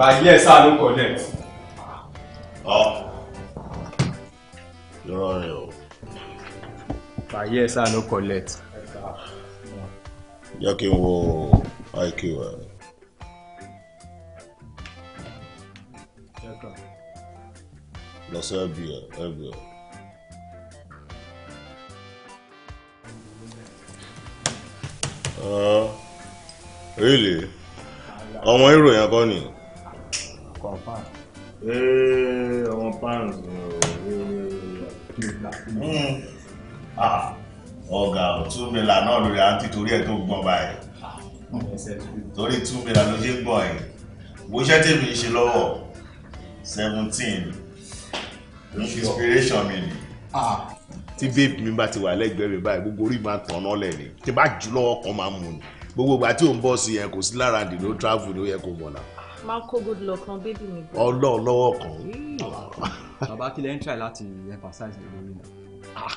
But yes, I no collect. Oh. You're But yes, I no collect. Jẹ́ kí n wo IQ ẹ̀. Lọ sí ẹbí ẹ̀ ẹbí ẹ̀. Really? Ọmọ ìròyìn akọ́ni confam. ee eh, àwọn pans ni o ọ̀gá two million náà lórí àǹtí torí ẹ̀ tó gbọ́n báyìí torí two million ló ṣe ń gbọ́n yìí wo iṣẹ́ tèmi ṣe lọ́wọ́ seventeen inspiration mi ni ah. tí babe mi bá ti wà lẹ́gbẹ̀ẹ́ mi báyìí gbogbo orí máa tàn án lẹ̀ ni tí bá jù lọ́wọ́ kan máa mú ni gbogbo ìgbà tí ò ń bọ̀ sí yẹn kò sí lára dì travel ló yẹ kó mọ̀ náà máa ń kó good luck kan bébì mi. ọlọ́ lọ́wọ́ kan. bàbá kí lẹ́ try láti emphasize lórí náà. Ah.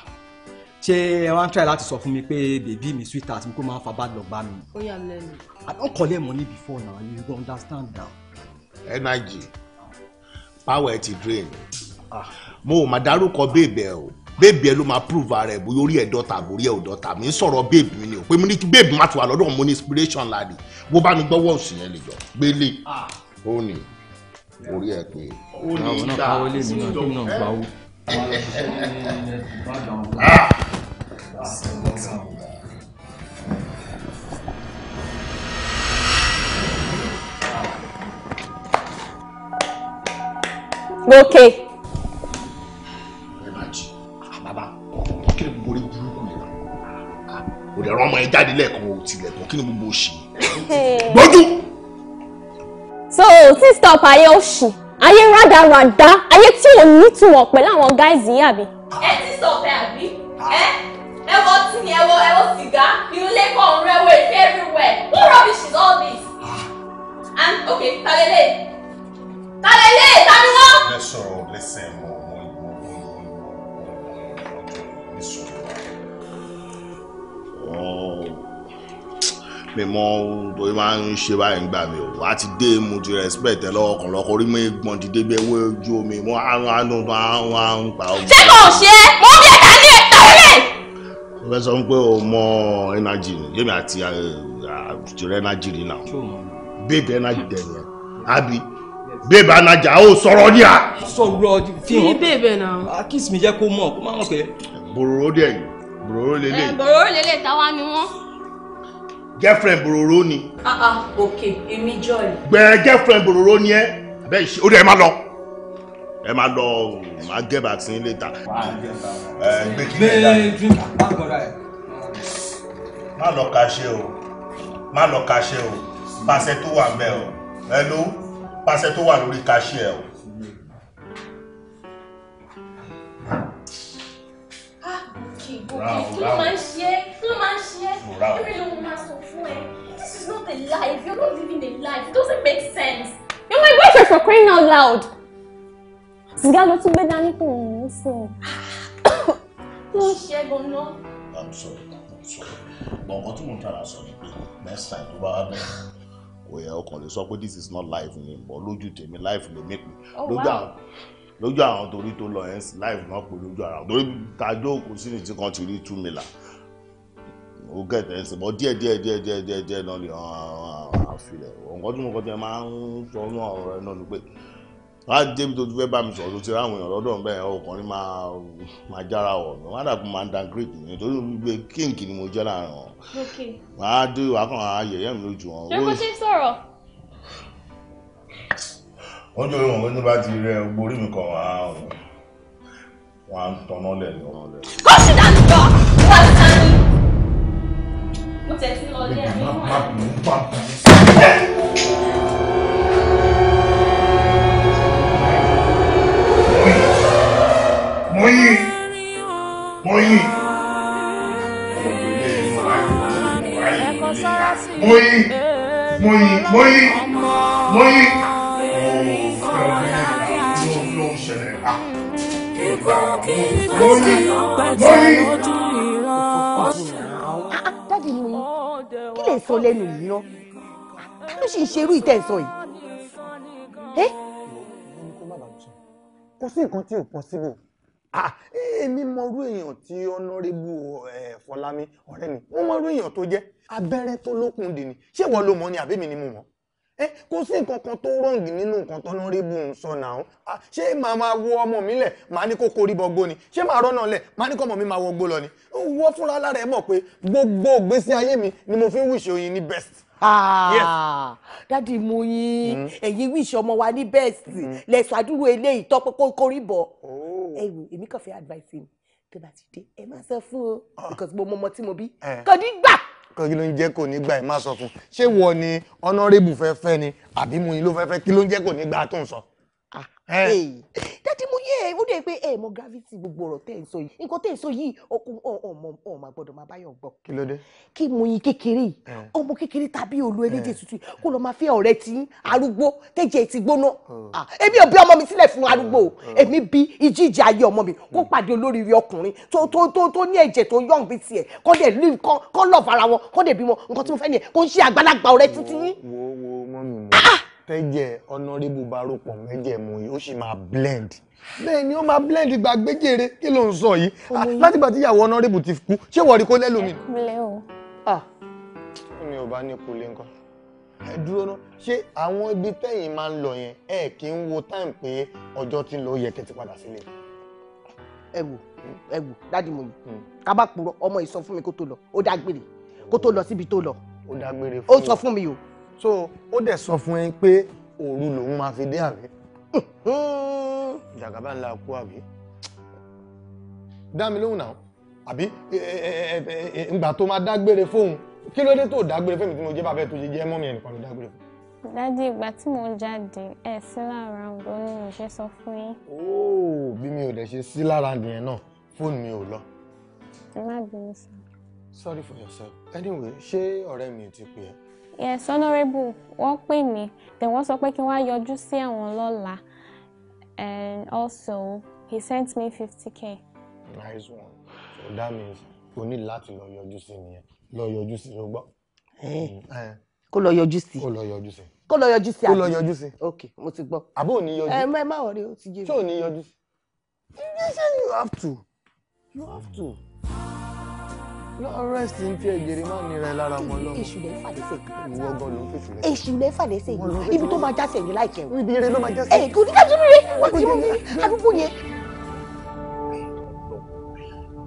ṣé ẹ wá ń try láti sọ fún mi pé bèbí mi sweetheart mi kó máa ń fa bad luck bá mi. ó yà lẹ́nu. I don collect money before now you go understand now. energy power ti drain ah. mo ò mà dárúkọ bèbè o bébì ẹ ló máa prove ara ẹ bóyá orí ẹ dọ́ta àbórí ẹ ò dọ́ta mi ń sọ̀rọ̀ bébì mi ni ò pé mi ní kí bébì má ti wà lọ́dọ̀ mo ní inspiration láàdì wo bá mi gbọ́wọ́ òsì yẹn lè jọ gbélé ah. ó ní orí ẹ pé. ó ní ìgbà wọlé náà kí Okay. dẹ̀ rán ọmọ yẹn jáde lẹ́ẹ̀kan ò tilẹ̀kùn kí ni gbogbo òṣì gbójú. so tí stop ayé òṣì ayé rádaràdá ayé tí ò nítumọ̀ pẹ̀lú àwọn guys yìí àbí. ẹ ti sọ ọ̀fẹ́ àbí ẹ ẹ wọ tí ni ẹ wọ ẹ wọ sìgá inú lẹ́kọ̀ọ́ ọ̀run ẹ wọ èké everywhere what rubbish is all this. Ah. and okay talele talele tani wọn. ẹ sọ̀rọ̀ lẹsẹ wọn. mi mọ ohun tó máa ń ṣe báyìí ń gbà mí o wá ti dé mo ti respect ẹ lọ́wọ́ kan lọ́kọ́ orí mi gbọ̀n ti débi ẹwọ́ ojú omi mo àrùn àánú tó àwọn àrùn pa omi. ṣé kò ṣe é mo ń bí ẹ̀ka ní ẹ̀ka rẹ̀. mo fẹ́ sọ pé o mọ energy ni yémi àti àtúrẹ́ energy ni náà bébì energy dẹ̀ yẹn àbí bébì anajà ó sọ̀rọ̀ ní à. sọ̀rọ̀ fi hàn fi bébì náà. akínsìmí jẹ́ kó mọ̀ kó má mọ̀ pé. bòròró dẹ̀ yìí bòròró lélẹ̀. ẹ eh, bòròró lélẹ̀ táwa ni wọ́n. girlfriend bòròró ni. ah ah òkè joy. gbẹ girlfriend bòròró ni ẹ abẹ́ ìṣe ó dẹ̀ ẹ máa lọ ẹ máa lọ máa gẹ́ bá tí ń lè ta. ẹ gbé kí ẹ dá. má lọ ka ṣe o má lọ ka ṣe o pàṣẹ tó wà mẹ́ o ẹ ló pàṣẹ tó wà lórí ka ṣe ẹ o. kí ló máa this is not a life you're not living a life it doesn't make sense. you're my wife for crying out loud. This girl not gbé dání anything. ń mú fún un. ṣẹ́gun náà. i'm sorry i'm sorry but nǹkan tí mo ń tara sọ next time tó bá wá bẹ̀rẹ̀ kò yẹ ọkàn this is not life ni bọ́ lójú me. life me. mí pé lójú àwọn lójú àwọn torí tó lọ ẹ̀ ń sìn láì fún ọ̀pọ̀ lójú ara torí tajọ́ kò sí ní tí kan ti rí two mila ó gẹ̀tẹ̀ ẹ̀sìn bọ́ díẹ̀ díẹ̀ díẹ̀ díẹ̀ díẹ̀ díẹ̀ náà lè hàn án àfilẹ̀ ọ̀nkọ́ tí mo kọ́ tí ẹ máa ń sọ ní ọ̀rọ̀ rẹ náà ni pé wá débi tó ti fẹ́ bá mi sọ̀rọ̀ tó ti ráwọn èèyàn lọ́dọ̀ bẹ́ẹ̀ ọkùnrin máa jára wọ̀ mí wọ́n á dàbí máa ń dan great mi nítorí wípé kíǹkì ni mo jẹ́ láàrin wọn. wàá dé wàá kàn án yẹ̀yẹ́ mi lójú wọn. ṣé mo ṣe sọ̀rọ̀? wọ́n jọ ìwọ̀n wọ́n bá ti rẹ borí mi kan wàá wọ́n á tọ́nà lẹ̀ ní ọ̀rọ̀ rẹ̀. kó sì dànù lọ wà á sá ní. mo tẹ̀ lọ ilé ẹ̀mí wà. mo yí mo yí mo yí mo yí mo yí mo yí. mo ní mo ní. dáàdi ni kí lè sọ lẹ́nu yìí ná ká ló sì ń ṣerú ìtẹ̀sọ yìí. kò sí nǹkan tí ò possible èmi mọrú èèyàn tí ọ̀nàrẹ́bù eh, Fọlámi ọ̀rẹ́ mi mo mọrú èèyàn tó jẹ́ abẹ́rẹ́ tó lókun dè ní ṣé ìwọ ló mọ̀ ni àbẹ́mi ni mo mọ̀ ẹ kò sí nǹkan kan tó rọ̀ǹgì nínú nǹkan tó lórí bù ń sọ náà ṣé màá máa wọ ọmọ mi lẹ̀ màá ní kó korí bọ ni ṣé màá rọ́nà lẹ̀ màá ní kó ọmọ mi máa wọ gbó lọ ni wọ́n fúnra lára ẹ̀ mọ̀ pé gbogbo ìgbésí ayé mi ni mo fi ń wíṣẹ́ oyin ní best. Ah, dádì mo yin hmm. ẹ̀yin wíṣẹ́ ọmọ wa ní best hmm. lẹ́sọ̀ àdúró eléyìí tọ́ pé kó korí bọ̀ oh. ẹ wò èmi kàn fẹ́ advice mi tó bá ti dé ẹ má sọ fún o ah. because mo mọ ọmọ tí mo bí eh. kò ní gbà kí ló ń jẹ́ kò ní gbà ẹ̀ má sọ fún ṣé wọ ni honorable fẹ́ fẹ́ ni àbí mu yín ló fẹ́ fẹ́ kí ló ń jẹ́ kò ní gbà tó Eh. Eh. dádì mo yé ó dé pé ẹ eh, mọ gravity gbogbo ọ̀rọ̀ tẹ́ ń sọ yìí nǹkan tẹ́ ń sọ yìí ọmọ ọmọ gbọ́dọ̀ máa báyọ̀ gbọ́. kí ló dé. kí mo yin kékeré yìí ọmọ kékeré tàbí olú ẹlẹ́jẹ̀ tuntun kó lọ máa fẹ́ ọ̀rẹ́ tí arúgbó tẹ́jẹ̀ ti gbóná oh. ah, èmi ò bí ọmọ mi sílẹ̀ fún arúgbó o oh. èmi bí ìjíjà ayé ọmọ mi kó hmm. pàdé olóríire ọkùnrin tó tó tó tó ní ẹ̀jẹ̀ tó yọ̀ bí tiẹ̀ kọ́ dẹ̀ lù kọ́ lọ́ọ̀ fara wọn kọ́ dẹ̀ bímọ mo fẹ́ nìyẹn kó ń ṣe àgbàlagbà ọ̀rẹ́ wo wo mọ́mí tẹ́jẹ̀ ọ̀nàrẹ́bù bá rọpọ̀ mẹ́jẹ̀ mu yìí ó sì máa blend bẹ́ẹ̀ ni ó máa blend gbàgbé jèrè kí ló ń sọ yìí ah, láti gbà tí ìyàwó ọ̀nàrẹ́bù ti kú ṣé wọ́n kó lẹ́lómi. kúlẹ̀ o. Ah, mi ò ah ní kulé nǹkan ẹ dúró ná ṣé àwọn ibi tẹ́yìn máa ń lọ yẹn ẹ kì í wo time pé ọjọ́ tí ń lọ yẹ kẹ́ ti padà sílé. ẹ wò ẹ wò dáàdì mo hmm. yìí kábàpùrọ̀ ọmọ ìsọfúnmi kó tó lọ ó dágbére kó tó lọ síbi tó lọ ó sọ fún mi o so ó dẹ̀ sọ fún ẹ pé òru lòun máa fi dé àbí jàgàbá ńlá kú àbí dá mi lóhùn náà àbí ìgbà tó máa dágbére fóun kí ló dé tó dágbére fẹ́mi tí mo jẹ́ bàbá ẹ̀ tó ṣe jẹ́ mọ́mí ẹnìkan ló dágbére fún dádì ìgbà tí mò ń jáde ẹ sí lára ń lọ ní mo ṣe sọ fún yín. óò bí mi ò dẹ̀ ṣe sí lára nìyẹn náà fóònù mi ò lọ. ẹ má bínú sir. sorry for yourself anyway ṣé ọ̀rẹ́ mi ti pè ẹ́ yes honourable wọ́n pè mí then wọ́n sọ pé kí n wá yọjú sí àwọn lọ́la and also he sent me fifty k. nice one so that means o ní láti lọ yọjú sí nìyẹn lọ yọjú sí ló gbọ́. Eh, eh. Mm, eh. kó lọ yọjú sí. kó lọ yọjú sí. kó lọ yọjú sí. kó lọ yọjú sí. ok mo ti gbọ́. àbó ò ní yọjú. ẹ má ẹ má o ti jẹ. tí ò ní yọjú sí. you have to you have to. Mm -hmm rest n tiẹ̀ jèrè má nira ẹ lára mọ́ lọ́wọ́. èṣù lẹ fàdésẹ̀. ìwọ gan ló ń fèsì rẹ. èṣù lẹ fàdésẹ̀ yìí ibi tó máa jásẹ̀ yìí láìkẹ́ o. ibi eré ló máa jásẹ̀. ẹ kò ní ká tún rẹ wọ́n ti mú mi àdúgbò yẹn.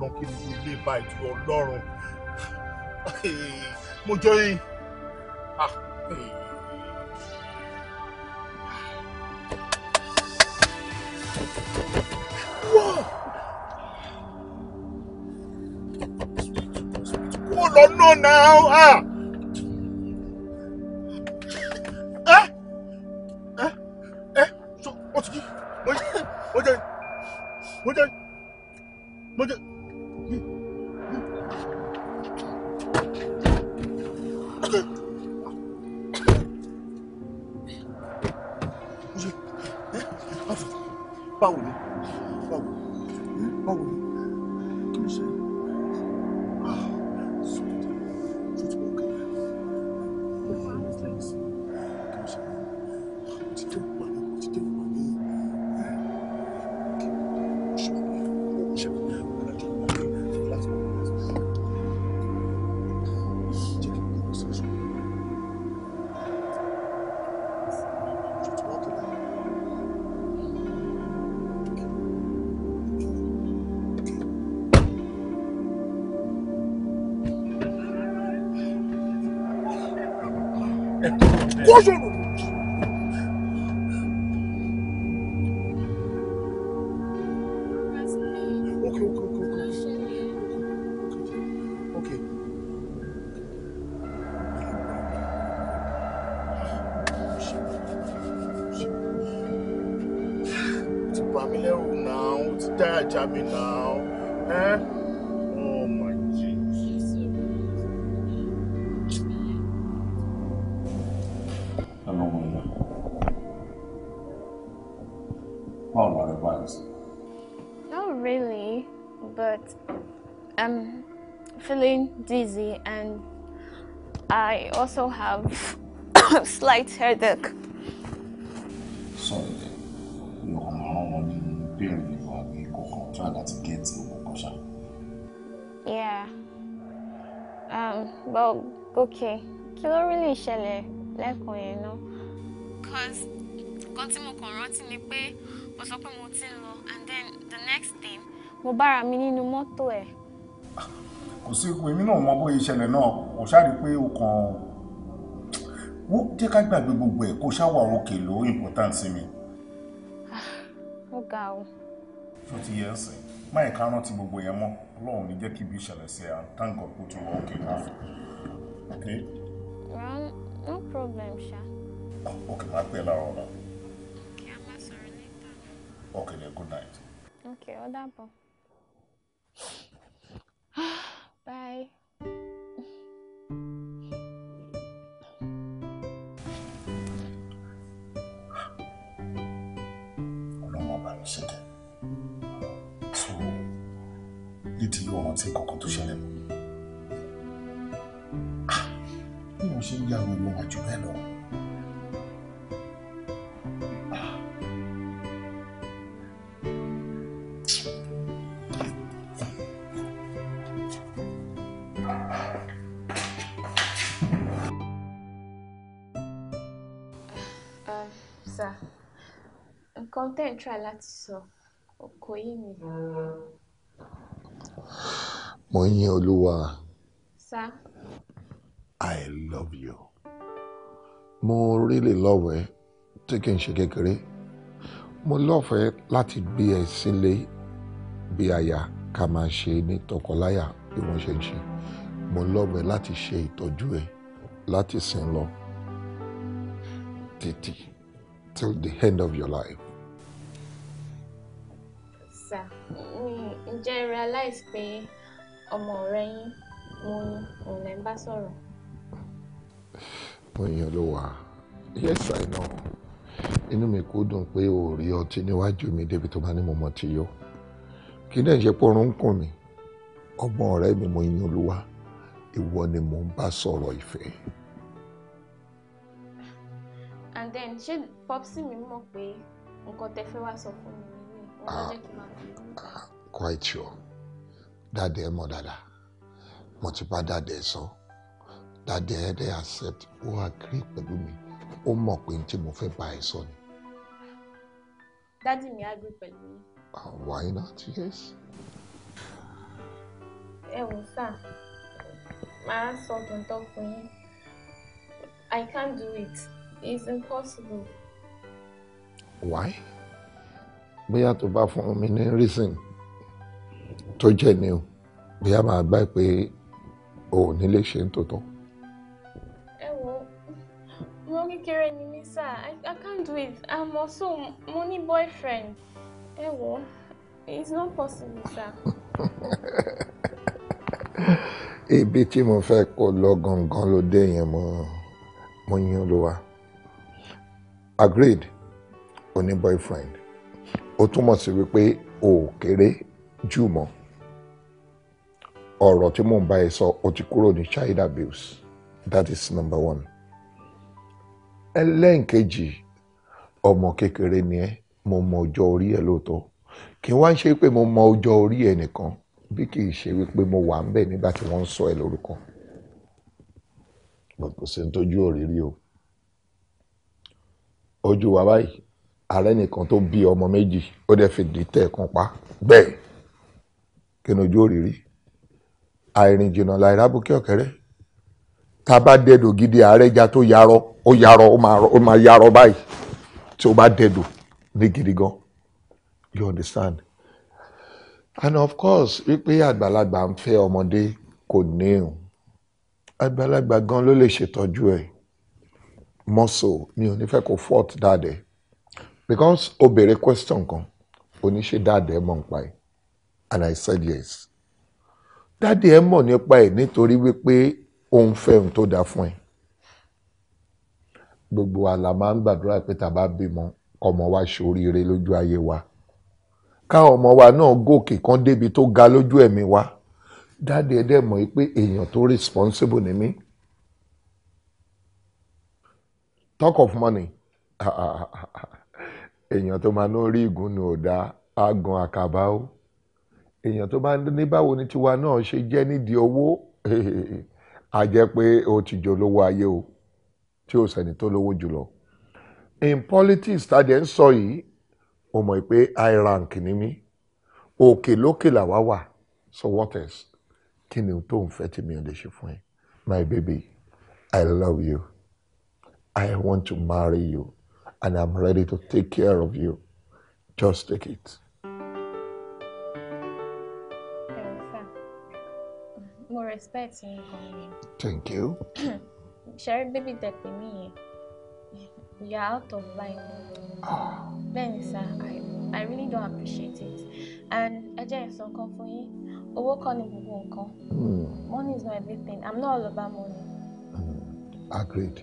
lọ kí ni ilé bá ìtú ọlọ́run mo jọ yín. Ah, eh. now. Ah. also have slight headache. Sorry, you come home in period that to get to Yeah. Um, but okay. Kí ló really ṣẹlẹ̀ lẹ́kùn you know. Cause nǹkan tí mo kàn rántí ni pé mo sọ pé mo ti ń and then the next thing mo bára mi nínú mọ́tò ẹ̀. Kò sí èmi náà mọ bóyá ìṣẹ̀lẹ̀ náà kò ṣáà rí pé o kàn wo jẹ́ ká gbàgbé gbogbo ẹ̀ kó ṣáwà òkè ló important sí mi. ó ga o. ṣó ti yẹ ẹ sìn má ẹ̀ka rántí gbogbo yẹn mọ́ ọlọ́run ní jẹ́ kí ibi ìṣẹ̀lẹ̀ sí ẹ thank God kó ti wọ òkè náà. okay. ram no problem ṣá. ok, ah, okay máa pè é lára ọ̀la. yeah ma sorry then good night. Ok, ó dàbọ̀. bye. ṣẹ̀kẹ̀ so nídìí ọ̀ràn tí kankan tó ṣẹlẹ̀ mọ́ mi ò ah, ṣe ń yàrá ìwọ̀n àjùmọ̀ ẹ̀ lọ́wọ́. ń try láti sọ ọkọ yìí mi. mo yìn olúwa. sá. i love you. mo really love ẹ tí kì í ṣe kékeré mo lọ́fẹ̀ẹ́ láti gbé ẹ sílé bí aya ká máa ṣe ní tọkọláya bí wọ́n ṣe ń ṣe mo lọ́fẹ̀ẹ́ láti ṣe ìtọ́jú ẹ láti sìn lọ títí till the end of your life sà ǹjẹ́ ẹ realize pé ọmọ ọ̀rẹ́ yín mo ní òun lẹ́ ń bá sọ̀rọ̀. bóyá ló wà yes i know inú mi kò dùn pé o ò rí ọtí níwájú mi débi tó bá ní mo mọ̀ ti yó kí náà ṣe pọ́nrún ń kùn mí ọgbọ́n ọ̀rẹ́ mi mo yin olúwa ìwọ ni mo ń bá sọ̀rọ̀ ìfẹ́. and then ṣé popsi mi mọ̀ pé nǹkan tẹ́ fẹ́ wá sọ fún mi quite sure dáadé ẹ mother. dáadáa mo ti bá dáadé ẹ sọ dáadé accept ó agree with me. ó mọ̀ pé n tí mo fẹ́ son." Daddy, me ni. dádì mi agree pẹ̀lú mi. Ah, why not yes. ẹ sir, sá màá sọ tòótọ́ fún yín I can't do it it's impossible. why bóyá tó bá fún mi ní reason tó jẹ́ ni o bóyá máa gbá pé o ò ní lè ṣe ń tòótọ́. ẹ wo mo kékeré ni mí sir I, I can't do it I'm also mo ní boyfriend ẹ wo it's not possible sir. ibi tí mo fẹ́ kó lọ gangan ló dé yẹn mo mo yín ló wá agreed o ní boyfriend ó túmọ̀ sí wípé o ò kéré jù mọ́ ọ̀rọ̀ tí mò ń bá ẹ sọ ó ti kúrò ní child abuse that is number one ẹlẹ́ǹkejì ọmọ kékeré ni ẹ mo mọ ọjọ́ orí ẹ lóòótọ́ kí wá ń ṣe pé mo mọ ọjọ́ orí ẹ nìkan bí kì í ṣe wípé mo wà ń bẹ̀ nígbà tí wọ́n ń sọ ẹ lórúkọ kò sí ní tójú òrírí o ojú wa báyìí ààrẹ nìkan tó bí ọmọ méjì ó dẹ̀ fi dìtẹ̀ kan pa bẹ́ẹ̀ kí ni ojú òrìrí àìrìn jìnnà láìra bùkẹ́ ọ̀kẹ́rẹ́ tá a bá dẹ̀dọ̀ gidi ààrẹ ja tó yarọ ó yarọ ó máa yarọ báyìí tí ó bá dẹ̀dọ̀ ní gidi gan you understand and of course wípé àgbàlagbà ń fẹ́ ọmọdé kò ní o àgbàlagbà gan ló lè ṣètọ́jú ẹ̀ mọ́sọ̀ mi ò ní fẹ́ kó fọ́ọ̀tì dáadẹ́ because o béèrè question kan oníṣe dáàdì ẹ mọ̀ nípa ẹ̀ and I said yes dáàdì ẹ mọ̀ nípa ẹ̀ nítorí wípé òun fẹ́ òun tó dáa fún ẹ gbogbo wa la máa ń gbàdúrà pé tá a bá bímọ ọmọ wa ṣoríire lójú ayé wa káwọn ọmọ wa náà gòkè kan débi tó ga lójú ẹ̀mí wa dáàdì ẹ dẹ̀ mọ̀ pé èèyàn tó responsible ni mí talk of money. Ah, ah, ah, ah. ah, ah èèyàn tó máa ń rí ìgúnnu ọ̀dà àgàn àkàbà ó èèyàn tó bá ní báwo ni tiwa náà ṣe jẹ́ nídìí owó a jẹ́ pé o ti jò lówó ayé o tí o sẹ́ni tó lówó jùlọ. in politics tàdé ń sọ yìí o mọ̀ pé high rank ni mí òkè lókè làwa wà so what else kí ni tó ń fẹ́ tí mi ò lè ṣe fún ẹ my baby i love you i want to marry you and I'm ready to take care of you. Just take it. Mo respect yín gan-an. Thank you. Ṣẹ̀rí baby, that be me. You are out of line. Ben sir, I I really don't appreciate it. And I just ìsàn kan fún you. Owó kọ́ ni gbogbo nǹkan. Hmm. Money is not everything. I'm not all about money. Mm. Agreed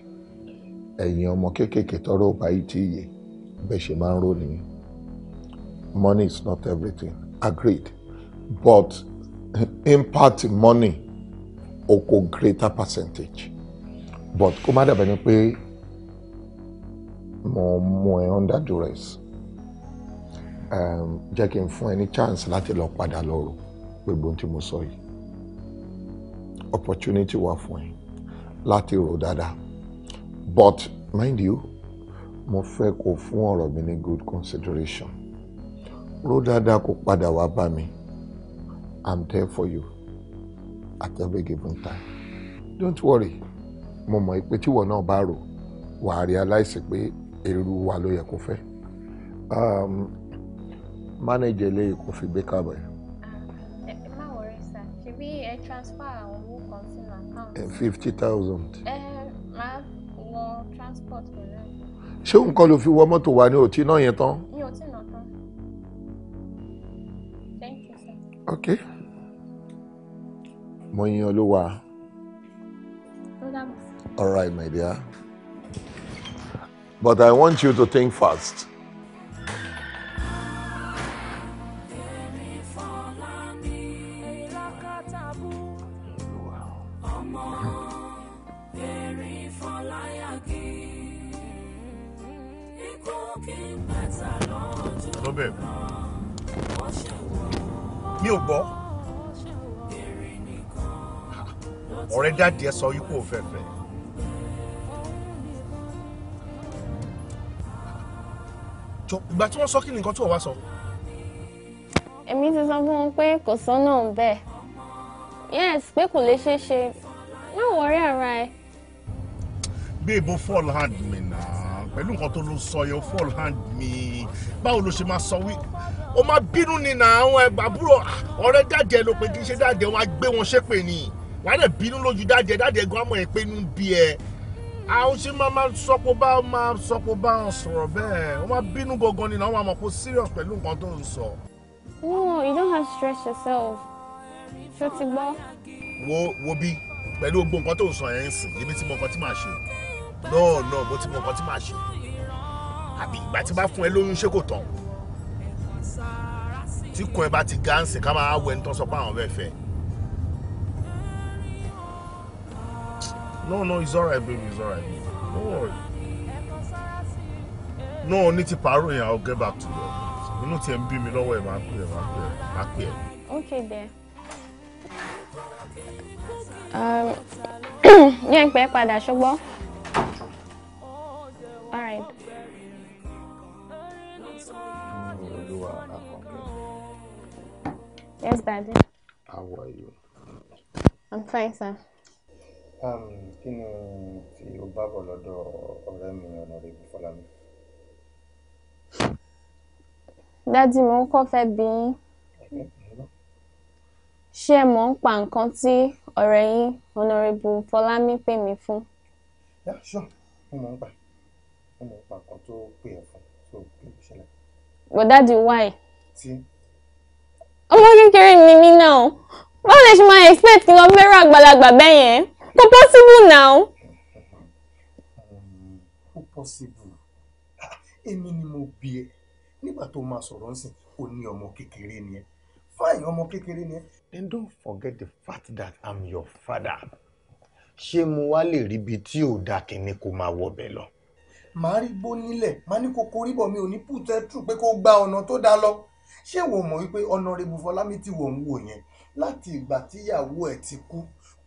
ẹ̀yin ọmọ kéékèèké tọrọ ọba yìí ti yẹ bẹ́ẹ̀ ṣe máa ń rò nìyẹn money is not everything agreed but impact money oko greater percentage but kó má dàbẹ̀ ni pé mo mú ẹ under duress um, jẹ́ kí n fún ẹ ní chance láti lọ padà lọ rò gbogbo ohun tí mo sọ yìí opportunity wà fún ẹ láti rò dáadáa but mind you mo fẹ́ kó fún ọ̀rọ̀ mi ní good consideration ró dáadáa kó padà wá bá mi i'm there for you at every given time don't worry mo mọ̀ pé tíwọ náà bá rò wàá realize pé èrú wa ló yẹ kó fẹ́ um, manager lè kó fi gbé kábọ̀ ẹ̀. Ah, eh, ẹ transfer àwọn owó kan account. Eh, fifty thousand. ẹ eh, máa transport pẹ̀lú ẹ̀. ṣé nǹkan ló fi wọ mọ́tò wa ní òtí náà yẹn tán. mi ò tí tán. ok mo yan olúwa. all right my dear but I want you to think fast. problem mi ò gbọ́ ọ̀rẹ́ dáàdì ẹ sọ yípo fẹ́fẹ́ ìgbà tí wọ́n sọ kí ni nǹkan tí wọ́n wá sọ. èmi ti sọ fún wọn pé kò sọ́nà bẹ́ẹ̀ yes pé kò lè ṣeé ṣe no worry ara ẹ. gbé ìbò fall hand mi náà pẹ̀lú nǹkan tó ló sọ yẹn fall hand mi báwo ló ṣe máa sọ wí o máa bínú ni nà àwọn àbúrò ọ̀rẹ́ dájẹ́ ló pé kí n ṣe dájẹ́ wọn á gbé wọn ṣépè ni wà á dẹ̀ bínú lójú dájẹ́ dájẹ́ gan amọ̀ ẹ̀ pé inú bí ẹ àwọn ṣe máa máa sọpọ̀ bá máa sọpọ̀ bá wọn sọ̀rọ̀ bẹ́ẹ̀ o máa bínú gangan ni nà àwọn àmọ̀ serious pẹ̀lú nǹkan tó ń sọ. No, you don't have to stress yourself ṣó ti gbọ́. wo wo bí pẹ̀lú gbogbo nǹkan tó ń sọ yẹn ń sìn ibi tí mo nǹkan tí màá ṣe náà náà mo ti mọ nǹkan tí màá ṣe àbí ìgbà tí bá fún ẹ lóyún ṣé kò tán tí kún ẹ bá ti gáǹsì ká máa wẹ nítorí sọ pé àwọn bẹ́ẹ̀ fẹ́. no no it's alright baby it's alright no worry no ní ti pààrọ̀ yẹn i'll get back to you inú tiẹ̀ ń bí mi lọ́wọ́ ẹ̀ máa pè ẹ̀ máa pè ẹ̀ máa pè ẹ̀. okay there um, yẹn pẹ́ padà ṣùgbọ́n. Alright. Yes, Daddy. How are you? I'm fine, sir. Um, can you, tí o bá bọ̀ lọ́dọ̀ ọ̀rẹ́ mi Honorable Fọlámi? Dádì mo ń kọ́ fẹ́ bí yín. Ṣé mo ń pa nǹkan tí ọ̀rẹ́ yín Honorable Fọlámi pè mí fún? Yeah, sure. Mo mọ̀ ń pa wọn mọ nípa kan tó pè ẹ fún tó pè é ṣẹlẹ̀. bọ̀dá di wáì. tí. ọmọ kékeré ni mí náà báwo lè ṣe máa expect kí wọ́n fẹ́ràn àgbàlagbà bẹ́ẹ̀ yẹn kò possible now. kò possible èmi ni mo bí ẹ nígbà tó máa sọ̀rọ̀ ń sìn ó ní ọmọ kékeré ni ẹ fine ọmọ kékeré ni ẹ. then don't forget the fact that I'm your father ṣé mo wá lè ríbi tí ò dáa kí ni kò máa wọbẹ̀ lọ màá rí gbó nílẹ̀ màá ní kókó rí mi ò ní pùtẹ́tù pé kó gba ọ̀nà tó dáa lọ ṣé wò mọ̀ wípé ọ̀nàrẹ́bù fọlámi tí wò ń wò yẹn láti ìgbà tíyàwó ẹ̀ ti kú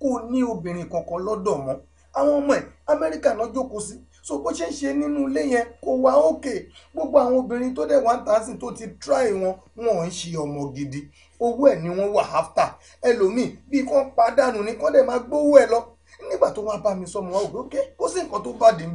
kò ní obìnrin kankan lọ́dọ̀ mọ́ àwọn ọmọ ẹ̀ amẹ́ríkà náà jókòó sí so bó ṣe ń ṣe nínú ilé yẹn kò wá òkè gbogbo àwọn obìnrin tó dẹ̀ one thousand tó ti try wọn wọn ń ṣe ọmọ gidi owó ẹ̀ ni wọ́n wà after ẹlòmíì bí kán padànù ni kán dẹ̀ máa gbówó ẹ̀ lọ nígbà tó wá bá mi sọ mo wá òkè kó sí nǹkan tó bá dín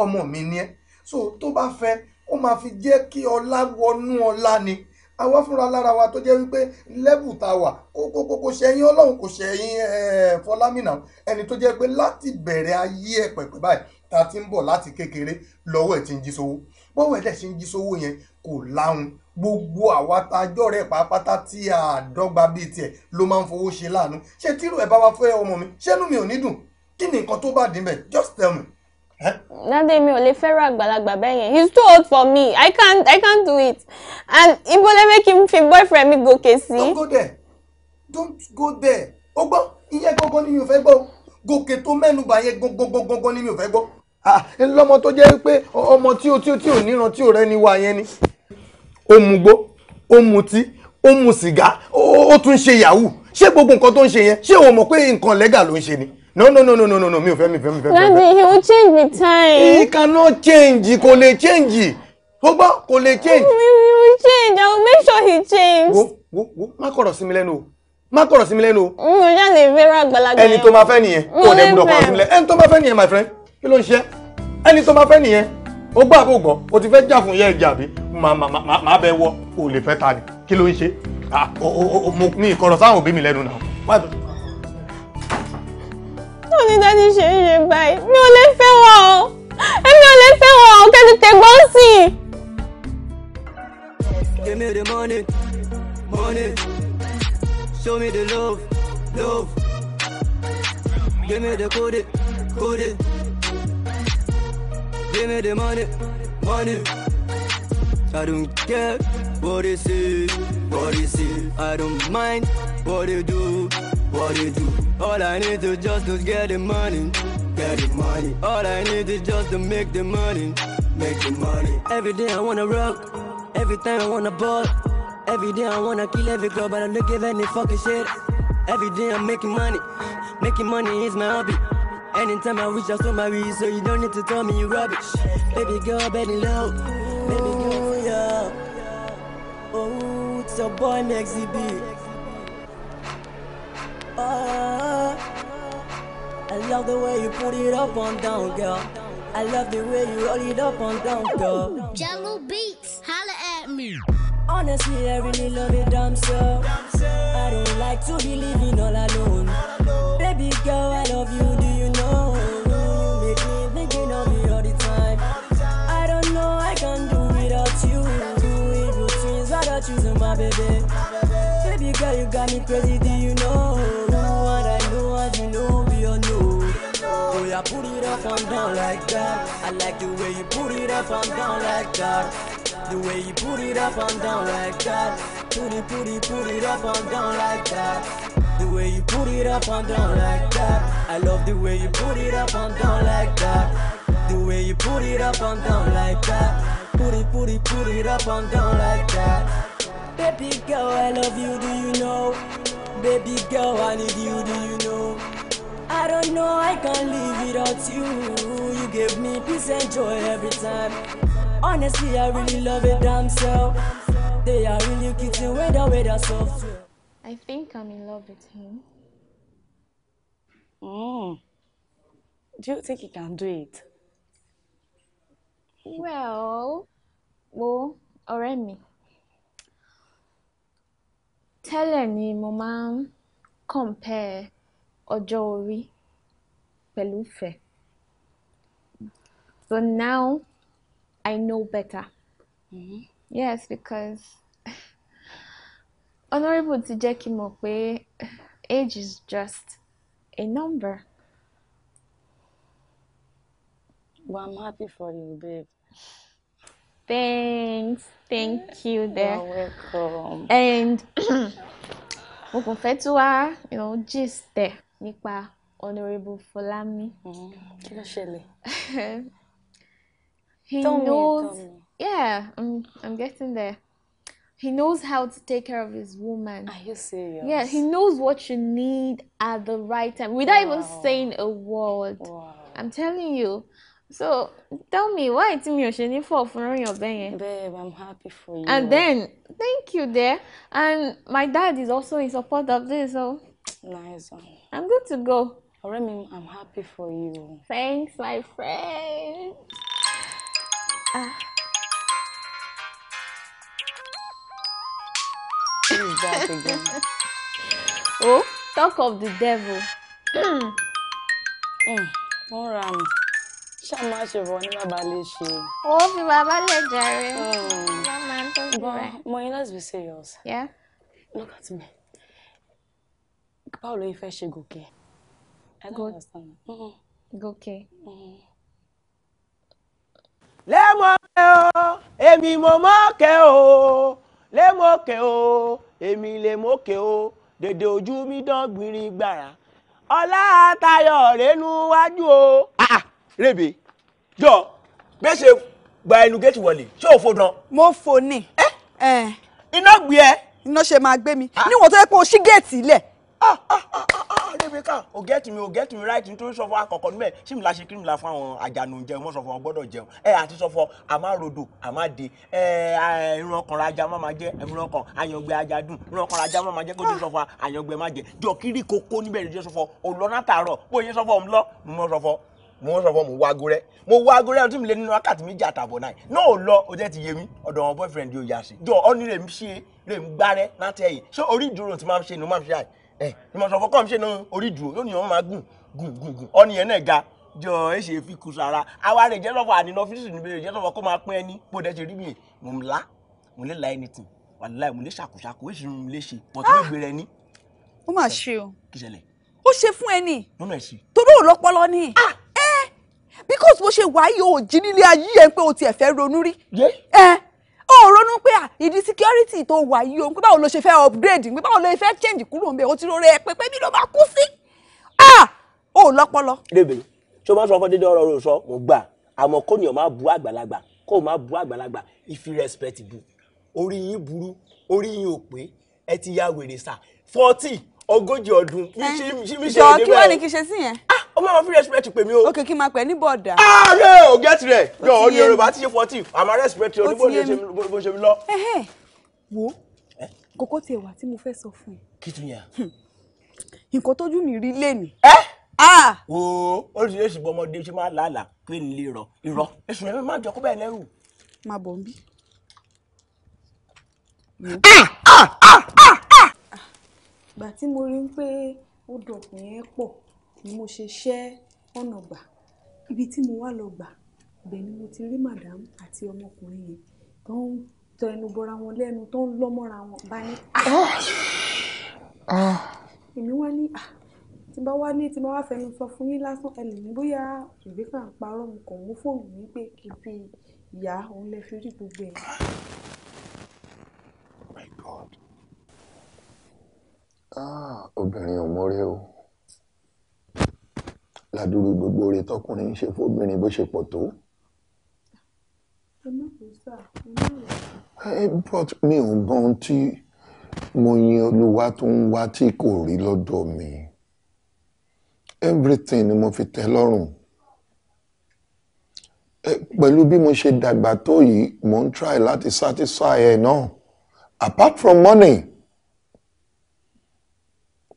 ọmọ mi ni ẹ́ so tó bá fẹ́ ó máa fi jẹ́ kí ọlá wọnú ọlá ni àwa fúnra lára wa tó jẹ́ wípé lẹ́bù tá a wà kókókó kò ṣẹ̀yìn ọlọ́run kò ṣẹ̀yìn eh, fọlámìnà ẹni tó jẹ́ pé láti bẹ̀rẹ̀ ayé ẹ̀ pẹ̀pẹ̀ báyìí tá a ti ń bọ̀ láti kékeré lọ́wọ́ ẹ̀ ti ń jí sówó bọ́wọ́ ẹ̀ dẹ̀ ṣe ń jí sówó yẹn kò láhùn gbogbo àwa tá a jọ́ rẹ̀ pàápàá tí a dọ́gba bíi tiẹ̀ ló máa ń fowó ṣe láàánú ṣé tírú ẹ̀ bá wa fẹ́ ọmọ mi ṣẹ́nu mi ò ní dùn kí ni nǹkan tó bá dín bẹ́ẹ̀ just tell me dádé mi ò lè fẹ́ràn àgbàlagbà bẹ́ẹ̀ yẹn he's too old for me i can't i can't do it and ibo lè make him fi boyfriend mi gòkè sí. don't go there don't go there ó gbọ́ iye gangan ni mi ò fẹ́ gbọ́ gòkè tó mẹ́nuba yẹn gangan gangan ni mi ò fẹ́ gbọ́. Ah, lọ́mọ tó jẹ́ pé ọmọ tí o tí o tí o níran tí o rẹ́ ni wa yẹn ni O mu gbó ó mu tí o mu sìgá ó tún ṣe yahoo ṣé gbogbo nǹkan tó ń ṣe yẹn ṣé o mọ̀ pé nǹkan lẹ́gà ló ń ṣe ni no no no no no no mi ò fẹ́ mi fẹ́ mi fẹ́. daddy he will change with time. he cannot change kò lè change ó gbọ́ kò lè change. He will change i will make sure he changes. wo wo wo má kọ̀rọ̀ sí mi lẹ́nu o má kọ̀rọ̀ sí mi lẹ́nu o. mo yà lè fẹ́ràn àgbàlagbà yẹn. ẹni tó máa fẹ́ nìyẹn kò lè mm, gbúdọ̀ ẹni tó máa fẹ́ nìyẹn my friend kí ló ń ṣe ẹni tó máa fẹ́ nìyẹn ó gbọ́ àbò gbọ́ o ti fẹ́ jà fún iye ìjà bí màá bẹ wọ kò lè fẹ́ ta ni kí ló ń ṣe ah, mo ní ìkọ̀rọ̀ sáwọn òbí mi lẹ́nu náà. 我让你学学呗，有人费我，没有人费我，看你的关系。I don't care what they say, what they say. I don't mind what they do, what they do. All I need is just to get the money, get the money. All I need is just to make the money, make the money. Every day I wanna rock, every time I wanna ball. Every day I wanna kill every girl, but I don't give any fucking shit. Every day I'm making money, making money is my hobby. Anytime I reach out to my reach, so you don't need to tell me you rubbish. Baby girl, bend low. Hallelujah. Oh, it's your boy Mexi B. Oh, I love the way you put it up and down, girl. I love the way you roll it up and down, girl. Jungle Beats, holla at me. Honestly, I really love it, damn so. I don't like to be living all alone. Baby girl, I love you. baby. Baby girl, you got me crazy, do you know? Know what I know, as you know, we all know. Oh, yeah, put it up and down like that. I like the way you put it up and down like that. The way you put it up and down like that. Put it, put it, put it up and down like that. The way you put it up and down like that. I love the way you put it up and down like that. The way you put it up and down like that. Put it, put it, put it up and down like that. Baby girl, I love you, do you know? Baby girl, I need you, do you know? I don't know, I can't live without you. You give me peace and joy every time. Honestly, I really love it, damn self. They are really cute with the way that's soft. I think I'm in love with him. Mm. Do you think he can do it? Well, well, or me. tẹ́lẹ̀ ni mo máa ń compare ọjọ́ orí pẹ̀lú ìfẹ́. But now I know better. Mm -hmm. Yes, because Honorable ti jẹ́ kí n mọ̀ pé age is just a number. Well, I'm happy for you, babe. Thanks. Thank you there. You're welcome. And mo kàn fẹ́ tún wá you know gist there nípa Honourable Folami. Mm-hmm. Kí ló ṣẹlẹ̀? He knows. Yeah, I'm, I'm getting there. He knows how to take care of his woman. Are you serious? Yeah, he knows what you need at the right time without wow. even saying a word. Wow. I'm telling you. so tell me why it's mi ò ṣe ní fọ fún babe i'm happy for you. and then thank you there and my dad is also in support of this so. nice one. Um. i'm good to go. ọ̀rẹ́ i'm happy for you. thanks my friend. Ah. oh talk of the devil. mm. Mm. All right ṣáà máa ṣe bọ̀ ní bàbá lè ṣe. ó fi bàbá lè jàre. wọ́n hmm. máa ń tọ́jú rẹ̀. but Moyin, let's be serious. Yeah. look at me. báwo ló yẹ fẹ́ ṣe gòkè. I don't understand. Mm-hmm. gòkè. Mm-hmm. lẹ́mọ̀ọ́kẹ́ o èmi mo mọ̀ọ́kẹ́ o lẹ́mọ̀ọ́kẹ́ o èmi lè mọ̀ọ́kẹ́ o dèdè ojú mi dán gbìnrín gbàrà ọlá tayọ rẹnu wájú o. Ah, rèbè jọ bẹ́ẹ̀ ṣe gba ẹnu géètì wọlé ṣé ò fò dán. mo fò ní. iná gbé ẹ. iná ṣe máa gbé mi ah. níwọ̀n tó yẹ pé o ṣí géètì ilẹ̀. Ah, ah, o get mi o get mi right nítorí sọ fún akọkọ níbẹ̀ ṣì mi la ṣe kí mi la fún àwọn àjànù jẹun mọ́ sọ fún ọ gbọ́dọ̀ jẹun ẹ àti sọ fún a máa rodò a máa de ẹ irun ọkàn ajá má máa jẹ irun ọkàn ayọ̀gbẹ ajá dùn irun ọkàn ajá má máa jẹ kó tó sọ fún ayọ̀gbẹ má jẹ jọ kiri koko níbẹ̀ ló jẹ sọ fún ọ lọ látàárọ̀ bóyá sọ fún ọ ń lọ mo sọ fún ọ mo ń sọ fún mo wá mo wá ọtí mi lé nínú wákàtí méjì àtàbọ̀ náà náà ò lọ o jẹ́ ti yé mi ọ̀dọ̀ àwọn boyfriend yóò yá sí jọ ọ ní lè ń ṣe lè ń gbárẹ́ láti ẹ̀yìn ṣé orí ìdúró ti máa ń ṣe ni mo máa ń ṣe àì ẹ̀ ìmọ̀sán fọkàn ṣe náà orí ìdúró yóò ní wọn máa gùn gùn gùn gùn ọ nìyẹn náà ga jọ ẹ ṣe fi kù sára àwa rẹ̀ jẹ́lọ́fọ̀ àní lọ́fíìsì níbi rẹ̀ jẹ́lọ́fọ̀ kó máa pín ẹni bó dẹ́ ṣe rí mi mò anything wàláì mò ń lè ṣàkóṣàkó èṣù mò ń lè ṣe pọ̀tù ìgbé rẹ ní. ó mà ṣe o ó ṣe fún ẹni torí òlọpọlọ ni. ah because bó ṣe wà yìí ò jí nílé ayé ẹ pé o tiẹ̀ fẹ́ ronú rí ẹ ó ronú pé ìdí security tó wà yìí o pé báwo ló ṣe fẹ́ upgrade pé báwo ló fẹ́ change kúrò ń bẹ o ti rọrẹ ẹ pé pé mi ló máa kú sí ó lọ́pọlọ. dèbè tí o bá sọ fún dédé ọ̀rọ̀ rẹ sọ mo gbà àmọ́ kó ni o máa bu àgbàlagbà kó máa bu àgbàlagbà if you respect bu orí yín burú orí yín ò pé ẹ ti ya wèrè sà forty ogójì ọdún. jọ kí wàá ní kí ṣe sí yẹn. ah ó máa fi respect pè mí o. ok kí n máa pè ní bọ̀dà. ààrẹ ò gẹ́tì rẹ̀ yọ ọ ní yorùbá ti ṣe forty àmà respect ọ ní bó ṣe mi Eh, wo kókó tiẹ̀ wà tí mo fẹ́ sọ fún ẹ. kí tún yà. Hmm. nǹkan tójú mi rí lẹ́nu. ẹ eh? ah! wo oríṣiríṣi ọmọdé ṣe máa làálàá pé nílé rọ irọ́ èsùn rẹ máa jọ kó bẹ́ẹ̀ lẹ́rù. Ah! Ah! Ah! bí. Ah! gbà tí mo rí pé ó dọ̀kùn yẹn pọ̀ ni mo ṣe ṣẹ́ ọ̀nà gbà ibi tí mo wá lọ gbà ibẹ̀ ni mo ti rí madam àti ọmọkùnrin yẹn tó ń tọ ẹnu bọra wọn lẹ́nu tó ń lọ́ mọ́ra wọn bá ní. Ah. èmi wá ní ah, tí bá wá ní tí bá wá fẹnu sọ fún yín lásán ẹ lè ní bóyá Rebecca ń parọ́ mu kàn mú fóònù mi pé kí n fi ìyá òun lè fi rí gbogbo ẹ̀. Oh ah, obìnrin ò mọ̀rẹ́ o ládùúgbò gbogbo rẹ̀ tọkùnrin ń ṣe fóbìnrin bó ṣe pọ̀ tó. Eh, but mi ò gbọ́ ohun tí mo yin olúwa tó ń wá tí kò rí lọ́dọ̀ mi everything ni mo fi tẹ́ lọ́rùn eh, pẹ̀lú bí mo ṣe dàgbà tó yìí mo ń try láti satisfy ẹ̀ náà apart from money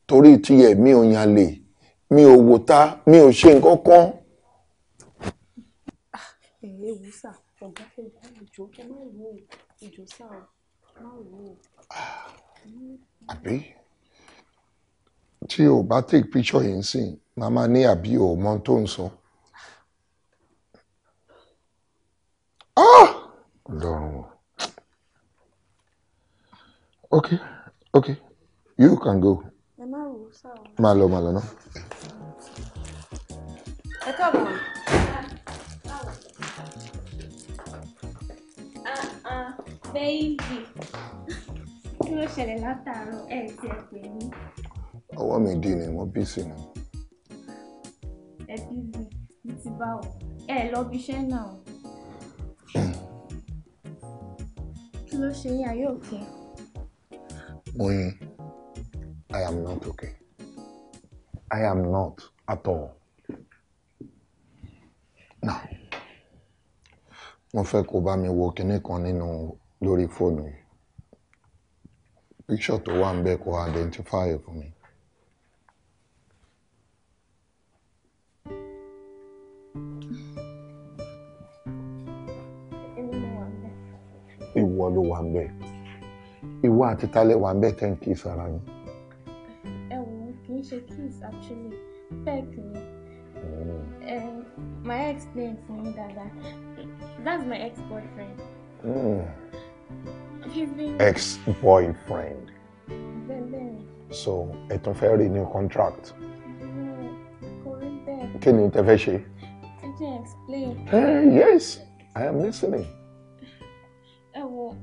torí tí ẹ̀mí ò yan lè mi ò wò ta mi ò ṣe nǹkan kan. Ah, eh, ah, àbí tí o bá take picture yìí sìn màmá ní àbí o mọ tó ń sọ. Ah! ọlọ́run okay okay you can go. ẹ má wò ó sà o. máa lọ máa lọ náà ẹ káàbọ̀ mọ́. Ah, ah, bẹ́ẹ̀bì kí ló ṣẹlẹ̀ látàárọ̀ ẹ̀ tí ẹ pè mí. ọwọ́ mi dì ní mo bí sí ni. ẹ bí mi ní ti bá ọ ẹ lọ bí iṣẹ́ náà. kí ló ṣe yín ayé òkè. mo yin I am not okay. I am not at all. Now, wọ́n fẹ́ kó bá mi wo kinní kan nínú lórí fóònù yìí. Píṣọ̀ tó wà ń bẹ̀ kó identify fún mi. Ìwọ ló wà ń bẹ̀. Ìwọ àti Tálẹ̀ wà ń bẹ̀ tẹ́ ń kí sára yín. Ẹ̀wọ̀n kì í ṣe kiss actually, peck ni. Oh. Um, my ex explained to me that, that that's my ex-boyfriend. Mm. He's been... Ex-boyfriend. So, ẹ tún fẹ́ renew contract. Can you tell fẹ́ ṣe? Can you explain? Hey, eh, yes, I am listening. Ẹ wo,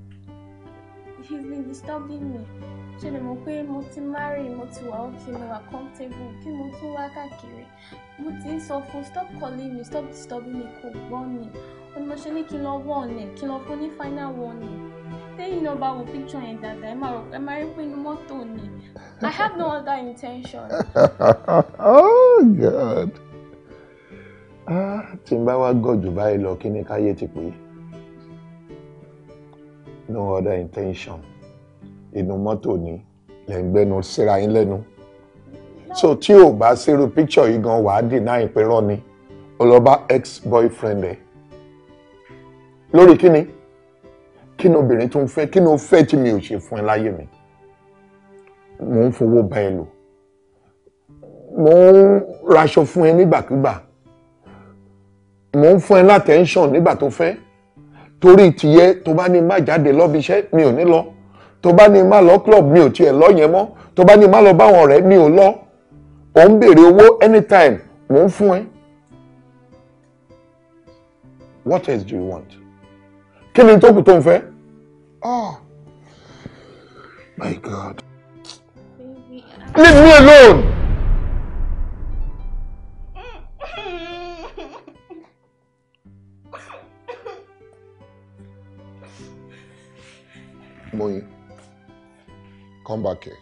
he's been disturbing me ṣe lè mọ̀ pé mo ti marry mo ti wà òkè mo wà comfortable kí mo tún wá káàkiri mo ti ń sọ fún stop calling me stop disturbing me kò gbọ́ mi ó ní mo ṣe ní kí n lọ warning kí n lọ fún ní final warning lẹ́yìn náà bá wo picture yẹn dáadáa ẹ máa rò ẹ máa rí pé inú mọ́tò ni I have no other intention. oh God ah tí n bá wá gọ̀jù báyìí lọ kí ni káyé ti pè é no other intention inú mọ́tò ni lẹ́ ń gbẹ́nu síra yín lẹ́nu so tí ò bá sírú picture yìí gan wàá dìnnà ìpẹ́rọ́ ni ó lọ bá ex boyfriend ẹ̀ lórí kíni kí ni obìnrin tó ń fẹ́ kí ni ó fẹ́ tí mi ò ṣe fún ẹ láyé mi mò ń fowó bá ẹ lò mò ń raṣọ fún ẹ nígbàkúgbà mò ń fún ẹ látẹ̀ńṣàn nígbà tó fẹ́ torí tìyẹ tó bá ní má jáde lọ́bi iṣẹ́ mi ò ní lọ tó bá ní má lọ club mi ò tiẹ̀ lọ yẹn mọ́ tó bá ní má lọ báwọn ọ̀rẹ́ mi ò lọ ò ń béèrè owó anytime mò ń fún ẹ. what else do you want? kí ni tó kù tó ń fẹ́? ah my god leave me alone. Moinho. Come back here.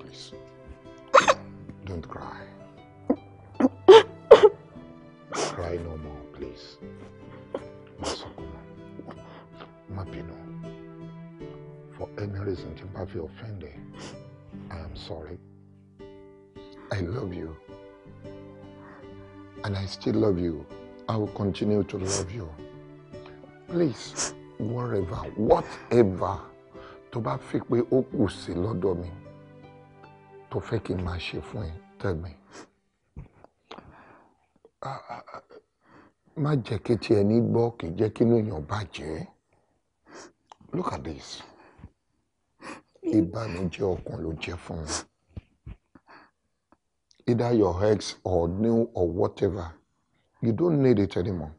Please. Don't cry. cry no more, please. Masakuma. Mapino. For any reason, Timpafi offended, I am sorry. I love you and I still love you. I will continue to love you. Please, wherever, whatever, tó bá fi pé ó kù sí lọ́dọ̀ mi, tó fẹ́ kí n máa ṣe fún tell me. Ah, ah, ah, má jẹ́ kí tiẹ̀ ní gbọ́ kì í jẹ́ kí inú èèyàn bàjẹ́. Look at this. Ìbànújẹ́ ọkàn ló jẹ́ fún mi either your ex or new or whatever you don't need it anymore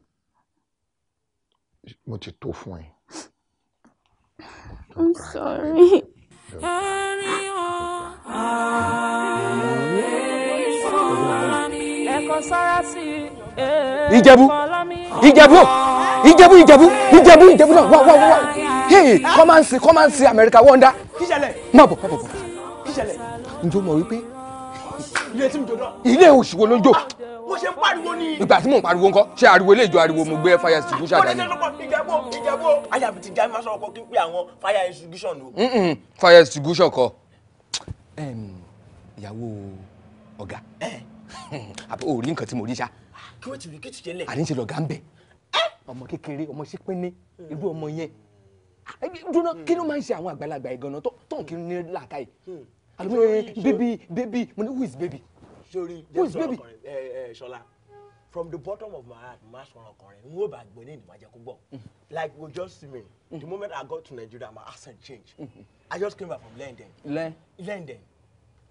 mo a tough one. i'm sorry. ìjẹ̀bú ìjẹ̀bú ìjẹ̀bú ìjẹ̀bú ìjẹ̀bú ìjẹ̀bú náà wá wá wá hey come and see come and see America wonder. kí ṣẹlẹ̀. má bọ̀ má bọ̀ bọ̀ kí ṣẹlẹ̀. ǹjọ́ mọ̀ wípé ilé tí mo jò dán. ilé oṣù wo ló ń jò. mo ṣe ń pariwo ni. ìgbà tí mò ń pariwo ńkọ́ ṣé ariwo ilé ìjọ ariwo mo gbé fire extinguisher dání. ìjẹ́bú ìjẹ́bú ayàbí ti jáde máa sọ̀rọ̀ kọ́ kí n pè àwọn fire extinguisher ni o. fire extinguisher kọ́ ìyàwó ọ̀gá àbí òòrí nǹkan tí mo rí ṣá. kí wọ́n ti rí kí ti jẹ́lẹ̀. àní ṣe lọ̀gá ń bẹ̀ ọmọ kékeré ọmọ ṣépẹ́ni hmm. irú ọmọ yẹn dúró kí ló hmm. máa ń ṣe àwọn àgbàlagbà ìgànnà tó ń kí ní làákàyè hmm àlùmọ́ eh, baby baby mo ní who is baby. sori jẹ́ sọ̀rọ̀ ọkùnrin ẹ eh, ẹ eh, Ṣọlá from the bottom of my heart ma sọ̀rọ̀ ọkùnrin n ó bá gbọ́ ní ìdìmọ̀ jẹ́ kó gbọ́ mm-hmm. like you just see me the mm-hmm. moment I go to Nigeria my accent change mm-hmm. I just came back from London Le? London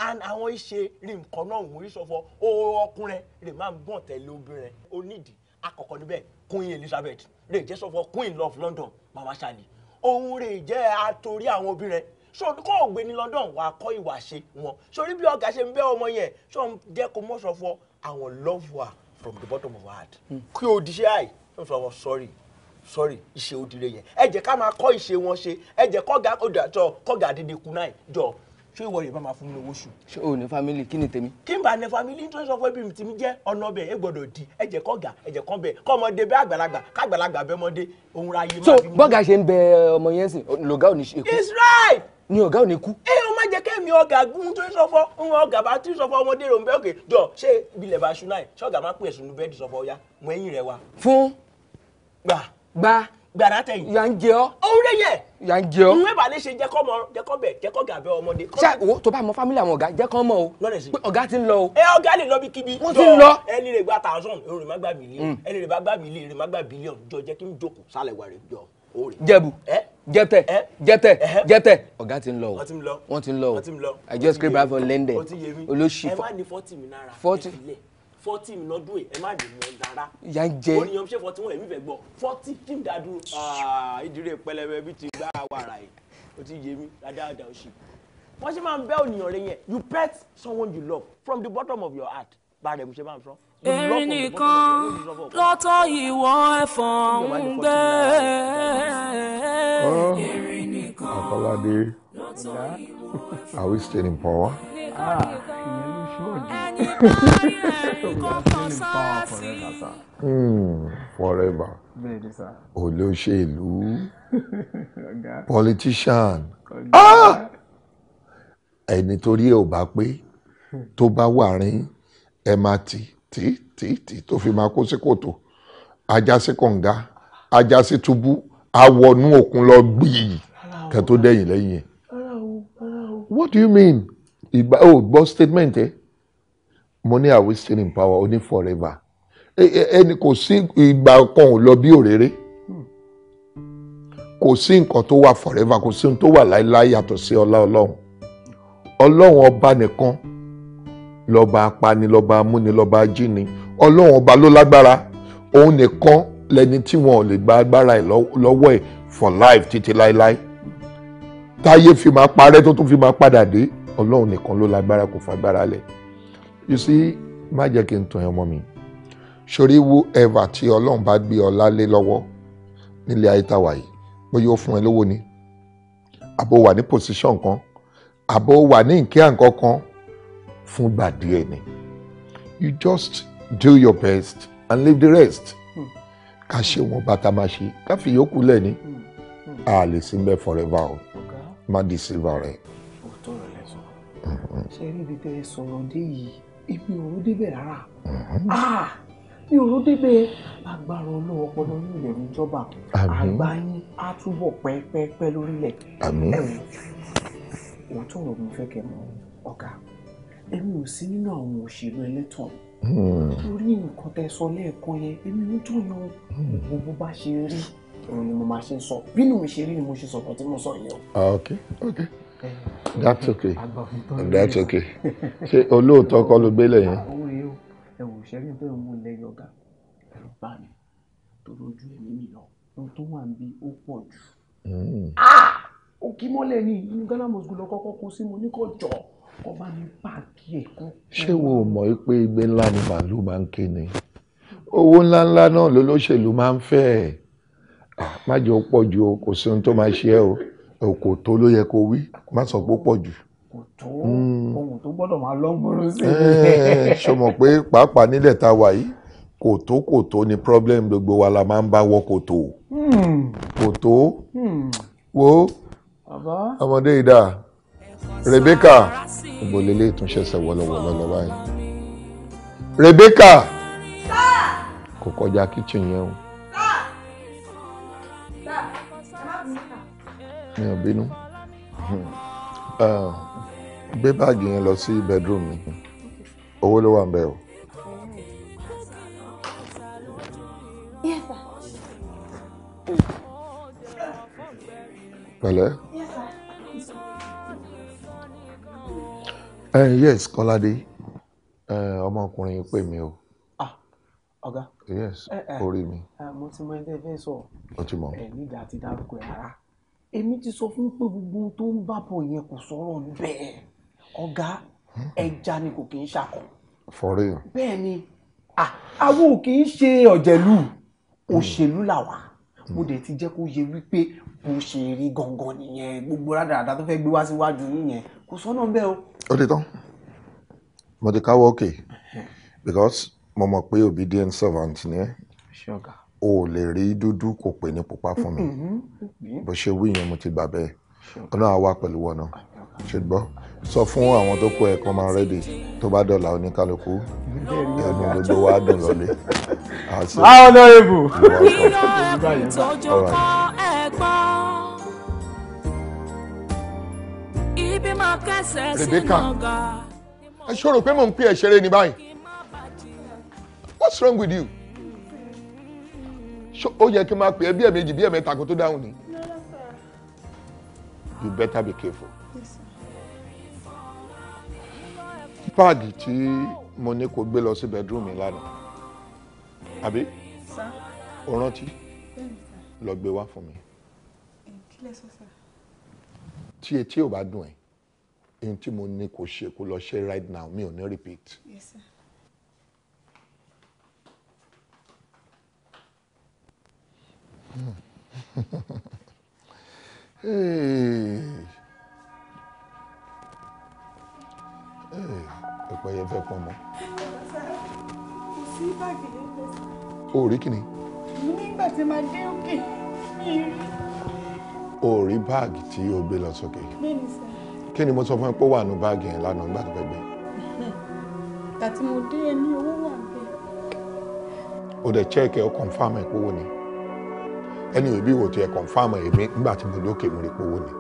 and àwọn ìṣe rí nǹkan náà wọ́n rí sọ fọ ọkùnrin rè máa ń gbọ̀n tẹ̀lé obìnrin onídìí àkọ́kọ́ níbẹ̀ Queen Elizabeth rè jẹ́ sọ fọ Queen of London Mama Shali òun rè jẹ́ àtòrí àwọn obìnrin So kó o gbé ní London wàá kọ́ ìwà ṣe wọn sórí bí ọ̀gá ṣe ń bẹ́ ọmọ yẹn ṣó ń jẹ́ kó mọ̀ sọ fún àwọn love wa from the bottom of our heart hmm. kí o di ṣe àì ṣó sọ wọn sorry sorry ìṣe òdìrẹ yẹn ẹ jẹ́ ká máa kọ́ ìṣe wọn ṣe ẹ jẹ́ kọ́gà ọ̀dàtọ̀ kọ́gà dídí kunai jọ ṣé ìwọ yorùbá máa fún mi lówó ṣù. ṣé o ní family kí ni tèmi. kí n bá ní family nítorí sọ fún ẹbí mi tí mi jẹ́ ọ̀nà ọbẹ̀ ẹ gbọ́dọ̀ di ẹ̀jẹ̀ kọ́gà ẹ̀jẹ̀ kan bẹ̀ kọ́mọdé bẹ́ àgbàlagbà kágbàlagbà bẹ́ ọmọdé òun ra yé so bọ́gà ṣe ń bẹ ọmọ yẹn sìn lọ́gà ò ní ṣe é kú. it's right ni ọ̀gá ò ní kú. ẹ o má jẹ́ kẹ́mi ọ̀gá gún tó sọ́fọ́ ń ọ̀gá bá tí sọ́fọ́ ọmọdé rò ń bẹ́ òkè jọ ṣé bilẹ̀ bá ṣúná ẹ̀ ṣọ́gà má pè sùn bẹ́ẹ̀dì sọ́fọ́ ọ̀yá mọ ẹ̀yìn rẹ wa. fún. gbà. gbà. gbàrà tẹ̀yìn. yà ń jẹ ọ́. òun rẹ yẹ. yà ń jẹ ọ́. n wẹ́bà lè ṣe jẹ́kọ́ mọ jẹ́kọ́ bẹ̀ jẹ́kọ́ gàbẹ́ ọmọdé. ṣá wo tó bá mọ fámílì àwọn ọ̀gá jẹ́kọ́ mọ o. ọ̀gá ti ń lọ o. ẹ ọ̀gá lè lọ bí kíbi. wọ́n ti ń lọ. ẹ lè gba thousand èrò rẹ̀ má gbà bílíọ̀n ẹ lè gba mm. gbà bílíọ̀n jọ jẹ́ kí n jókòó sálẹ̀ wà rẹ̀ jọ. jẹ̀bù. ẹ jẹtẹ jẹtẹ jẹtẹ ọgá ti ń lọ o wọn ti ń lọ o i just grab for lende olóṣì fọ ẹ má ní fọ́tì mi nára ẹ fi lẹ fọ́tì mi lọ́dún ẹ̀ ẹ má dì mọ́ dára. ìyá ń jẹ oníyan ṣé fọ́tì wọn èmi fẹ́ gbọ́ fọ́tì kí n dá dúró. Ah, ìdílé pẹlẹbẹ bíi ti gbá wàrà yìí o ti yé mi dáadáa oṣù. wọ́n ṣe máa ń bẹ́ ònìyàn rẹ yẹn you pet someone you love from the bottom of your heart bá a rẹ̀ mo ṣe máa ń sọ erin nìkan lọ́tọ̀ ìwọ ẹ̀fọn ń gbé Are we still in power? Ah, mm, forever. Olóṣèlú. Politician. Ẹni torí ẹ ò bá pé tó bá wà rín ẹ máa tì tí tí tí tó fi máa kó sí kòtò ajá sí kànga ajá sí túbú awọnú òkun lọ gbìyì kẹ tó dẹ̀yìn lẹ́yìn ẹ̀. what do you mean ìgbà ò gbọ́ statement ẹ mo are we still in power only ní forever ẹni kò sí ìgbà kan ò lọ bí òréré kò sí nǹkan tó wà forever kò sí nǹkan tó wà láéláé yàtọ̀ sí ọlá ọlọ́run ọlọ́run ọba nìkan lọ́ba apani lọ́ba amúni lọ́ba ajíni ọlọ́run ọba ló lágbára òun nìkan lẹni tí wọn ò lè gba agbára ẹ̀ lọ́wọ́ ẹ̀ for life títí láéláé táyé fi máa parẹ́ tó tún fi máa padà dé ọlọ́run nìkan ló lágbára kò fagbára lẹ̀ you see má jẹ́ kí n tàn ẹ́ ọmọ mi sori whoever tí ọlọ́run bá gbé ọlá lé lọ́wọ́ nílé ayé tá wà yìí bóyá ó fún ẹ lówó ni àbò wà ní position kan àbò wà ní nkíà nǹkan kan fúngbà díẹ̀ ni you just do your best and leave the rest hmm. ká ṣe wọn bàtà máa ṣe ká fi yòókù lẹ̀ ni hmm. Hmm. a lè sí mbẹ́ forever o má di silver rẹ. òótọ́ rẹ̀ lẹ́sọ̀ mm-hmm. ṣe rí ibi tẹ́ ẹ sọ̀rọ̀ dé yìí èmi ò rò débẹ̀ rárá mm-hmm. ah! mi ò rò débẹ̀ agbára olówó ọpọlọ ní ilẹ̀ níjọba àgbà yín á túbọ̀ pẹ́ẹ́pẹ́ẹ́pẹ́ lórílẹ̀. àmín. òótọ́ rẹ̀ mo fẹ́ kẹ́ mọ̀ ọ̀gá èmi ò sí nínú àwọn òṣèlú ẹlẹ́tàn hmm. torí nǹkan tẹ sọ lẹ́ẹ̀kan yẹn èmi ń tó yan òun bá ṣe rí òun ni mo máa ṣe sọ bínú mi ṣe rí ni mo ṣe sọ tí mo sọ yẹn. Ah, ok that's okay that's okay ṣe olóòótọ́ kọ́ ló gbélé yẹn. àwọn èèyàn ẹ wò ṣẹ́rí bẹ́ẹ̀ mú lẹ́yìn ọ̀gá ẹ̀rọ bá mi tó lójú ẹ̀mí mi lọ ohun tó wà níbí ó pọ̀ jù. Hmm. Ah! ó kí mọ́lẹ̀ ní inú ghana mosque lọ kọ́kọ́ kó sí mo ní kò jọ̀ọ́ kọ́ bá mi pààkì ẹ̀ kọ́. ṣé wo mọ̀ pé igbe ńlá ni màálù máa ń ké ni owó ńláńlá náà lolóṣèlú máa ń fẹ́ ẹ̀ má jẹ́ ó pọ̀ ju o kò sí ohun tó máa ṣe ẹ́ o kò tó ló yẹ kó wí má sọ pé ó pọ̀ jù. kò tó hmm. ohun tó gbọ́dọ̀ máa lọ́gbọ́n sí i. ṣe mọ̀ pé pàápàá nílẹ̀ tá a wà yìí kòtó kòtó ni problem gbogbo wa la máa ń bá wọ kòtó hmm. kòtó hmm. wo ọmọdé yìí Rebecca ìbòlè ilé ìtúnṣẹsẹ wọlọwọlọ lọ báyìí Rebecca kò kọjá kíchìn yẹn o mi ò bínú gbé báàgì yẹn lọ sí bedroom mi owó ló wà ń bẹ o. pẹ̀lẹ́. Yes, Uh, yes, Kọ́ládé, eh, ọmọkùnrin pè mí o. ah Ọ̀gá. Yes, eh, orí mi. Mo ti mọ ẹni tẹ́ fẹ́ sọ. O ti mọ. Ẹ nígbà tí dárúkọ ẹ̀ rárá. Èmi ti sọ fún pé gbogbo ohun tó ń bàbọ̀ yẹn kò sọ̀rọ̀ bẹ́ẹ̀. Ọ̀gá, hmm? ẹja ni kò kì í ṣakọ. For real. Bẹ́ẹ̀ni, àwọn ah, ò kì í ṣe ọ̀jẹ̀lú. Hmm. Òṣèlú làwà hmm. mo dẹ̀ ti jẹ́ kó yẹ wípé bó ṣe rí gangan nìyẹn gbogbo rádaràda tó fẹ́ gbé wá síwájú yìnyẹn kò sọ́nà ń bẹ́ o. ó ti tán mo ti káwọ́ òkè because mo mọ̀ pé obedient servant ni ẹ́ o lè rí dúdú kò pè ní pupa fún mi mm-hmm. bó ṣe wí yẹn mo ti gbà bẹ́ẹ̀ ọlọ́run á wà pẹ̀lú wọn náà ṣùgbọ́n sọ fún àwọn tó kó ẹ̀kọ́ máa rẹ́dì tó bá dọ̀là oníkálukú ẹnu gbogbo wa dùn lọ́lé. báwo ló ebù. ìtọ́jú kọ ẹ̀gbọ́n. Rebecca ẹ ṣòro pé mò ń pè ẹ ṣeré ní báyìí what's wrong with you ṣó ó yẹ kí n máa pè ẹ bí ẹ méjì bí ẹ mẹ́ta kó tó dáhùn ni you better be careful páàgì tí mo ní kó gbé lọ sí bedroom mi lánàá àbí o rántí lọ gbé wá fún mi eh, tí etí ò bá dùn ẹ́ in tí mo ní kò ṣe kó lọ ṣe right now mi ò ní repeat. Yes, sir. hey. Hey ẹ̀pẹ́ yẹn fẹ́ pọ́n mọ́. sí báàgì yẹn fẹsẹ̀. o rí kíni. nígbà tí màá dé òkè mi báàgì tí o gbé lọ sókè. bẹ́ẹ̀ni sá kí ni mo sọ fún ẹ pé ó wà ní báàgì yẹn lánàá nígbà tó fẹ́ gbé. tàtí mo dé ẹ ní owó wà bẹ́ẹ̀. o dẹ̀ chẹ́ẹ̀kì ọ kọ̀nfàmù ẹ̀ ni ẹni ìbí wò tiẹ̀ kọ̀nfàmù èmi nígbà tí mo lókè mo rí pówó ni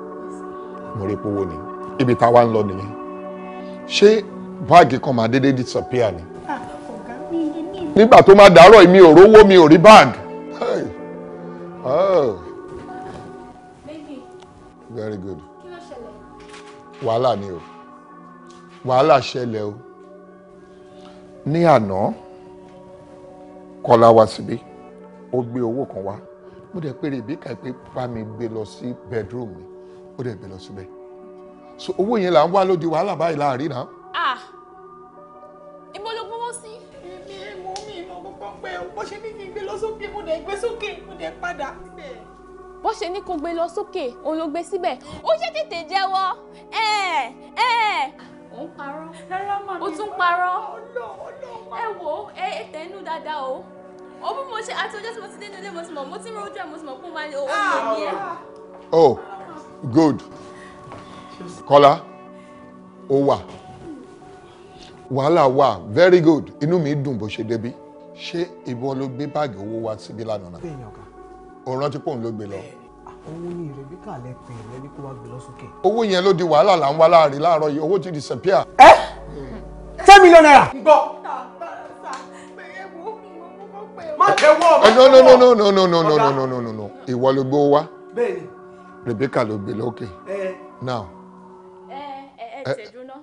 mo rí pówó ni ibi táwa ń lọ nìyẹn ṣé báàgì kan máa dédé disappear ni ah, nígbà tó máa dàárọ̀ mi ò rówó mi ò rí bag. Ah. Oh. Very good wàhálà ni o wàhálà ṣẹlẹ̀ o ní àná kọ́lá wá síbí ó gbé owó kan wá mo dẹ̀ pé Rebecca pé bá mi gbé lọ sí bedroom mi ó dẹ̀ gbé lọ síbẹ̀ so owó yẹn là ń wá lóde wàhálà báyìí láàrin náà. ah ibo ló gbowó sí. mi ò mú mi ìmọ̀ gbogbo pé bó ṣe ní kí n gbé lọ sókè mo dẹ̀ gbé sókè mo dẹ̀ padà bó ṣe ní kó gbé lọ sókè òun ló gbé síbẹ̀ ó ṣe tètè jẹ́wọ́ ẹ ẹ. ó ń parọ́ ó tún parọ́ ẹ wò ó ẹ tẹnu dáadáa o ó bí mo ṣe àti ọjọ́ tí mo ti dé nílé mo ti mọ̀ mo ti ń rojú ẹ̀ mo ti mọ̀ kó máa ní owó mi ní ẹ. oh good Kọ́lá ó wà wàhálà wà very good inú mi dùn bó ṣe débí ṣé ìwọ ló gbé báàgì owó wá síbí lánàá òun rántí pòun ló gbé lọ. Eh, owó ní Rebecca lẹ pè é ní kó wá gbé lọ sókè. owó yẹn ló di wàhálà là ń wá láàrin láàárọ̀ yìí owó ti disappear. ẹ eh? hmm. ten million naira. gbọ́. má kẹwọ́ má eh, kẹwọ́. no no no no no no no no no no no ìwọ ló gbé wá. bẹ́ẹ̀ni. Rebecca ló gbé lókè. now. ẹ ẹ ẹ tẹ̀dúná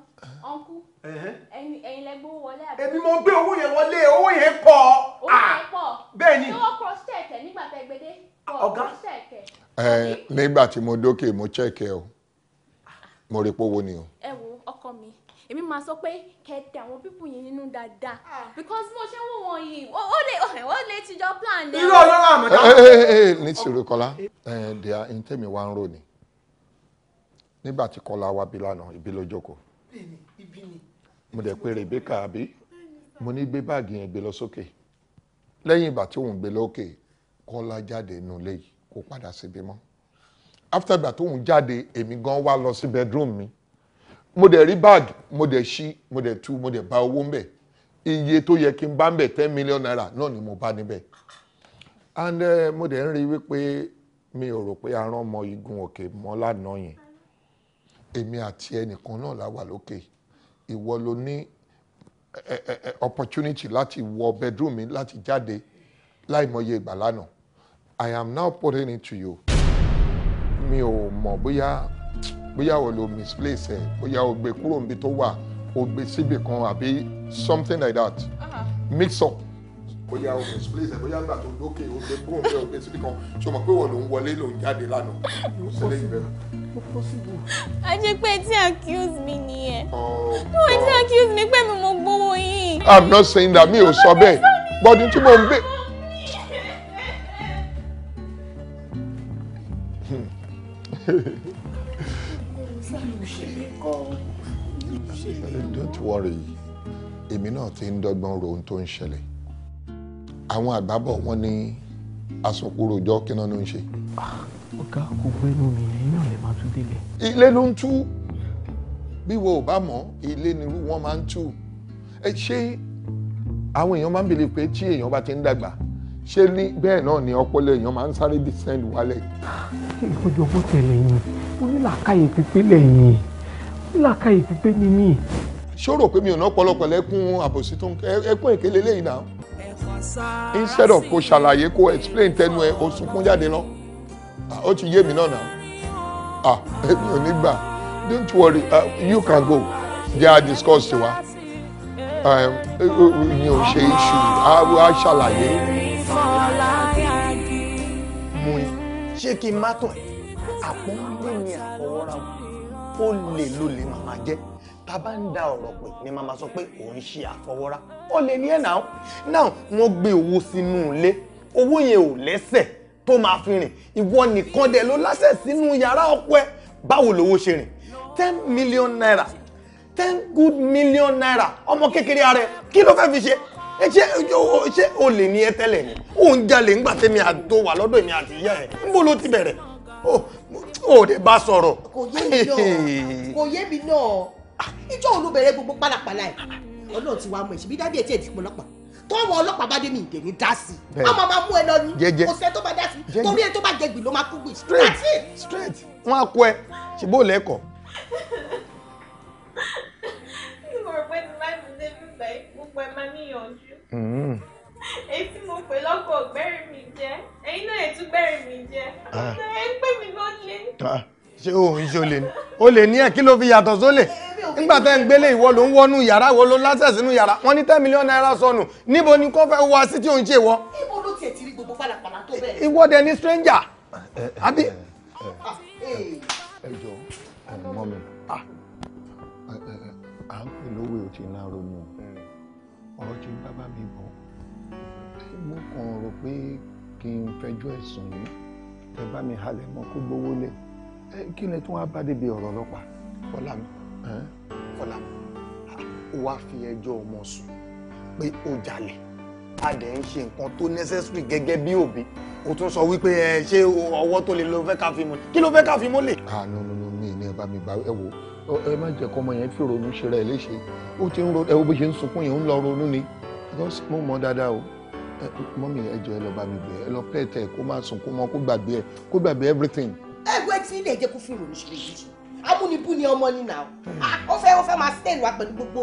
uncle ẹ̀yin lẹ gbowó wọlé àbí. èmi mo gbé owó yẹn wọlé owó yẹn pọ̀. owó yẹn ah. pọ̀. bẹ́ẹ̀ni. lọ́wọ́ cross check ẹ̀ nígbà tẹ́ gbé ọ̀gá. ẹ nígbà tí mo dókè mo chẹ́ẹ̀kẹ́ o mo rí pé owó ni o. ẹ wo ọkọ mi èmi máa sọ pé kẹtẹ àwọn pípù yìí nínú dáadáa ah. because mo ṣe ń wò wọn yìí ó lè ó lè tijọ́ plan ni. irú ọlọ́run àmọ́dá. Eh, eh, eh, ní tìrú kọlá dìá ntẹ́mi wá ń rò ní nígbà tí kọlá wá bí lánàá ibi ló jókòó mo dẹ̀ pé Rebecca àbí mo ní gbé báàgì yẹn gbé lọ sókè lẹ́yìn ìgbà tí òun gbé lókè Kọ́lá jáde nù léyìí kó padà síbi mọ́ after that tóun jáde èmi gan wá lọ sí bedroom mi mo dẹ̀ rí bag mo dẹ̀ ṣí mo dẹ̀ tú mo dẹ̀ bá owó ń bẹ̀ iye tó yẹ kí n bá ń bẹ̀ ten million naira náà ni mo bá níbẹ̀ and uh, mo dẹ̀ ń rí wípé mi ò rò pé arán ọmọ igun òkè mọ́ lánàá yẹn èmi àti ẹnìkan náà la wà lókè ìwọ ló ní eh, eh, opportunity láti wọ bedroom mi láti jáde láìmọye ìgbà lánàá i am now putting it to you mi ò mọ̀ bóyá bóyá o lo misplace ẹ̀ bóyá o gbé kúrò níbi tó wà o gbé síbì kan àbí something like that uh-huh. mix up bóyá o misplace ẹ̀ bóyá nígbà tó lókè o gbé kúrò níbi o gbé síbì kan ṣé o mọ̀ pé wọ́n ló ń wọlé ló ń jáde lánàá ló ṣẹlẹ̀ ìbẹ̀rù. a jẹ́ pé tí accuse mi nìyẹn wọ́n oh, ti accuse mi pé mi mo gbowó yìí. i'm not saying that mi ò sọ bẹ́ẹ̀ gbọ́dún tí mo ń bẹ́ẹ̀. don't worry èmi náà ti ń dọ́gbọ́n ro ohun tó ń ṣẹlẹ̀ àwọn àgbábọ̀ wọn ní asọ̀kúròjọ́ kí náà ló ń ṣe. ọ̀gá kò gbẹ́nu mi ẹ̀yin náà lè máa tún délẹ̀. ilé ló ń tú bí wo ò bá mọ̀ ilé nirú wọn máa ń tú ẹ ṣé àwọn èèyàn máa ń bèèrè pé tí èèyàn bá ti ń dàgbà ṣé ní bẹ́ẹ̀ náà ni ọpọlọ èèyàn máa ń sáré descend wálẹ̀. ìgbọ́jọ bó tẹ̀lé yín ó ní làákàyè pípé lẹ́yìn ó làákàyè pípé ní mí. pé mi ò ná ọ̀pọ̀lọpọ̀ lẹ́kún àbòsí tó ń ẹkún èkélé lẹ́yìn náà instead of kó ṣàlàyé kó explain tẹnu ẹ o sunkún jáde lọ ó ti yé mi náà náà ah èmi ò ní gbà don't worry uh, you can go they are discussed tiwa ìyẹn ò ṣe issue a ṣàlàyé aláyàgì. mo ní ṣé kí n má tọ̀ ẹ́ àpọ́nlé ni àfọwọ́ra ó lè ló lè màmá jẹ́ tá a bá ń da ọ̀rọ̀ pè ni màmá sọ pé òun ṣe àfọwọ́ra ó lè ní ẹ̀ náà náà wọ́n gbé owó sínú ilé owó yẹn ò lẹ́sẹ̀ tó máa fi rìn ìwọ nìkan dẹ̀ ló láṣẹ sínú yàrá ọkọ ẹ báwo lowó ṣe rìn ten million naira ten good million naira ọmọ kékeré ara ẹ kí ló fẹ́ fi ṣe ẹ ṣe ṣe olè ní ẹ tẹ́lẹ̀ ni ó ń jalè ńgbà tẹ́mi àdó wà lọ́dọ̀ èmi àti ìyá ẹ̀ níbo ló ti bẹ̀rẹ̀ ó dẹ̀ bá sọ̀rọ̀. kò yé mi náà kò yé mi náà ìjọ olùbẹ̀rẹ̀ gbogbo pálapàla ẹ̀ ọlọ́run ti wá mọ̀ ẹ̀ṣẹ̀ bí dábìí ẹ̀ tí ẹ̀ ti pọ̀ lọ́pàá tọ́wọ́ ọlọ́pàá bá dé mi ìdè ní dá sí i wọ́n máa máa mú ẹ lọ ní kò tó bá dá torí ẹ tó bá jẹ gbì ló máa kú gbì. straight straight wọn á kó ẹ ṣùgbọ́n ò lẹ́kọ̀ọ́ Mm-hmm. èyí tí mo pè lọ́kọ̀ gbẹ́rin mi jẹ́ ẹ̀yin náà ètú gbẹ́rin mi jẹ́ ah. ẹ pè mí lọ́lé. Ah, ṣé o ń ṣe olè ni olè ní ẹ kí ló fi yàtọ̀ sólè nígbà tẹ́ ń gbélé ìwọ ló ń wọnú yàrá ìwọ ló lásẹ̀ sínú yàrá wọn ní ten mílíọ̀nù náírà sọnù níbo ni kò fẹ́ wá sí tí ò ń ṣe wọ. ibo ló tiẹ̀ ti rí gbogbo pàlàpàlà tó bẹ̀rẹ̀. ìwọ́de ni stranger Abi. Eh, eh, eh, ẹ jọ ẹ mọ mi ah. à ń pè lówó ò ti náà ronú o ọjọ́ bàbá mi bọ̀ mo kàn rò pé kí n fẹjọ́ ẹ̀sùn yìí ẹ bá mi halẹ̀ mọ́ kó gbowó lé kí ni tí wọ́n á bá débi ọ̀rọ̀ ọlọ́pàá fọlá mi fọlá mi ó wá fi ẹjọ́ ọmọ sùn pé ó jalè a dẹ̀ ń ṣe nǹkan tó necessary gẹ́gẹ́ bí òbí o tún sọ wípé ẹ ṣé ọwọ́ tó lè lo fẹ́ ká fi mú kí ló fẹ́ ká fi mú lè. àánú ah, mi ni ẹ bá mi bá ẹ wò ó ẹ má jẹ́ kọ́ ọmọ yẹn fi ronú ṣe rẹ̀ léṣe ó ti ń ro ẹ wo bó ṣe ń sunkún yẹn ó ń lọ ronú ni because mo mọ dáadáa o mọ́mí ẹ jọ ẹ lọ bá mi bẹ̀ ẹ lọ pẹ́ tẹ̀ kó má sunkún mọ́ kó gbàgbé ẹ kó gbàgbé everything. ẹ gbọ́ etí ilé ìjẹ́kú fi ronú ṣe léṣe amúnibú ni ọmọ ni nà hmm. ah, ó fẹ́ ó fẹ́ máa stay wa pẹ̀lú gbogbo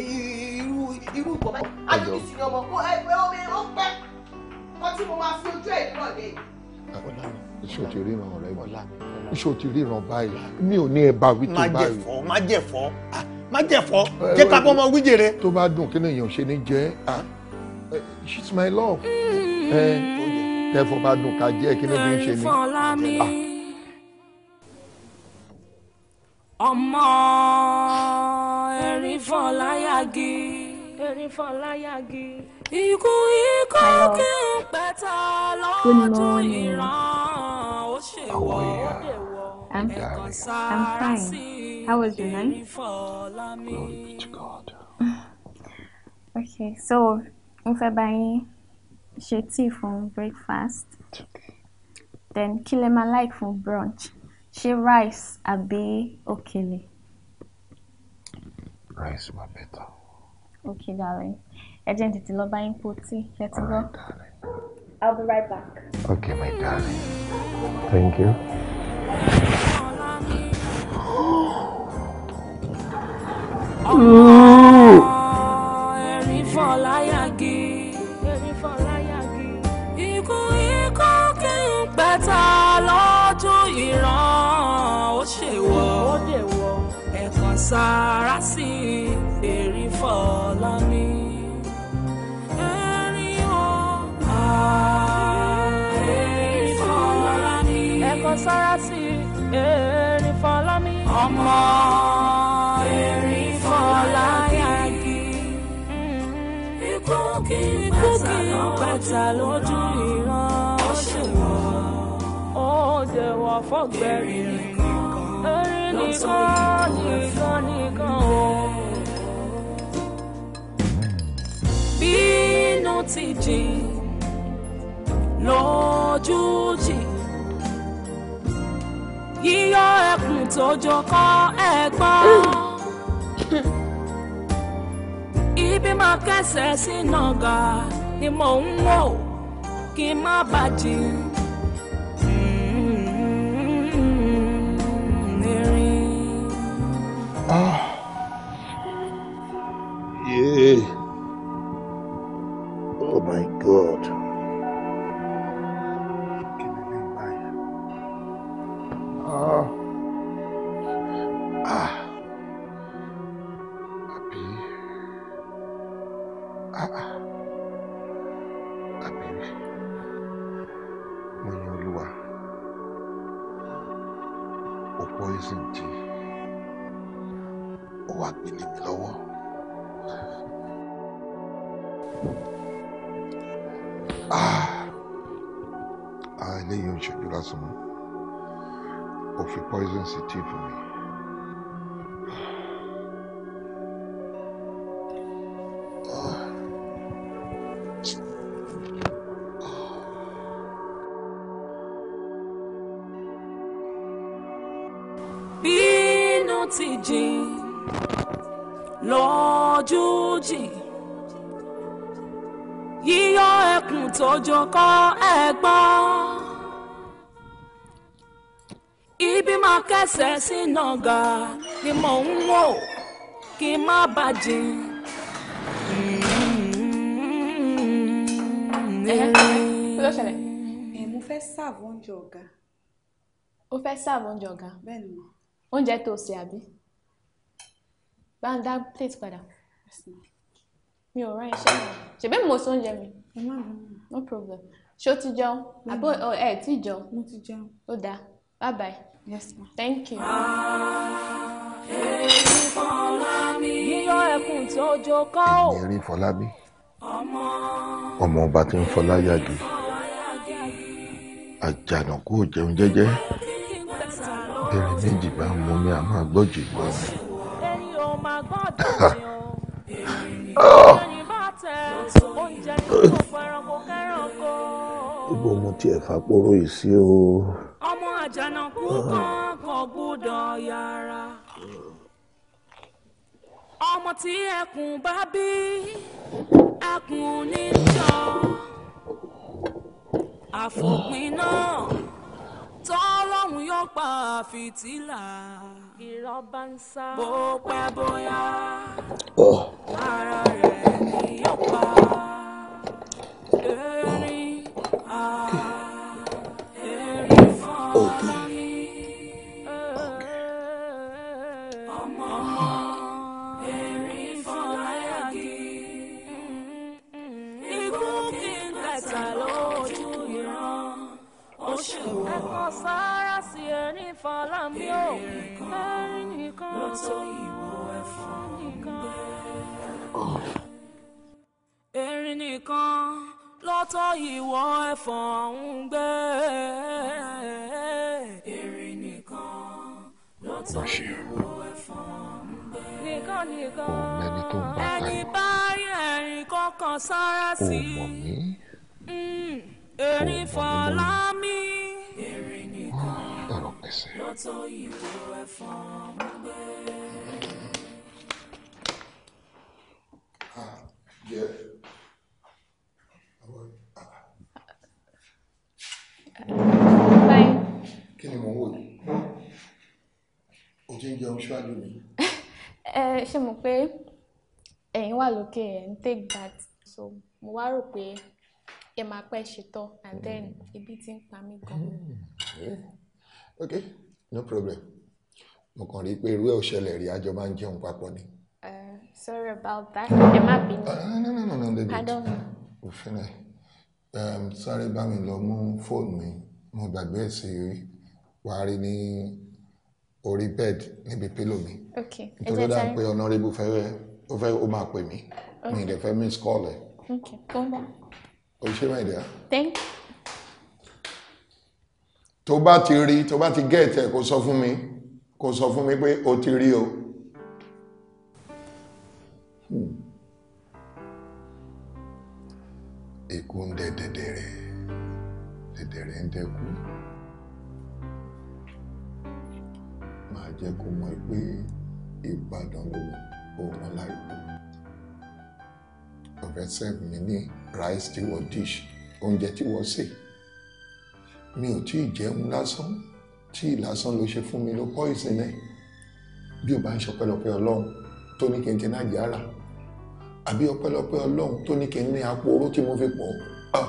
irú irú nǹkan báyìí adébísí ọmọ ó pẹ́ kọ́ tí mo máa fi ojú ẹ̀ nílọ̀ dé iṣẹ́ ò ti ríran ọ̀rẹ́ mi iṣẹ́ ò ti ríran báyìí mi ò ní ẹ̀bà wí tó báyìí. má jẹ̀fọ́ má jẹ̀fọ́ ah, jẹ́ ká bọ́ ọmọ wíjèrè. tó bá dùn kí lèèyàn ṣe ní jẹ́ ah, eh, she's my love eh, tẹ́fọ́ bá dùn ká jẹ́ kí lèèyàn ṣe ní. Ah. ọmọ erin fọláyàgì erin fọláyàgì ikú ikú kí n pẹ̀tà lọ́dún ìran ó ṣe wọ́ ó dé wọ́ ẹ̀kan sára sí ìlérí fọlá mi. Okay, so mo fẹ́ bá yín ṣe tea fún breakfast then kí lẹ máa like fún brunch ṣé rice àbí òkèlè. Rice ma better. Okay, darling. Agent, jẹ́ n tètè lọ bá yín po tí ẹ I'll be right back. Okay, my darling. Thank you. Ẹ̀rín fọláyà gé. Ẹ̀rín fọláyà gé. Ikú ikú kí n pẹ̀ta lọ́dún ìran ó ṣèwọ̀. Ó dèwọ̀. Ẹ̀kan sára sí ẹ̀rín fọlá mi. ẹ̀kọ́ sára sí erin fọlá mi. ọmọ erin fọlá yagi mm-hmm. ikú kì í bàtà lójú ìran ó ṣèwọ́ ó jẹ̀wọ́ fọ́gbẹ́rì nìkan erin nìkan nìkan nìkan o. bínú ti jìn lójújì yíyọ ẹkùn tó jọkọ ẹ̀gbọ́n ibi máa kẹsẹ̀ sí nàgà ni mò ń wò kí n má bàjẹ́ mm-hmm. ah. Yeah. Oh my God. Ah, ah, àbí mo yan olúwa ó poison jí ó wá gbélé mi lọ́wọ́. Ah, eléyìí ò ń ṣojú lásán mọ́. Ó fi poison sí tea fún mi. Bínú ti jìn lójú jìn yíyọ ẹkùn tójó kọ ẹ̀gbọ́n. kẹsẹ̀ sínú ọ̀gá ni mò ń wò kí n má bàjẹ́. Mm-hmm. Eh, eh, mo fẹ́ sáàbù oúnjẹ ọ̀gá. ó fẹ́ sáàbù oúnjẹ ọ̀gá. bẹ́ẹ̀ ni. oúnjẹ tó ṣe àbí. bá ń dá plate padà. mi ò rán iṣẹ́ mi ṣèbí mo sọ oúnjẹ mi. no problem. ṣé o ti jẹun àbí ẹ ti jẹun. mo ti jẹun. ó dáa bye bye. Yes, ma. Thank you. Yíyọ ẹkùn tí ó jó ká ò. Èmi Fọlábí. Ọmọ ọba tí ń fọlá yagi. Àjànàkú ò jẹun jẹ́jẹ́. Bẹ̀rẹ̀ méjì bá mú mi àmọ́ àgbọ̀jì gbọ́ mi. Gbogbo mo tiẹ̀ fapóró yìí sí o àjànàkú kan kò gbúdọ̀ ọmọ tí ẹkùn bá bí ẹkùn níjọ àfòpin náà tọ́lọ́hún yóò pa fìtílà irọ́ ń sá bó pẹ́ bóyá oh. ara rẹ̀ ni yóò pa. sára sí ẹni fàlámì ò ẹni nìkan ló ìwọ ẹ̀fọn nìkan. erin nìkan ló ìwọ ẹ̀fọn ń gbé. erin nìkan ló ìwọ ẹ̀fọn ń gbé. nìkan nìkan ẹni bá rí ẹ̀rín kọ́kàn sára sí hmm, i. Eri Fọlámi. Eri ẹsẹ̀. kí ni mò ń wò yìí o ti ń jẹun ṣáájú ẹ ṣe mọ̀ pé ẹ̀yin wà lókè ẹ̀ ń take that so mo wá rò pé ẹ máa pẹ́ ṣetán and then mm. ebi ti ń pa mí gan mm. eh ok no problem mo kàn rí i pé irú ẹ̀ ò ṣẹlẹ̀ rí àjọ máa ń jẹun papọ̀ ni. Eh, sorry about that ẹ má bínú. Ah, no no no no david kò fẹ́rẹ̀ sáré bá mi lọ mú fóònù mi mo gbàgbé ẹ̀ sí wàá rí ní orí bẹ́ẹ̀dì níbi pílò mi. ok ẹ jẹ́ tẹ́lẹ̀ nítorí dáa pé honorable fẹ́ ó fẹ́ ó máa pè mí mi ì dẹ̀ fẹ́ miss call ẹ̀. ok tó ń bọ̀. o ṣe máa dẹ̀. thank you tó bá ti rí tó bá ti gẹ̀ẹ́tẹ̀ kó sọ fún mi kó sọ fún mi pé o ti rí o. Ikú hmm. ń dẹ dẹ̀dẹ̀rẹ̀ dẹ̀dẹ̀rẹ̀ ń dẹ́kú. Màá jẹ́ kó mọ̀ pé Ìbàdàn ló òun láìpẹ́. Ọ̀fẹ́ sẹ́ẹ̀bù mi ní rice tí wọ́n dish oúnjẹ tí wọ́n sè mi ò tí ì jẹun lásán tí ìlàsán ló ṣe fún mi ló kọ́ ìsinlẹ̀ bí o bá ń ṣọpẹ́lọpẹ́ ọlọ́run tó ní kí n ti náà jára àbí ọpẹ́lọpẹ́ ọlọ́run tó ní kí n ní apò oró tí mo fi pọ̀ ọ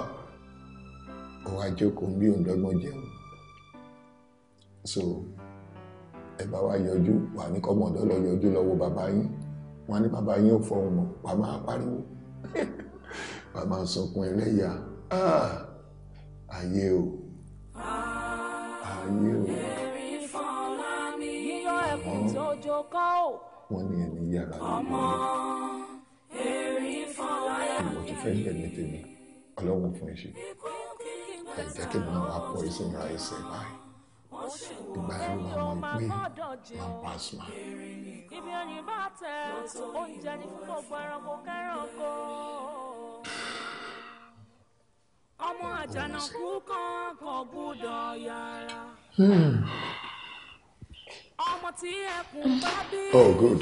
wá jókòó bí òun jẹun so ẹ bá wa yọjú wà ní kọ́mọ̀dọ́ lọ yọjú lọ́wọ́ bàbá yín wọn ní bàbá yín ò fọhùn mọ̀ wà máa pariwo wà máa sọkún ẹlẹ́yà ayé o ayé o. yíyọ ẹkùn tó jọ ká o. wọ́n ní ẹni yàrá lóko ìwọ tó fẹ́ lẹ̀ tèmi ọlọ́run fún ẹṣin ẹ jẹ́ kí mo máa pọ̀ iṣẹ́ ra ẹsẹ̀ báyìí ìgbà yẹn wà mọ̀ pé máa pa sùn. ibi ẹyin bá tẹ oúnjẹ ní fún gbogbo ẹranko kẹranko ọmọ àjànàkú kan kò gbúdọ̀ yára. Hmm. ọmọ tí ẹkùn bá bí. oh good.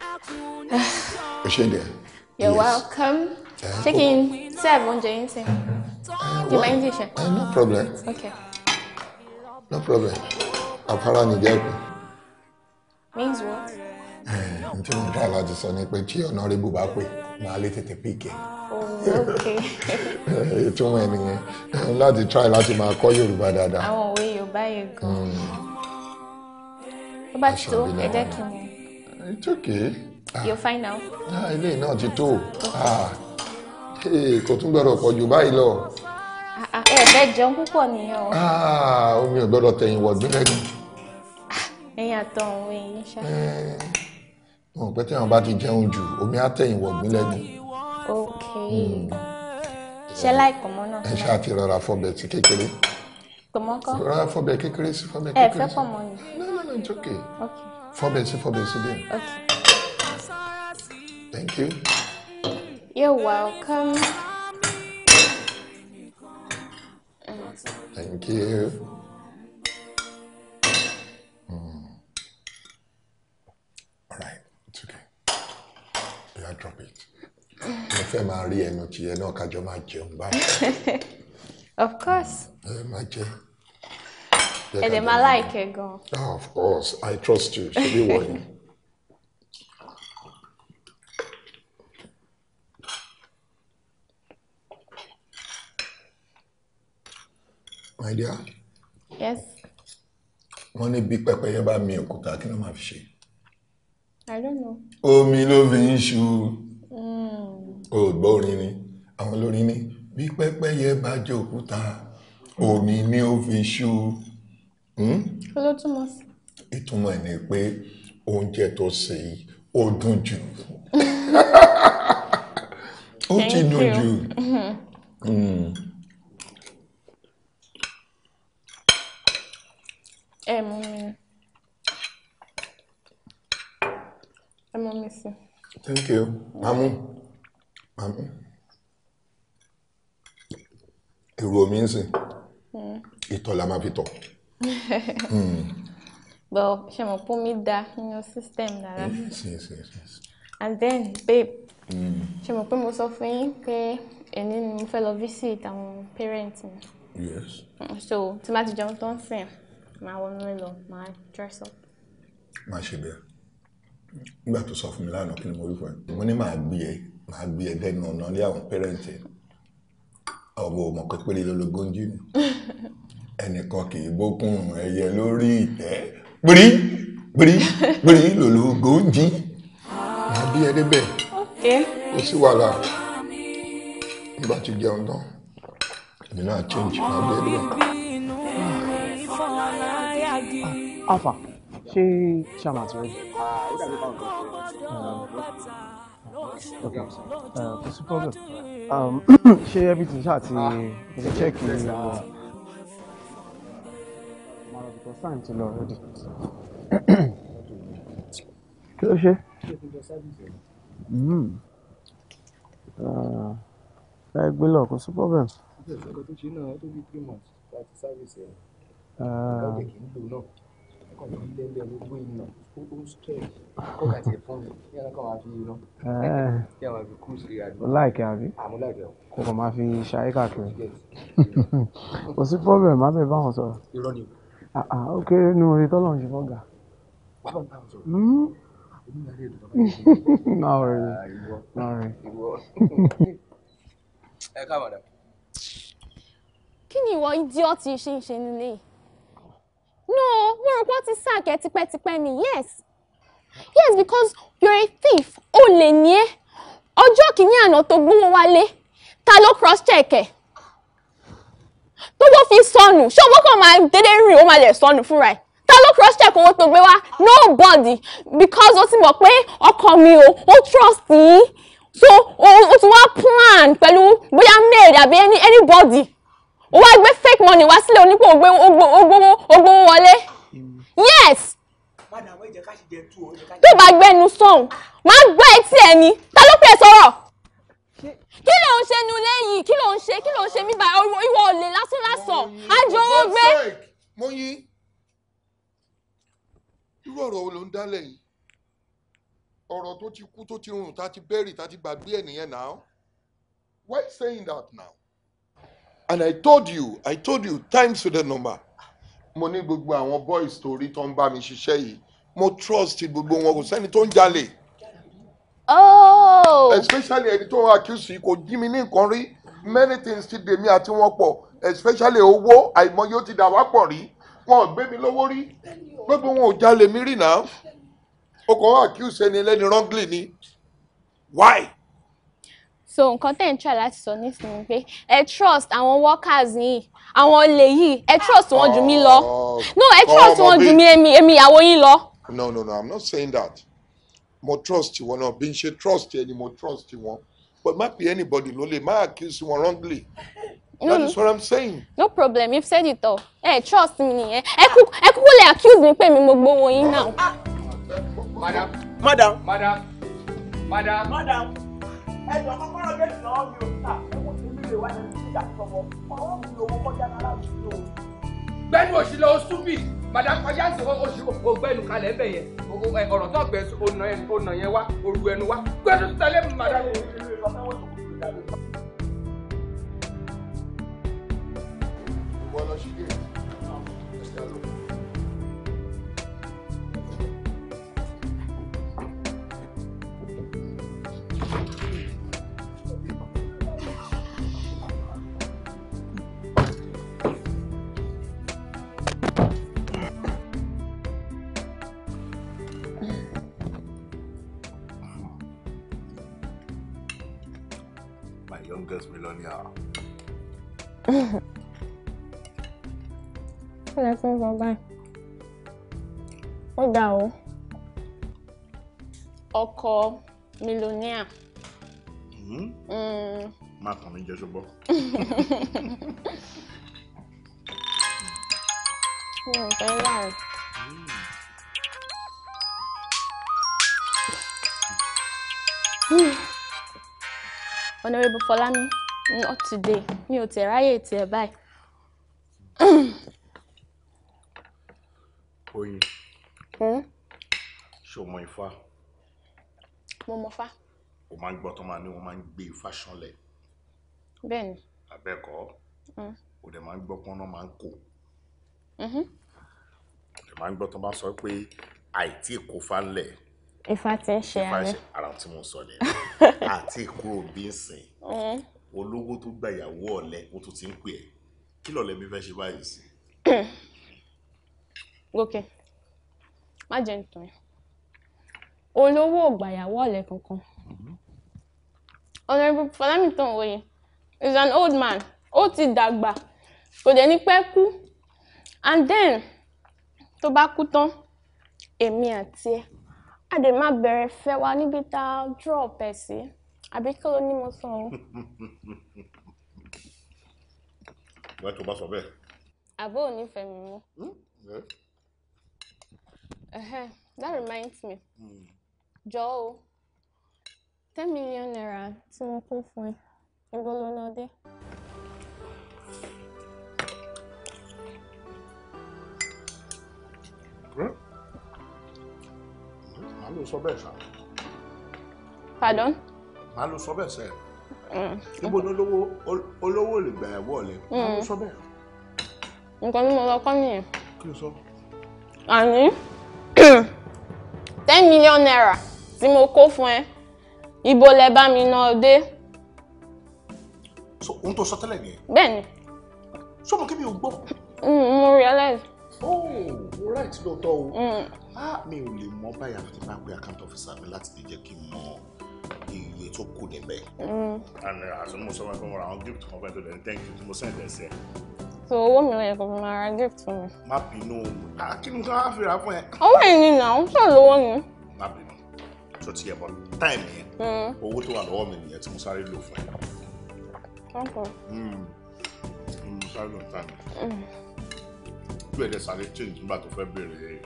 ẹkùn ní ìjọ. Ah, ẹ ṣe díẹ̀. you're yes. welcome. Uh, eh, chicken serve oúnjẹ yín sí. di my english. no problem. okay. no problem. àpárá ni jẹ́kùn. means what? ẹ eh, ǹ tí mo dá aláàjì sọ ni pé tí ọ̀nà rẹ̀ bù bá pè màá lè tètè píkẹ́. ìtumọ̀ ẹ̀ nìyẹn láti try láti máa kọ́ Yorùbá dáadáa. àwọn òwe Yorùbá yẹn gan. Hmm. ó bá ti tó ẹ kí n. it's okay. Ah. you fine ah, now. ilé náà ti tó ah. kò tún gbọ́dọ̀ pọ̀ jù báyìí lọ. ẹ fẹ́ jẹun púpọ̀ nìyẹn o. omi ò gbọ́dọ̀ tẹ̀yìn wọ̀ gbẹ́lẹ́gùn. ẹ̀yin àtọ̀ òun èyí ṣá. Eh mo pẹ́ tí àwọn bá ti jẹun jù omi á wọ̀gbìn lẹ́nu. ok hmm. ṣe láì pọ̀nmọ́ náà. ẹ ṣáà ti rọra fọbẹ̀ sí kékeré. pọ̀nmọ́ rọra fọbẹ̀ kékeré sí fọbẹ̀ kékeré sí. ẹ fẹ́ pọ̀nmọ́ ni. no no no okay. fọbẹ̀ sí fọbẹ̀ sí dé. ok. thank you. you're welcome. Thank you. I drop it. Mo fẹ́ máa rí ẹnu tiẹ̀ náà kájọ máa jẹun báyìí. Of course. Ẹ máa jẹ. Ẹ dẹ̀ máa láìkẹ́ gan. Ah, of course, I trust you, ṣebí wọ̀ ni. My dear. Yes. Wọ́n ní bí pẹpẹyẹ bá mi òkúta kí ló máa fi ṣe? I don't know. omi ló fi ń ṣu hmm. ògbọ́ orin ni àwọn olórin ni bí pẹ́pẹ́yẹ bá jẹ òkúta omi ni ó fi ṣu. Hmm? kí ló túmọ̀ sí. ìtumọ̀ ẹ̀ ni pé oúnjẹ tó ṣe yìí ó dùn jù ó ti dùn jù. Hmm. ẹ mú mi. ẹ mọ mi sí. thank you mamu mamu èrò mi ń sìn hmm. ìtọ̀ la máa fi tọ̀. Hmm. bọ̀ ṣe mọ̀ pé omi da nínú system dára. and then babe hmm. ṣe mọ̀ pé mo sọ fún yín pé èmi ni mo fẹ́ lọ visit àwọn parents mi. yes. so tí má ti jẹun tó ń sìn máa wọnú ẹ lọ máa dress up. má ṣe bẹ́ẹ̀ nígbà tó sọ fún mi lánàá kí ni mo rí fún ẹ mo ní màá gbé ẹ màá gbé ẹ dẹnu ọ̀nà ilé àwọn pẹ́rẹ́ǹtì ọ̀bọ̀ ọmọ pépéré lọ́lọ́gbọ́n jí ni ẹnìkan kì í bókun ẹyẹ lórí ìtẹ́ pírí pírí pírí lọ́lọ́gbọ́n jí màá bí ẹ débẹ̀ ó sì wà láà nígbà tó jẹun tán èmi change màá bí ẹ débẹ̀. Afa ṣé chairman ti rẹ́jì. okay kò sí problem ṣé everything ṣáà ti ṣe check ní àwọn ọ̀pọ̀ sáìn ti lọ already. Ah, kí ló ṣe. ẹ gbé lọ kò sí problem. ọkọ̀ tó ṣe náà ó tó bí three months láti service ẹ̀ ọ̀gá òde kì í lò náà kàn fi lẹ́lẹ̀ gbogbo ìnà ó ń stress kó kà tiẹ̀ fún mi kí ẹran kan máa fi lọ eh. kí ẹran fi kú sí àdúgbò. láìkẹ́ àbí ah, kó kàn máa fi ṣayé káàkiri kò sí problem má bẹ̀ báwọn sọ̀rọ̀. irọ́ ni. Ah, ah, ó kéré nu orí tọ́lọ̀ ń ṣe fọ́gà. wàá bá wọn sọ̀rọ̀. Hmm? Not really. Not really. Ẹ káàmọ̀ dà. Kí ni ìwọ idiot yìí ṣe ń ṣe nílé yìí? no wọ́n rò pé wọ́n ti sack ẹ tipẹ́tipẹ́ ni yes yes because you're a thief ó lè ní ẹ́ ọjọ́ kìíní àná tó gbówó wálé ta ló cross check ẹ̀ tó wọ́n fi sọnù ṣé owó kan máa dédé rìn ó máa lè sọnù fúnra ẹ̀ ta ló cross check owó tó gbé wá nobody because ó ti mọ̀ pé ọkọ mi o ó trust yín so o ti wá plan pẹ̀lú bóyá mail àbí anybody ó wá gbé fake money wá sílẹ̀ onípò ògbówó ògbówó wọlé yes tó bá gbẹnu sọ̀hún máa gbọ́ etí ẹ̀ ni ta ló pè sọ̀rọ̀ kí ló ń ṣe nu lẹ́yìn kí ló ń ṣe kí ló ń ṣe mí báyìí ìwọ olè lásán lásán àjọ owó gbé. mo yin irú ọ̀rọ̀ wo ló ń dálẹ̀ yìí ọ̀rọ̀ tó ti kú tó ti rùn tá ti bẹ́rì tá ti gbàgbé ẹ̀ nìyẹn náà why saying that now and i told you i told you times to the number mo ní gbogbo àwọn boys tó rí tó ń bá mi ṣiṣẹ́ yìí mo trust gbogbo wọn kò sẹ́ni tó ń jalè. Oh! especially ẹni tó ń accuse yìí kò jí mi ní nǹkan rí many things ti dèmi àti wọn pọ̀ especially owó àìmọye ó ti dà wá pọ̀ rí wọn ò gbé mi lówó rí gbogbo wọn ò jalè mi rí náà o kò accuse ẹni ẹlẹ́ni wrongly ni why so nǹkan tẹ̀ ń try láti sọ nísìnyí pé ẹ trust àwọn workers yìí àwọn olè yìí ẹ trust wọn jù mí lọ oh, no ẹ trust wọn jù mí èmi èmi ìyàwó yín lọ. no no no i'm not saying that mo trust wọn náà bí n ṣe trust ẹni mo trust wọn but má pe anybody ló lè má accuse wọn wrongly. No, mm. that is what I'm saying. No problem, you've said it all. Hey, trust me nìyẹn. Ẹ kúkú ẹ kúkú lè accuse mi pé mi mo gbowó yín náà. Madam. Madam. Madam. Madam. Madam ẹjọ kọ́kọ́rọ́ gẹ̀ẹ́sì náà mi ò ta ẹ̀wọ̀n ìlú rẹ̀ wá ní ìjà sọ̀wọ́ ọwọ́ mi ò wọ́pọ̀ jáde aláwùjọ o. gbẹ́nu òṣìlẹ̀ oṣù mi madam fajansi oṣù ògbẹ́nu kalẹ̀ ẹ̀bẹ̀ yẹn ọ̀rọ̀ tó gbẹ ọ̀nà yẹn wá oru ẹnu wá gbẹ́nu tẹ̀lé madam. ìwọ lọ sí ilé ẹ̀ ilẹ̀ fún ọgbà báyìí ó dà o ọkọ mílíọ̀nìà má kàn mí jẹ ṣùgbọ́n. mi ò Honorable Folami not today mi ò tẹ̀ ráyè tiẹ̀ báyìí. oyin hmm? ṣé o mọ ifá. mo mọ fá. o máa ń gbọ́ tó máa ní wọ́n máa ń gbé ifá ṣánlẹ̀. bẹ́ẹ̀ni. abẹ́kọ̀ hmm. o dẹ̀ máa ń gbọ́ pọ́n náà máa ń kó. Mm-hmm. o dẹ̀ máa ń gbọ́ tó bá sọ pé àìtí kò fa ńlẹ̀ ifá ti ń ṣe àmì. ifá ti ń ṣe ara tí mo sọ nìyẹn àti kúrò bí ń sìn. Mm olówó tó gba ìyàwó ọ̀lẹ o tún ti ń pè ẹ́ kí lọ̀lẹ́ mi fẹ́ ṣe báyìí sí. gòkè má jẹ́ nítorí olówó ò gba ìyàwó ọ̀lẹ kankan ọ̀nà Fọlámìtàn òye is an old man ó ti dàgbà kò dẹ̀ ní pẹ́ kú and then tó bá kú tán èmi àti ẹ̀ a dẹ̀ máa bẹ̀rẹ̀ fẹ́ wa níbi tá a drop ẹ̀ sí. Si àbí kí ló ní mo sọ o. ìwé tó bá sọ bẹ́ẹ̀. àbó ò ní fẹ́ mi mọ́. Hmm? that reminds me. Hmm. jọ o ten million naira tí mo kún fún ẹ ibo ló ná dé. Màá ló sọ bẹ́ẹ̀ sá. Pardon? ta ló sọ bẹ́ẹ̀ sẹ́yìn mm, níbo ni olówó olówó lè gbà ẹ̀wọ́ rẹ ta ló mm. sọ bẹ́ẹ̀. nǹkan tí mo lọ kọ́ nìyẹn. kí ló sọ. àní ten million naira tí mo kó fún ẹ ibo lẹ bá mi ná ọ dé. so ohun tó sọ tẹ́lẹ̀ nìyẹn. bẹ́ẹ̀ni. sọmọ kí mi ò gbọ́. Mm, mo realize. oh right lóòótọ́ o. Ah, mi ò lè mọ báyà àti bá pé account officer mi láti lè jẹ́ kí n mọ iye tó kù níbẹ̀. Mm. and àti uh, mo fún wọn àwọn gift kan fẹ́ẹ́ tó lẹ́nu thank you tí mo sẹ́ǹdẹ̀ sí ẹ. so owó mi lẹ́yìn kò fi máa ra gift mi. má bínú kí ni ká wá fi ra fún ẹ. owó ẹ̀yìn ni nà ń sọ lówó ni. má bínú tó ti yẹ bọ táìmù yẹn mm. owó tó wà lọ́wọ́ mi nìyẹn tí mo sáré lò fún ẹ. Mm. mo sáré lò táìmù. bí ẹ̀dẹ̀ sáré change nígbà tó fẹ́ bẹ̀rẹ̀ yẹn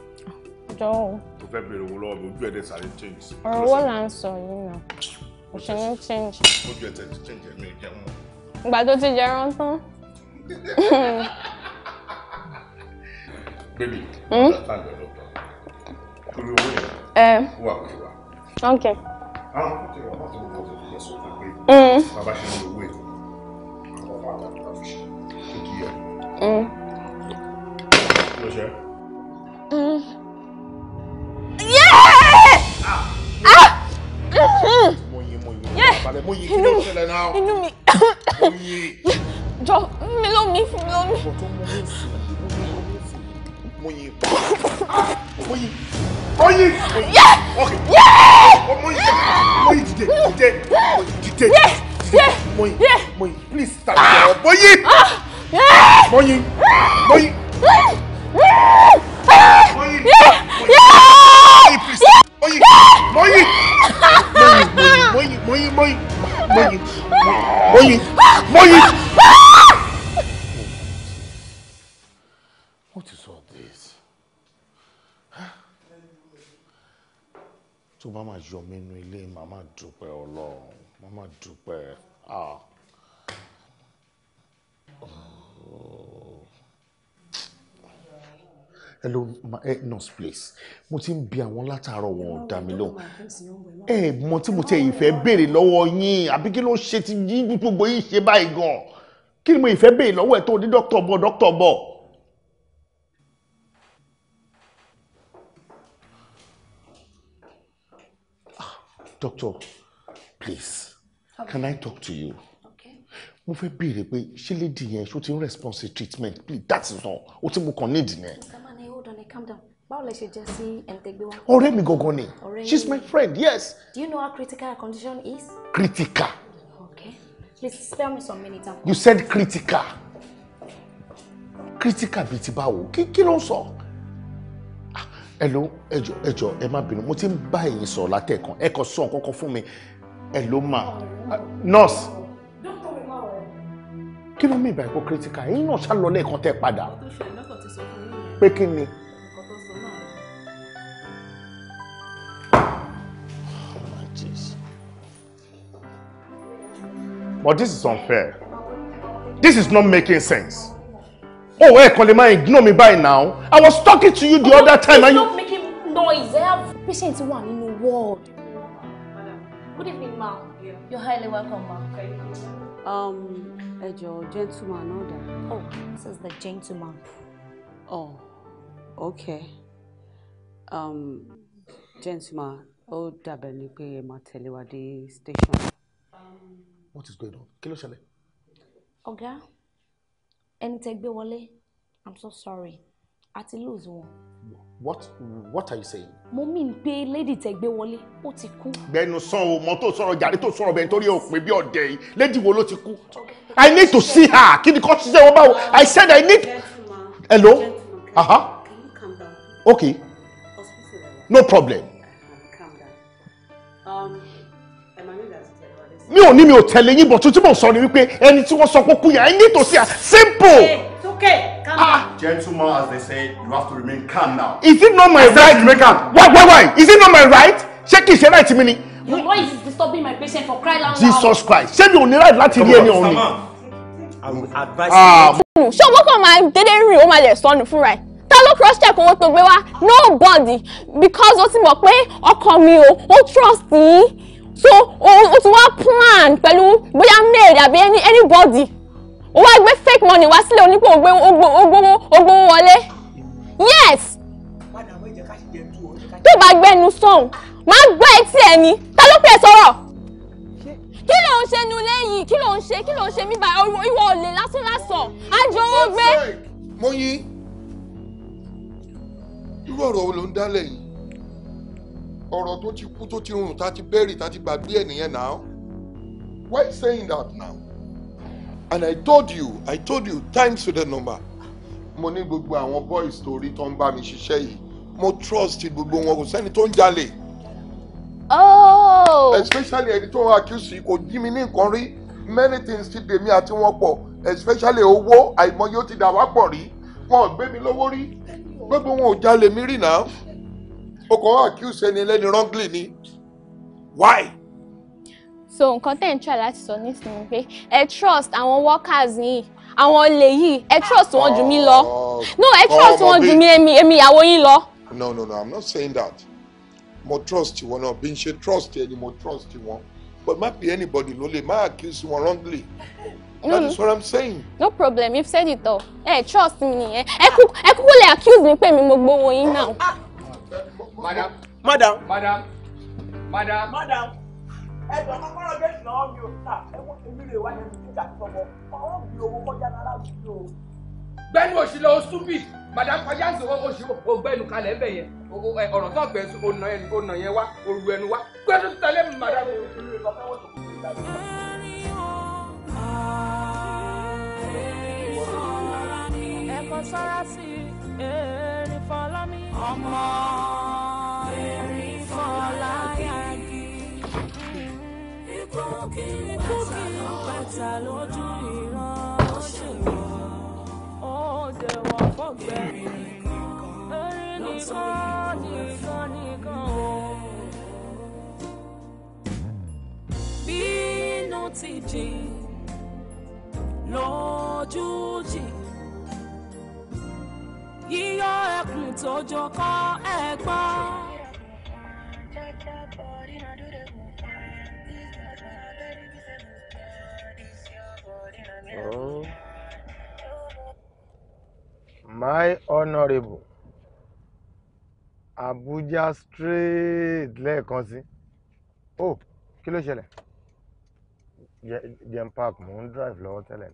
fẹ́ bèrè owó lọ́wọ́ mi ojú ẹ̀ dẹ̀ sáré change. ọ̀rọ̀ owó là ń sọ yìí náà kò ṣe ní change. ojú ẹ̀ tẹ̀ ti change ẹ̀mí ìjẹun. ìgbà tó ti jẹran tán. bébì ọ̀dà tá torí owó yẹn wà òkè ok. àwọn òkè wa wà tó wọ́n tó yẹ sọ fún pé bàbá ṣe ní owó yẹn àwọn ọmọ àgbà tó fi ṣe kí ẹ. mo yí kí ló ṣẹlẹ̀ náà. inú mi mo yí. jọ mi ló mi fún mi ló mi. ọ̀tọ̀ mo mú sí i mo yí mo yí mo yí mo yí okay mo yí mo yí dìde dìde dìde mo yí mo yí please stand there mo yí mo yí mo yí. Moyi! Moyi! Moyi! Moyi! Moyi! Moyi! Mọ́yì Mọ́yì What is all this? Tó mama, máa yọ mí inú ilé, màá máa dúpẹ́ Ọlọ́run, Ah. Oh hello ma eh, nurse please mo ti ń bi àwọn látàárọ̀ wọn ò dá mi lóhùn ẹ mọ tí mo eh, tẹ ìfẹ́ béèrè lọ́wọ́ yín àbí kí ló ṣe ti yí gbogbo yìí ṣe báyìí gan kí ni mo ìfẹ́ béèrè lọ́wọ́ ẹ tó ní dókítà bọ̀ dókítà bọ̀. Ah, doctor please okay. can I talk to you mo fẹ́ béèrè pé ṣé lady yẹn ṣó ti ń response to treatment please that is all o ti mo kàn need nìyẹn calm down báwo lẹ ṣe jẹ́ sí ẹ̀ǹtẹ̀gbẹ́ wa. ọ̀rẹ́ mi gangan ni she's my friend yes. do you know how critical her condition is. critical. okay please spare me some minutes. I'm you said critical. critical bíi ti báwo kí kí ló ń sọ. hello ah, ẹjọ ẹjọ ẹ má bínú mo ti ń bá ẹ̀yin sọ̀rọ̀ látẹ̀kan ẹ kò sọ kọ́kọ́ fún mi hello ma ah, nurse kí ló mú ìbá ẹ̀kọ́ critical ẹ̀yin náà ṣá lọ lẹ́ẹ̀kan tẹ́ padà pé kí ni. But this is unfair. This is not making sense. Oh, hey, Kolima, ignore me by now. I was talking to you the oh, other time. and you. Stop making noise. I have patient one in the world. Good evening, Ma. Yeah. You're highly welcome, Ma. Um, ẹ gentleman order. Oh, this is the gentleman. Oh, okay. Um, gentleman, ó dàbẹ̀ ni pé ẹ máa tẹ̀lé wa dé station. Um, what is going on kí ló ṣẹlẹ̀. ọ̀gá ẹni tẹ́ gbé wọlé i'm so sorry a ti lose wọn. what what are you saying. mo mean pé lady tẹ́ gbé wọlé ó ti kú. gbẹnu sàn o mọ tó sọ̀rọ̀ jàre tó sọ̀rọ̀ bẹ́ẹ̀ nítorí òpin bí ọdẹ yìí lady wo ló ti kú. i need to see her kí ni kò ṣiṣẹ́ wọn báwo i said i need. hello. Uh -huh. okay. no problem. mi ò ní mi ò tẹ̀lé yín bọ̀ tuntun mò sọ ni wípé ẹni tí wọ́n sọ pé kú yà ẹ ní tòsí à simple. it's okay calm down. ah gentleman as they say you have to remain calm now. is it not my right remain calm. why why why is it not my right ṣé kì í ṣe right mi ni. your voice is disturbing my patient for crying out loud. jesus christ ṣé mi ò ní right láti rí ẹni ọ̀hún ni. Ah. Hmm, ṣé owó kan máa dédé rìn ó máa lè sọnù fúnra ẹ̀ ta ló cross check owó tó gbé wá nobody because ó ti mọ̀ pé ọkọ mi ò ó trust yín so o ti wá plan pẹ̀lú bóyá mail àbí any anybody o wá gbé fake money wá sílẹ̀ onípò ògbó ògbó ògbó wọlé yes tó bá gbẹnu sọ̀hún má gbọ́ etí ẹ̀ ni ta ló pè sọ̀rọ̀ kí ló ń ṣe nu lẹ́yìn kí ló ń ṣe kí ló ń ṣe mí báyìí ìwọ olè lásán lásán àjọ owó gbé. mo yí irú ọ̀rọ̀ wo ló ń dálẹ̀ yìí ọ̀rọ̀ tó ti kú tó ti rùn tá ti bẹ́rì tá ti gbàgbé ẹ̀ náà why saying that now and i told you i told you times to the number mo ní gbogbo àwọn boys tó rí tó ń bá mi ṣiṣẹ́ yìí mo trust gbogbo wọn kò sẹ́ni tó ń jalè. Oh. especially ẹni tó ń accuse yìí kò jí mi ní nǹkan rí many things ti dèmi àti wọn pọ̀ especially owó àìmọye ó ti dà wá pọ̀ rí wọn ò gbé mi lówó rí gbogbo wọn ò jalè mi rí náà mo kàn wá ẹni ẹlẹ́ni wrongly ni why. so nǹkan tẹ̀ ń try láti sọ nísìnyí pé ẹ trust àwọn workers yìí àwọn olè yìí ẹ trust wọn jù mí lọ oh, no ẹ oh, trust wọn jù mí èmi èmi ìyàwó yín lọ. no no no i'm not saying that mo trust wọn náà bí n ṣe trust ẹni mo trust wọn but má be anybody ló lè má accuse wọn wrongly. Mm. That is what I'm saying. No problem, you've said it all. Hey, trust me. Eh? Ẹ kúkú lè accuse me. pé mi mo gbowó yín now madam. madam. madam. madam. madam. ẹ jọ kọ́kọ́rọ́ gẹ̀ẹ́sì náà mi ò ta ẹ wọ́n èmi lè wá ẹni tí ìjà sọ̀rọ̀ ọ̀rọ̀ mi owó kọjá náírà mi ò. gbẹ́nu òṣìlẹ̀ oṣù bì madam kọjá sí owó oṣù ògbẹ́nu kalẹ̀ ń bẹ̀ yẹn ọ̀rọ̀ tó ọ̀gbẹ́ sí ọ̀nà ẹni ọ̀nà yẹn wá oru ẹnu wá gbẹ́nu tẹ̀lé madam. ẹ̀kọ́ sọ́ra sí i ọmọ erin fọlá yagi ikú kì í pàtà lójú ìran ó ṣe wọ ó dẹ̀ wọ fọ́gbẹ́ erin nìkan nìkan nìkan o. bínú ti jìn lójú jìn yíyọ ẹkùn tó jọkọ ẹ Oh. My honourable Abuja straight lẹ́ẹ̀kan sí oh kí ló ṣẹlẹ̀ jẹ́ jẹ́ park mò ń drive lọ́wọ́ tẹ́lẹ̀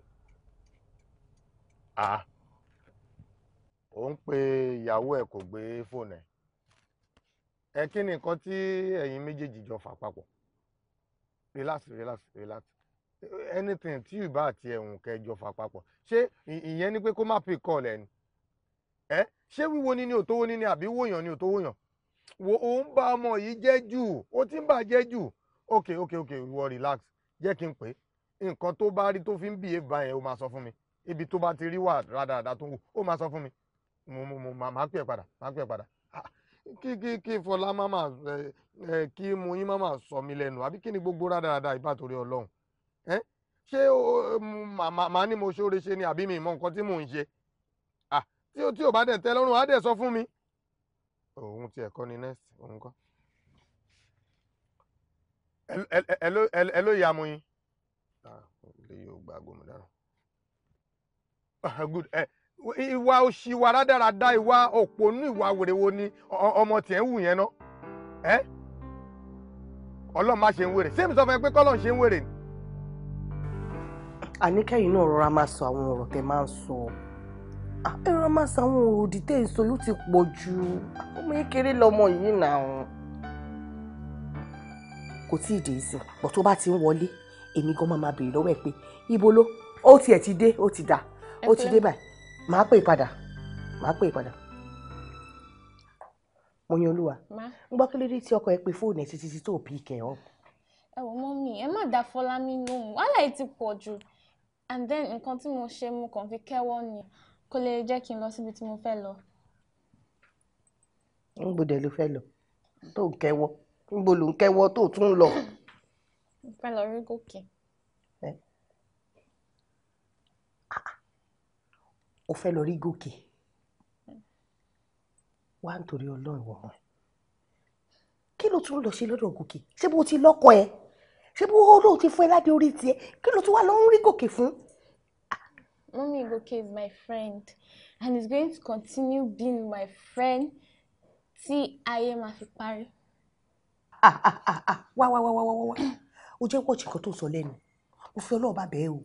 ah ó ń pe ìyàwó ẹ̀ kò gbé fóònù ẹ̀ ẹ kí ni nǹkan tí ẹ̀yin méjèèjì jọ fà papọ̀ relax relax relax anything tí ìbá àti ẹ̀hùn kẹjọ fà papọ̀ ṣé ìyẹn ni pé kó má pè call ẹ̀ ni ẹ ṣé wíwo ni ni ò tó wó ni ni àbí wòyàn ni ò tó wòyàn wo òun bá ọmọ yìí jẹ́ jù ó ti ń bà jẹ́ jù ok ok ok wọ relax jẹ́ kí n pè é nǹkan tó bá rí tó fi ń bìyẹ́ báyẹn ó máa sọ fún mi ibi tó bá ti rí wà rádaràda tó ń wò ó máa sọ fún mi mo mo pè é padà máa pè é padà ah, kí kí kí fọlá má má ẹ kí Muyín má má sọ mí lẹ́nu àbí kí ni gbogbo rádaràda ìbá torí Ọlọ́run ẹ ṣé màmá ni mo ṣóore ṣe ni àbí mi mọ nǹkan tí mò ń ṣe ah, tí o tí o bá dẹ̀ tẹ́ lọ́rùn á dẹ̀ sọ fún mi. òun ti ẹ̀kọ́ ni next òun kọ́. ẹ ló ya ah, good ẹ ìwà òṣì ìwà rádaràda ìwà òpònú ìwà wèrèwo ni ọmọ tiẹ̀ ń wù yẹn ná ẹ́ ọlọ́run má ṣe ń wèrè sẹ́mi sọ fún ẹ pé kọ́lọ́run ṣe ń wèrè ni. àníkẹ́yìn náà rọra máa sọ àwọn ọ̀rọ̀ tẹ máa ń sọ ẹ rọra máa sọ àwọn ọ̀rọ̀ òdì tẹ́ ń sọ yóò ti pọ̀ ju ọmọ yẹn kéré lọmọ yìí nà án. kò tí ì dé ìsìn bọ̀ tó bá ti ń wọlé èmi gan máa máa béèrè lọ́wọ́ ẹ pé ibo ló ó tiẹ̀ ti dé ó ti dà ó ti dé báyìí màá pè padà màá pè padà mo yan olúwa ń gbọ́ kí ló dé tí ọkọ ẹ pè fóònù ẹ títí tí tó bí kẹ ọ. ẹ wò mọ́mì ẹ má dá fọlámi lóhùn wàhálà yìí ti pọ̀ jù and then nǹkan tí mo ṣe mo kàn fi kẹ́wọ́ ni kó lè jẹ́ kí n lọ síbi tí mo fẹ́ lọ. ń gbọdọ̀ ló fẹ́ lọ tó ń kẹ́wọ́ ń gbọ́ ló ń kẹ́wọ́ tó tún ń lọ. mo fẹ́ lọ rí gòkè. o fẹ́ lọ rí gòkè wá nítorí ọlọ́run wọ̀ wọ́n kí ló tún lọ ṣe lọ́dọ̀ gòkè ṣé bó ti lọ́kọ ẹ ṣé bó olóò ti fún ẹ lábẹ́ orí tiẹ̀ kí ló tún wá lọ rí gòkè fún. mummy gòkè is my friend and is going to continue being my friend tí ayé máa fi parí. Ah, ah, ah, wá wá wá wá wá wá o jẹ́ wọ́ọ̀tì kan tó sọ lẹ́nu mo fi ọlọ́ọ̀bá bẹ́ẹ̀ o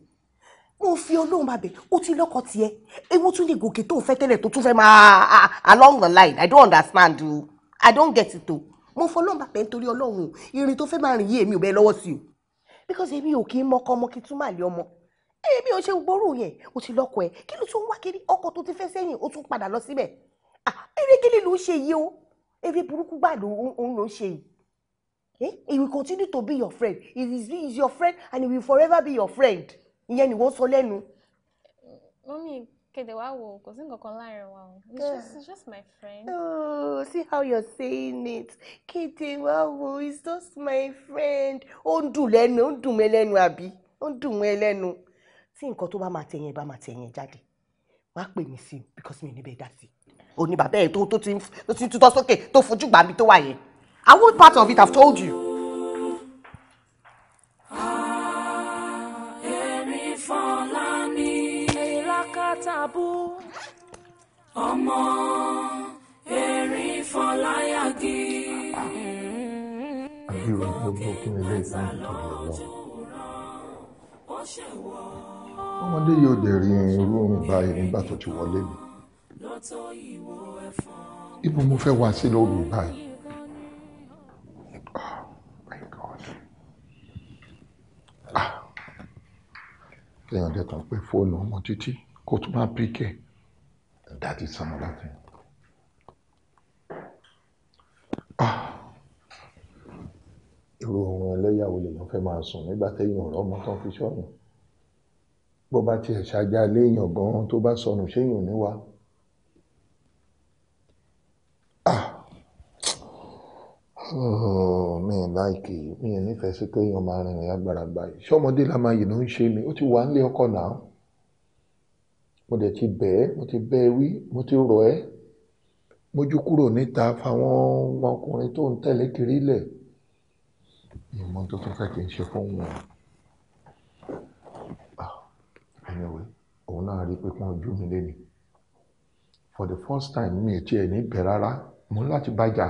mo fi ọlọ́run bàbẹ̀ ó ti lọ́kọ tiẹ̀ ewu tún lè gòkè tó fẹ́ tẹ́lẹ̀ tó tún fẹ́ máa along the line i don't understand o i don't get it o mo fọ ọlọ́run bàbẹ̀ nítorí ọlọ́run o irin tó fẹ́ máa rìn yí èmi ò bẹ́ lọ́wọ́ sí o because èmi ò kí ń mọkọ ọmọ kí tún máa lé ọmọ èmi ò ṣe gbóró yẹn o ti lọ́kọ ẹ kí ló tún wá kiri ọkọ tó ti fẹ́ sẹ́yìn o tún padà lọ síbẹ̀ ah eré kílì he will continue to be your friend he is your friend and he will forever be your friend ìyẹn ni wọ́n sọ lẹ́nu. mọ́mí kéde wá wo kò sí nǹkan kan láàrin wa o it's just my friend. oh see how you're saying it kéde wá wo it's just my friend. ó ń dùn lẹ́nu ó ń dùn mí lẹ́nu àbí ó ń dùn mí lẹ́nu tí nǹkan tó bá máa tẹ̀yìn bá máa tẹ̀yìn jáde wá pè mí sí because mi ò ní bẹ́ẹ̀ dá sí òní bàbá ẹ̀ tó ti ń tutọ́ sókè tó fojú gbàmí tó wà yẹn i won't part of it i've told you. babú. ọmọ erin fọláyàgì. àbí o gbogbo kí ni ilé ìsìn ìtọ́jú ọ̀wọ́. ọmọdé yóò dé rí irú orin báyìí nígbà tó ti wọlé mi. ibo mo fẹ́ wá sí lóru báyìí. Ah, ah. kéèyàn dẹ̀ tán pé fóònù ọmọ títí kó tún máa that is another thing. Ah, ohun ẹlẹ́yàwó lèèyàn fẹ́ máa sùn nígbà téèyàn ọ̀rọ̀ ọmọ tán fi sọnù bó bá tiẹ̀ ṣáájá léèyàn gan-an tó bá sọnù séèyàn ní wa. Ah. Oh, mi láìkì mi nífẹ̀ẹ́ sí pé èèyàn máa rìnrìn agbára báyìí ṣọmọdé la máa yìí ló ń ṣe mi ó ti wà nílé ọkọ náà mo dẹ̀ ti bẹ̀ ẹ́ mo ti bẹ́ ẹ wí mo ti rọ̀ ẹ́ mójú kúrò níta fáwọn ọmọkùnrin tó ń tẹ̀lé kiri lẹ̀ ìmọ̀ tó tún fẹ́ kí ṣe fún wọn ẹ̀yẹ̀wé ah, òun náà rí pé pọ́n ojú mi lé for the first time mi ò tiẹ̀ ní bẹ̀ rárá mo ní láti bájà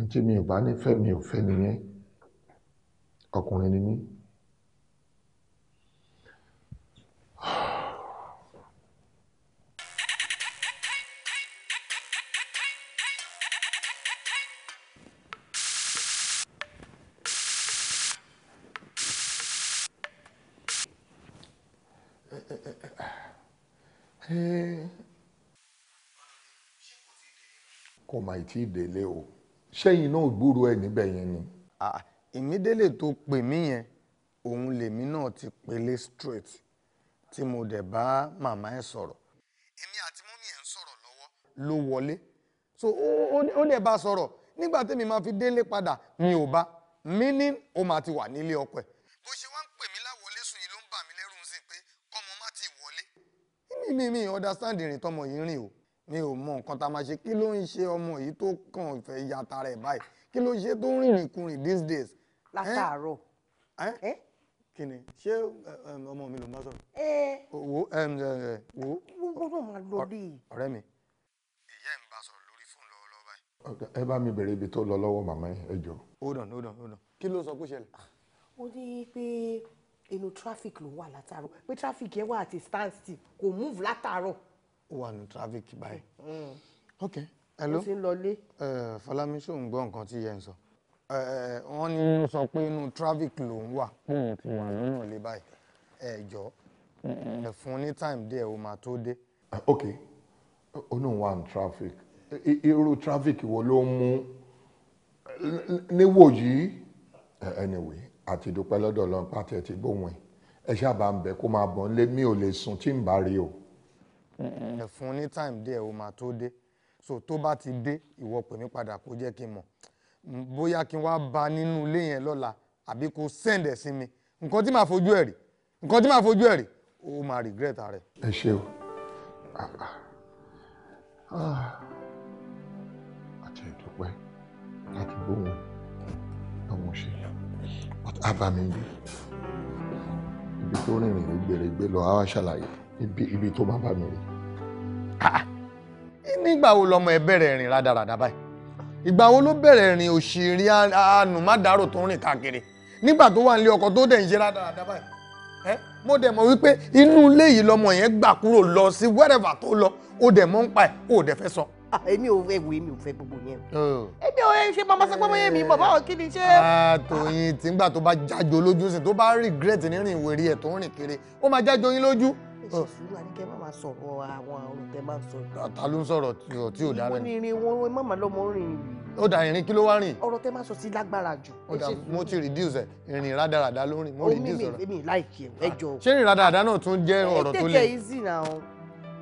ntí mi ò bá nífẹ̀ẹ́ mi ò fẹ́ nìyẹn ọkùnrin ni mí. ì tí ì délé o ṣẹ́yìn náà gbúrò ẹ̀ níbẹ̀ yẹn ni. ìmídélé tó pè mí yẹn òun lèmi náà ti pèlé straight tí mo dẹ̀ bá màmá ẹ̀ sọ̀rọ̀ èmi àti mọ́mí ẹ̀ ń sọ̀rọ̀ lọ́wọ́ ló wọlé so ó dẹ̀ bá sọ̀rọ̀ nígbà tẹ́mi máa fi délé padà mi ò bá meaning ó máa ti wà nílé ọkọ ẹ̀. bó ṣe wá ń pè mí láwọlé sùn yìí ló ń bà mí lẹ́rù sí pé kọ́mọ má ti wọlé. mi mi mi understand ìrìn tọmọ yìí rìn o mi ò mọ nǹkan tá a máa ṣe kí ló ń ṣe ọmọ yìí tó kàn fẹ́ ya tara ẹ̀ báyìí kí ló ń ṣe tó ń rìnrìn kùnrin these days. látàárọ̀. kí ni ṣé ọmọ mi ló ń bá sọ̀rọ̀. wo wo. gbogbo náà máa lọ bí. ọ̀rẹ́ mi. ìyá ẹ̀ ń bá sọ̀rọ̀ lórí fóònù lọ́wọ́lọ́wọ́ báyìí. ẹ bá mi bèrè ibi tó lọ lọ́wọ́ màmá ẹ jọ. hold on hold on hold on kí ló sọ pé ṣẹlẹ̀. Ah, ó ní pé inú traffic ló wà látàárọ̀ pé traffic yẹn wà àti stand still kò move látàárọ̀ ó wà ní traffic báyìí. Mm. ok hello eh, Fọlámi ṣó ń gbọ́ nǹkan tí yẹn ń sọ eh, wọ́n ní ó mm. sọ pé inú traffic ló ń wà póun mm, ti wà lọ́nà lé báyìí ẹ eh, jọ ẹ fún ní time díẹ̀ ó máa tó dé. Ah, ok ó wà ní traffic irú traffic wo ló ń mú níwò yìí anyway àti ìdúpẹ́ lọ́dọ̀ ọlọ́run pàtẹ́ ti gbóhùn ẹ̀ ẹ ṣáà bá ń bẹ kó máa bọ̀ ń lé mi ò lè sùn tí ń bá rí o. Eh, eh. ẹ̀fún ní time díẹ̀ ó máa tó dé so tó bá ti dé ìwọ pè mí padà kó jẹ́ kí n mọ̀ bóyá kí n wá bá nínú ilé yẹn lọ́la àbí kó send ẹ̀ sí mi nǹkan tí màá fojú ẹ̀ rí nǹkan tí màá fojú ẹ̀ rí ó máa regret rẹ̀. ẹ ṣe o ah. àti ìdúpẹ́ láti gbóhùn àwọn ṣe abàmì ibi tó rìnrìn gbèrègbè lọ àwa ṣàlàyé ibi ibi tó bá bá mi rí. nígbà wo lọmọ ẹ bẹ̀rẹ̀ ìrìn rádaràda báyìí ìgbà wo ló bẹ̀rẹ̀ ìrìn òṣèré ànùmádàrò tó ń rìn káàkiri nígbà tó wà nílé ọkọ tó dẹ̀ ń ṣe rádaràda báyìí mo dẹ̀ mọ̀ wípé inú ilé yìí lọmọ yẹn gbà kúrò lọ sí wẹ́rẹ̀fà tó lọ ó dẹ̀ mọ́ ń pa ẹ̀ ó dẹ̀ fẹ́ sọ ah, èmi ò fẹ́ wo èmi ò fẹ́ gbogbo yẹn. Oh. èmi ò ṣe mama sọ pé mo yẹ mi bàbá ò kí ni ṣe. àtòyìn ah, tìǹgbà tó bá jájọ lójú sí tó bá regret nírìn ìwé rí ẹ̀ tó ń rìn kiri ó máa jájọ yín lójú lè ṣe sùúrù àníkẹ́ má máa sọ̀rọ̀ àwọn ọ̀rọ̀ tẹ́ máa ń sọ. ta ló ń sọ̀rọ̀ tí ò dára ni. ìrìn wọn ẹ má máa lọ́mọ rìn rìn. ó dà ìrìn kí ló wá rìn. ọ̀rọ̀ tẹ́ máa sọ sí lágbára jù. ó dà mo ti reduce ẹ ìrìn rádaràda ló rìn mo reduce ọ̀rọ̀. omi mi láìkí ẹ jọ. ṣé ìrìn rádaràda náà tún jẹ́ ọ̀rọ̀ tó le.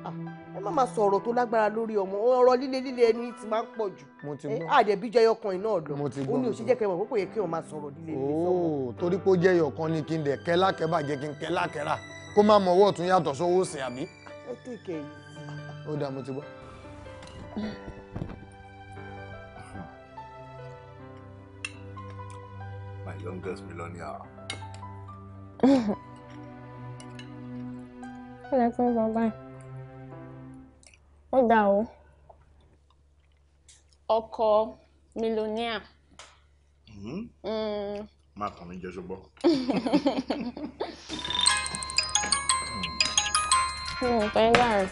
Ah, ẹ má máa sọ̀rọ̀ tó lágbára lórí ọmọ ọ̀rọ̀ líle líle ẹni tí máa ń pọ̀ jù. mo ti gbọ́ àdẹ̀bíjẹ́ ọkùnrin náà lọ. mo ti gbọ́ ó ní òṣìṣẹ́ kẹwàá kókò yẹ kí wọ́n máa sọ̀rọ̀ líle líle sọ́wọ́. Oh, torí pé ó jẹ́ ẹyọ̀kan ni kí n dẹ̀ kẹ́lákẹ́ bàjẹ́ kí n kẹ́lákẹ́ rà kó má mọ ọwọ́ ọ̀tún yàtọ̀ sówó sìn àbí. ẹ tèkè yìí. ó dáa mo ti gbọ́. my youngest millionaire. ó lè tún sọ báyìí ó dà o ọkọ millionaire. Mm-hmm. Mm. má kàn mí jẹ́ ṣùgbọ́n. Ну, поиграем.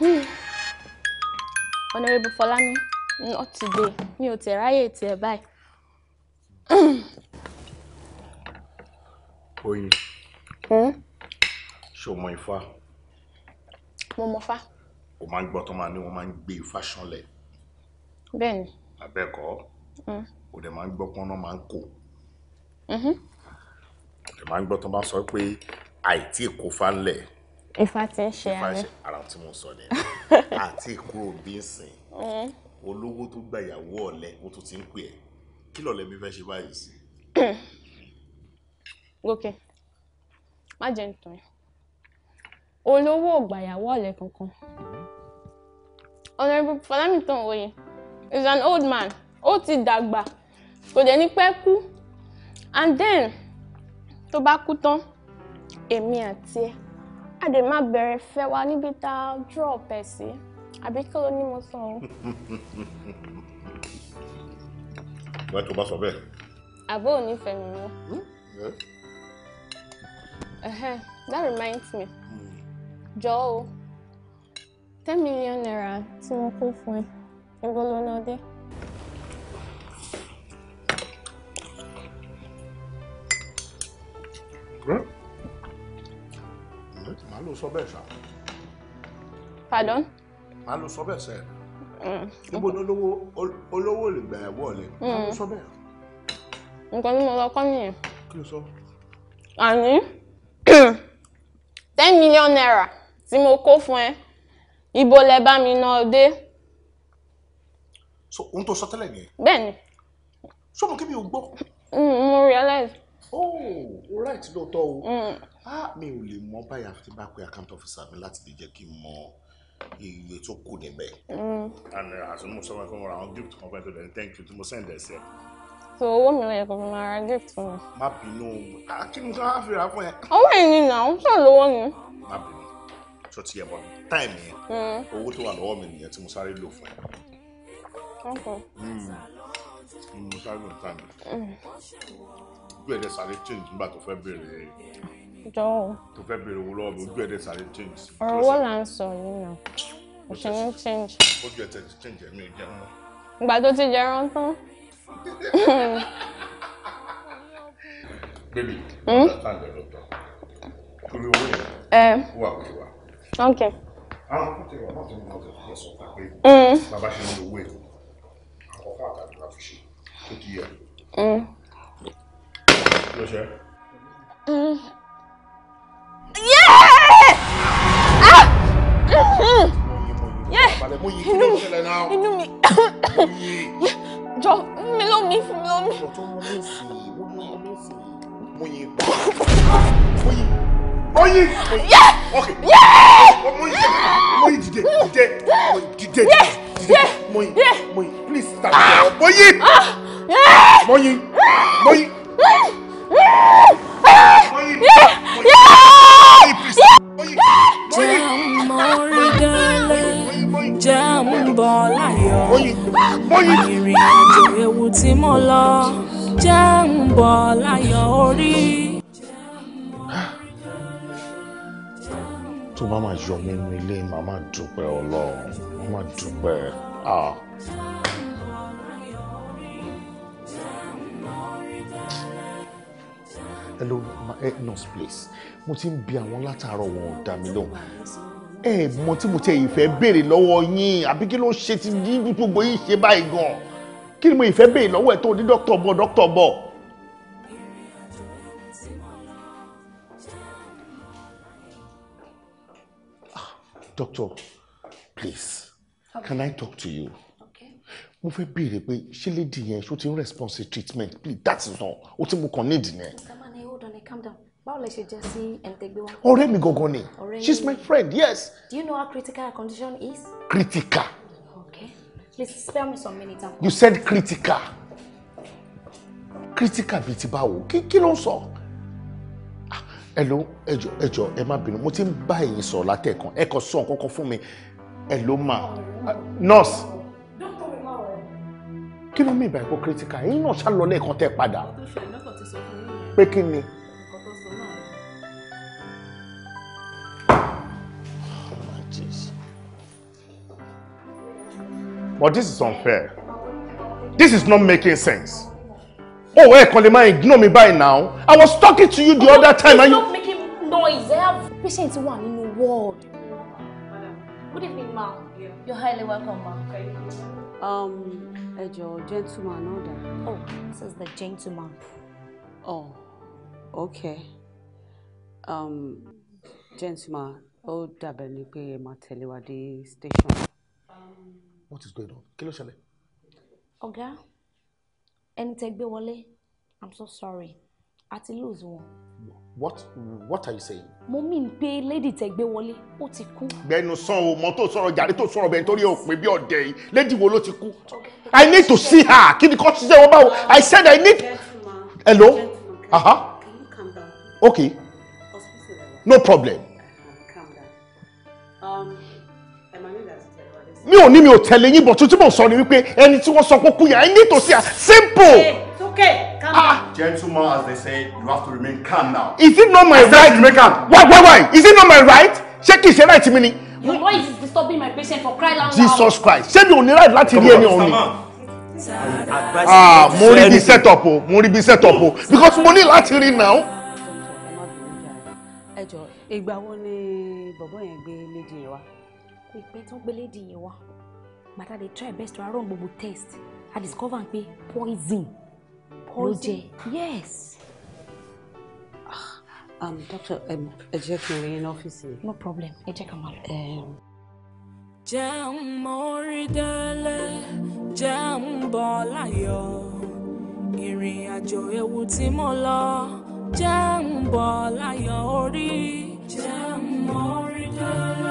Hmm. Honorable Fọlámi, not today. me, ò tẹ̀ ráyè tiẹ̀ báyìí. Hmm. Oyin. Hmm? Ṣé o mọ ifá? Mo mọ fá. O máa ń gbọ́ tó máa ní wọ́n máa ń gbé ifá ṣánlẹ̀. Bẹ́ẹ̀ni. Abẹ́ẹ̀kọ́. O dẹ̀ máa ń gbọ́ pọ́n náà máa ń kó. Mm-hmm. ẹ máa ń gbọ́ tó bá sọ pé àìtí kò fa ńlẹ̀. Ifá ti ń ṣe àmì. ara tí mo sọ ni àti kúrò bí ń sìn mm-hmm. olówó tó gba ìyàwó ọ̀lẹ mo tún ti ń pè ẹ́ kí lọ̀lẹ́ mi fẹ́ ṣe báyìí sí. gòkè má jẹ́ ń tàn ẹ́ olówó ò gba ìyàwó ọ̀lẹ kankan ọ̀nàrẹ́bù mm-hmm. Fọlámìtàn òye is an old man ó ti dàgbà kò dẹ̀ ní pẹ́ kú and then tó bá kú tán èmi àti ẹ a dẹ̀ máa bẹ̀rẹ̀ fẹ́ wa níbi tá a drop ẹ̀ sí àbí kí ló ní mo sọ o. bẹ́ẹ̀ tó bá sọ bẹ́ẹ̀. àbó ò ní fẹ̀mí mọ́. Hmm? that reminds me hmm. jọ o ten million naira tí mo kó fún ẹ ibo ló ná ló sọ bẹ́ẹ̀ ṣá. pardon. a ló sọ bẹ́ẹ̀ sẹ́ẹ̀. Mm, níbo ni olówó olówó lè gbà ẹ̀wọ́ ọ̀lẹ́ a ló mm. sọ bẹ́ẹ̀. nǹkan tí mo lọ kọ́ nìyẹn. kí ló sọ. àní ten million naira tí mo kó fún ẹ ibo lẹ bá mi ná ọ dé. so ohun tó sọ tẹ́lẹ̀ nìyẹn. bẹ́ẹ̀ ni. sọ ma kí mi ò gbọ́. Mm, mo realize oh right lóòótọ́ o ah mi ò lè mọ báyìí àfi bá pe account officer mi láti lè jẹ́ kí n mọ iye tó kù níbẹ̀. Mm. and àtúntò uh, mo sọ fún mi àwọn gift kan fẹ́ẹ́ tó dẹ̀ ní thank you tí mo send ẹ̀ sí ẹ. so owó mi lẹ́yìn kò fi máa ra gift fún mi. má bínú kí ni ká fi ra fún ẹ. owó ẹ̀yìn ni nà ń sàn lówó ni. má bínú tó ti yẹ bọ́ táìmù yẹn mm. owó tó wà lọ́wọ́ mi nìyẹn tí mo sáré lò fún ẹ. Hmm. mo sáré lò táìmù ojú ẹ̀dẹ̀ sáré change nígbà tó fẹ́ bèrè. jọ̀wọ́. tó fẹ́ bèrè owó lọ́wọ́ ojú ẹ̀dẹ̀ sáré change. ọ̀rọ̀ wo là ń sọ yìí nà kò ṣe ní change. ojú ẹ̀dẹ̀ ti change ẹ̀mí jẹun. ìgbà tó ti jẹun tán. bébì understand ẹ̀rọ tán torí owó yẹn wà òkè wa. ok. àwọn akọ́tẹ̀ wà láti mú ọ̀tẹ̀ fún ẹ̀sọ́ pé hmm. bàbá ṣe ní owó ẹ̀ àkọ́kọ́ àtàdúrà fi tó ti yẹ. Hmm. No, sure. Mm. Yeah! Ah! Yeah! Inú mi. Jọ fún mi lómi fún mi lómi. Moyin. Moyin. Moyin. Yeah! Okay. Yeah! Moyin. Moyin dìde dìde dìde dìde. Moyin. Moyin please stand. Moyin. Moyin. Moyin jẹ́ ń bọ̀ láyọ̀ ìrìn àjò ewu tí mo lọ jẹ́ ń bọ̀ láyọ̀ orí. tó bá máa yọ mí nínú ilé màá máa dúpẹ́ ọlọ́run màá máa dúpẹ́ ah. alone my eh, nurse place mo ti ń bi àwọn látàárọ̀ wọn ò dá mi lóhùn ẹ mọ tí mo tẹ ìfẹ́ béèrè lọ́wọ́ yín àbí kí ló ṣe ti ní gbogbo yín ṣe báyìí gan kí ni mo ìfẹ́ béèrè lọ́wọ́ ẹ̀ tó ní dókítà bọ̀ dókítà bọ̀. Ah, doctor please okay. can I talk to you mo fẹ́ béèrè pé ṣé lady yẹn ṣó ti ń response to treatment please that is all o ti mo kàn need nìyẹn calm down báwo lẹ ṣe jẹ́ sí ẹnitẹgbẹ wa. ọ̀rẹ́ mi gangan ni she's my friend yes. do you know how critical her condition is. critical. okay please spare me some minutes. I'm you said critical. critical bíi ti báwo kí kí ló ń sọ. Ah, ẹ̀ló ẹ̀jọ̀ ẹ̀jọ̀ ẹ má bínú mo ti ń bá ẹ̀yin sọ̀rọ̀ látẹ̀kan ẹ kò sọ nǹkan kan fún mi ẹ̀ló ma ah, nurse. kí ló mú ìbá ẹ̀kọ́ critical ẹ̀yin náà ṣá lọ lẹ́ẹ̀kan tẹ́ padà. pé kí ni. But this is unfair. This is not making sense. Oh, hey, Kolima, ignore me by now. I was talking to you the oh, other time. and you. Stop making noise. I have patient one in the world. Good evening, Ma. Yeah. You're highly welcome, Ma. Um, ẹ gentleman order. Oh, this is the gentleman. Oh, okay. Um, gentleman, ó dàbẹ̀ ni pé ẹ máa tẹ̀lé wa dé station. Um, what is going on kí ló ṣẹlẹ̀. ọ̀gá ẹni tẹ́ gbé wọlé i'm so sorry a ti lose wọn. what what are you saying. mo mean pé lady tẹ́ gbé wọlé ó ti kú. gbẹnu sàn o mọ tó sọ̀rọ̀ jàre tó sọ̀rọ̀ bẹ́ẹ̀ nítorí òpin bí ọdẹ yìí lady wo ló ti kú. i need to see her kí ni kò ṣiṣẹ́ wọn báwo i said i need. hello. Uh -huh. okay. no problem. mi ò ní mi ò tẹ̀lé yín bọ̀ tuntun mò ń sọ ni wípé ẹni tí wọ́n sọ pé kú ẹ ní tòsí à simple. it's okay ah gentleman as they say you have to remain calm now. is it not my right to remain calm. why why why is it not my right ṣé kì í ṣe right mi ni. your voice is disturbing my patient for crying out loud. jesus christ ṣé mi ò ní right láti rí ẹni ọ̀hún ni ah mo rí bí set up o mo rí bí set up o because mo ní láti rí now. ẹ jọ ìgbà wo ni bọ̀bọ̀ yẹn gbé méjì wá kò ìpẹ́ tó gbélé di yẹn wá gbàtà dey try best to run gbogbo test i discover pé poison ló jẹ yes. Ah, um, doctor um, ẹ jẹ́ kí n ní ọ́fíìsì no problem ẹ jẹ́ máa lọ. Um, jẹun mórí délé jẹun bọ̀ láyọ̀ ìrìn àjò ewu tí mo lọ jẹun bọ̀ láyọ̀ orí jẹun mórí délé.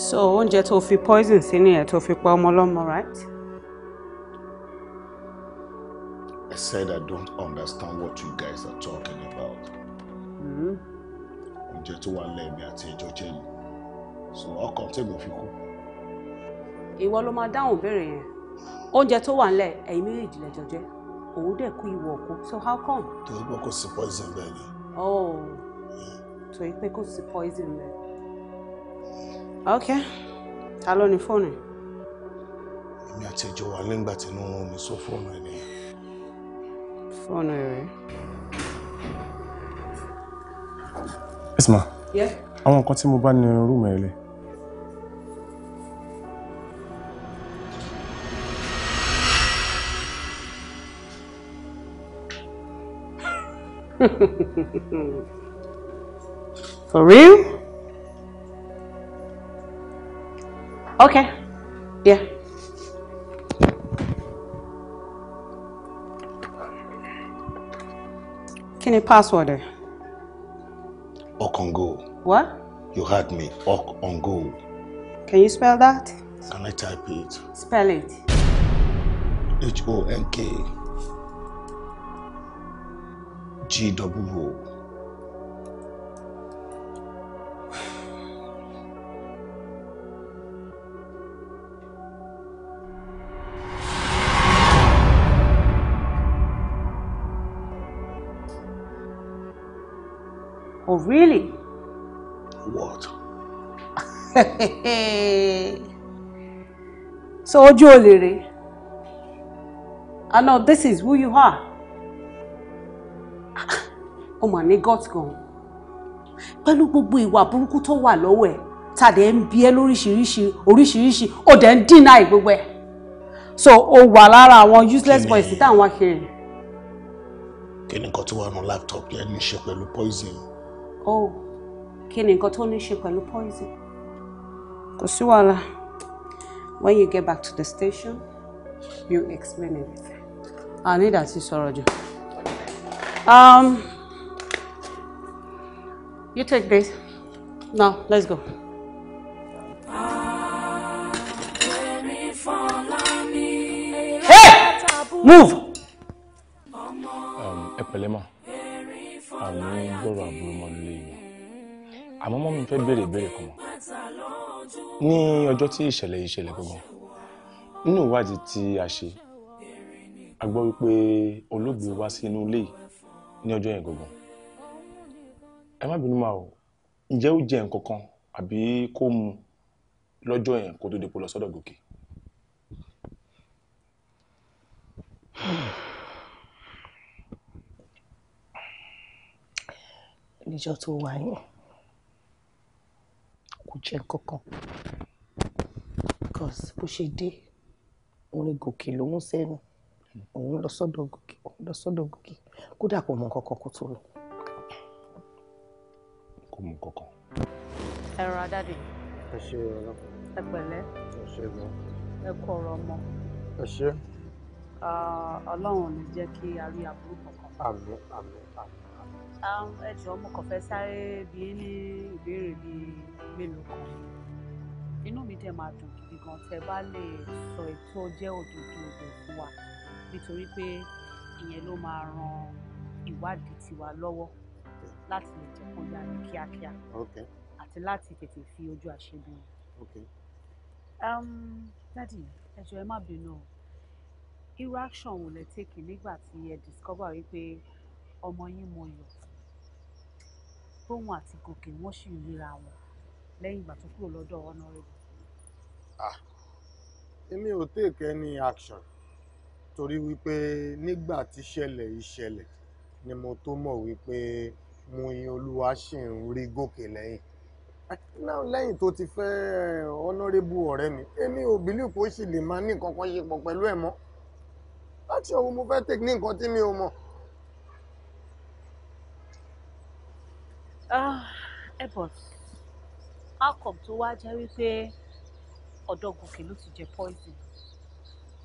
so oúnjẹ tó fi poison sí nìyẹn tó fi pa ọmọ lọ́mọ right. I said I don't understand what you guys are talking about. Hmm. oúnjẹ tó wà lẹ́ẹ̀mí àti ẹjọ́ jẹ́ ni so ọkàn tèmi fi kú. ìwọ ló máa dáhùn ìbéèrè yẹn oúnjẹ tó wà ńlẹ̀ ẹ̀yin méjèèjì lẹjọ jẹ òun dẹ̀ kú ìwọ òkú so how come. torí pé kò sí poison bẹ́ẹ̀ ni. oh torí pé kò sí poison bẹ́ẹ̀ ok ta ló ní fóònù. èmi àti ìjọ wà nígbà tí inú wọn mi sọ fóònù ẹ nìyẹn. fóònù ẹ rẹ. esma. yeah. àwọn nǹkan tí mo bá ní rúùmù ẹ lẹ. For real? Okay. Yeah. Can you password there? Ork on go. What? You heard me. Ork on go. Can you spell that? Can I type it? Spell it. H O N K G W O. Oh, really? What? so, ojú olè I know this is who you are. Ó mà ní gut gan. Pẹ̀lú gbogbo ìwà burúkú tó wà lọ́wọ́ ẹ̀, ta dẹ̀ ń bí ẹ́ lóríṣiríṣi oríṣiríṣi, ó dẹ̀ ń dínà gbogbo ẹ̀. So ó wà lára àwọn useless boys tí táwọn wá kiri. Kí ni nǹkan tó wà nù laptop yẹn ní í ṣe pẹ̀lú poison? oh kí ni nǹkan tó ní ṣe pẹ̀lú poison kò sí wàhálà when you get back to the station you explain everything i need àti sọ̀rọ̀ jù. Um, you take this. Now, let's go. Hey! Move! Um, Epelema, I'm going to go àmọ́ mọ́mí fẹ́ béèrè ìbéèrè kan ní ọjọ́ tí ìṣẹ̀lẹ̀ yìí ṣẹlẹ̀ gangan nínú ìwádìí tí a ṣe a gbọ́ wípé olóògbé wá sí inú ilé ní ọjọ́ yẹn gangan ẹ má bínú máa o ǹjẹ́ ó jẹ nǹkan kan àbí kó mu lọ́jọ́ yẹn kó tó dépò lọ sọ́dọ̀ gòkè. níjọ́ tó wáyé kò jẹ nǹkan kan because bó ṣe dé orin gòkè ló mú sẹ́nu òun lọ sọ́dọ̀ gòkè òun lọ sọ́dọ̀ gòkè kódà kò mọ nǹkan kan kó tó lọ. kò mọ nǹkan kan. ẹ rọra dáàdì. ẹ ṣe ọlọ́pàá. ẹ pẹ̀lẹ́. ẹ ṣe gan. ẹ kú ọ̀rọ̀ ọmọ. ẹ ṣe. ọlọ́run ò ní jẹ́ kí a rí aburú kankan. àmín àmín àmín. ẹ jọ̀ọ́ mo kàn fẹ́ sáré bíi ní ìbéèrè bíi mélòó kan inú mi dẹ̀ máa dùn gidi gan tẹ́ bá lè sọ ètò jẹ́ òdodo odò fún wa nítorí pé ìyẹn ló máa ran ìwádìí tiwa lọ́wọ́ láti lè jẹ́ yá ní kíákíá àti láti tètè fi ojú àṣebí wọn. Um, dádì ẹ ẹ má bínú o irú action wo lẹ take nígbà tí ẹ discover wípé ọmọ yín mo yọ tóun àti gòkè wọ́n sì ń ríra wọn lẹ́yìn ìgbà tó kúrò lọ́dọ̀ honorable. ah èmi ò take any action torí wípé nígbà tí ṣẹlẹ̀ ìṣẹlẹ̀ ni mo tó mọ̀ wípé Muyin Olúwa ṣì ń rí gòkè lẹ́yìn náà lẹ́yìn tó ti fẹ́ eh, honorable ọ̀rẹ́ mi èmi ò believe kó sì lè máa ní nǹkan kan ṣe pọ̀ pẹ̀lú ẹ̀ mọ́ láti ọ̀hún mo fẹ́ take ní nǹkan tí mi ò mọ̀. Ah, airport outcome tó wá jẹ́ wípé ọ̀dọ̀ gòkè ló ti jẹ poison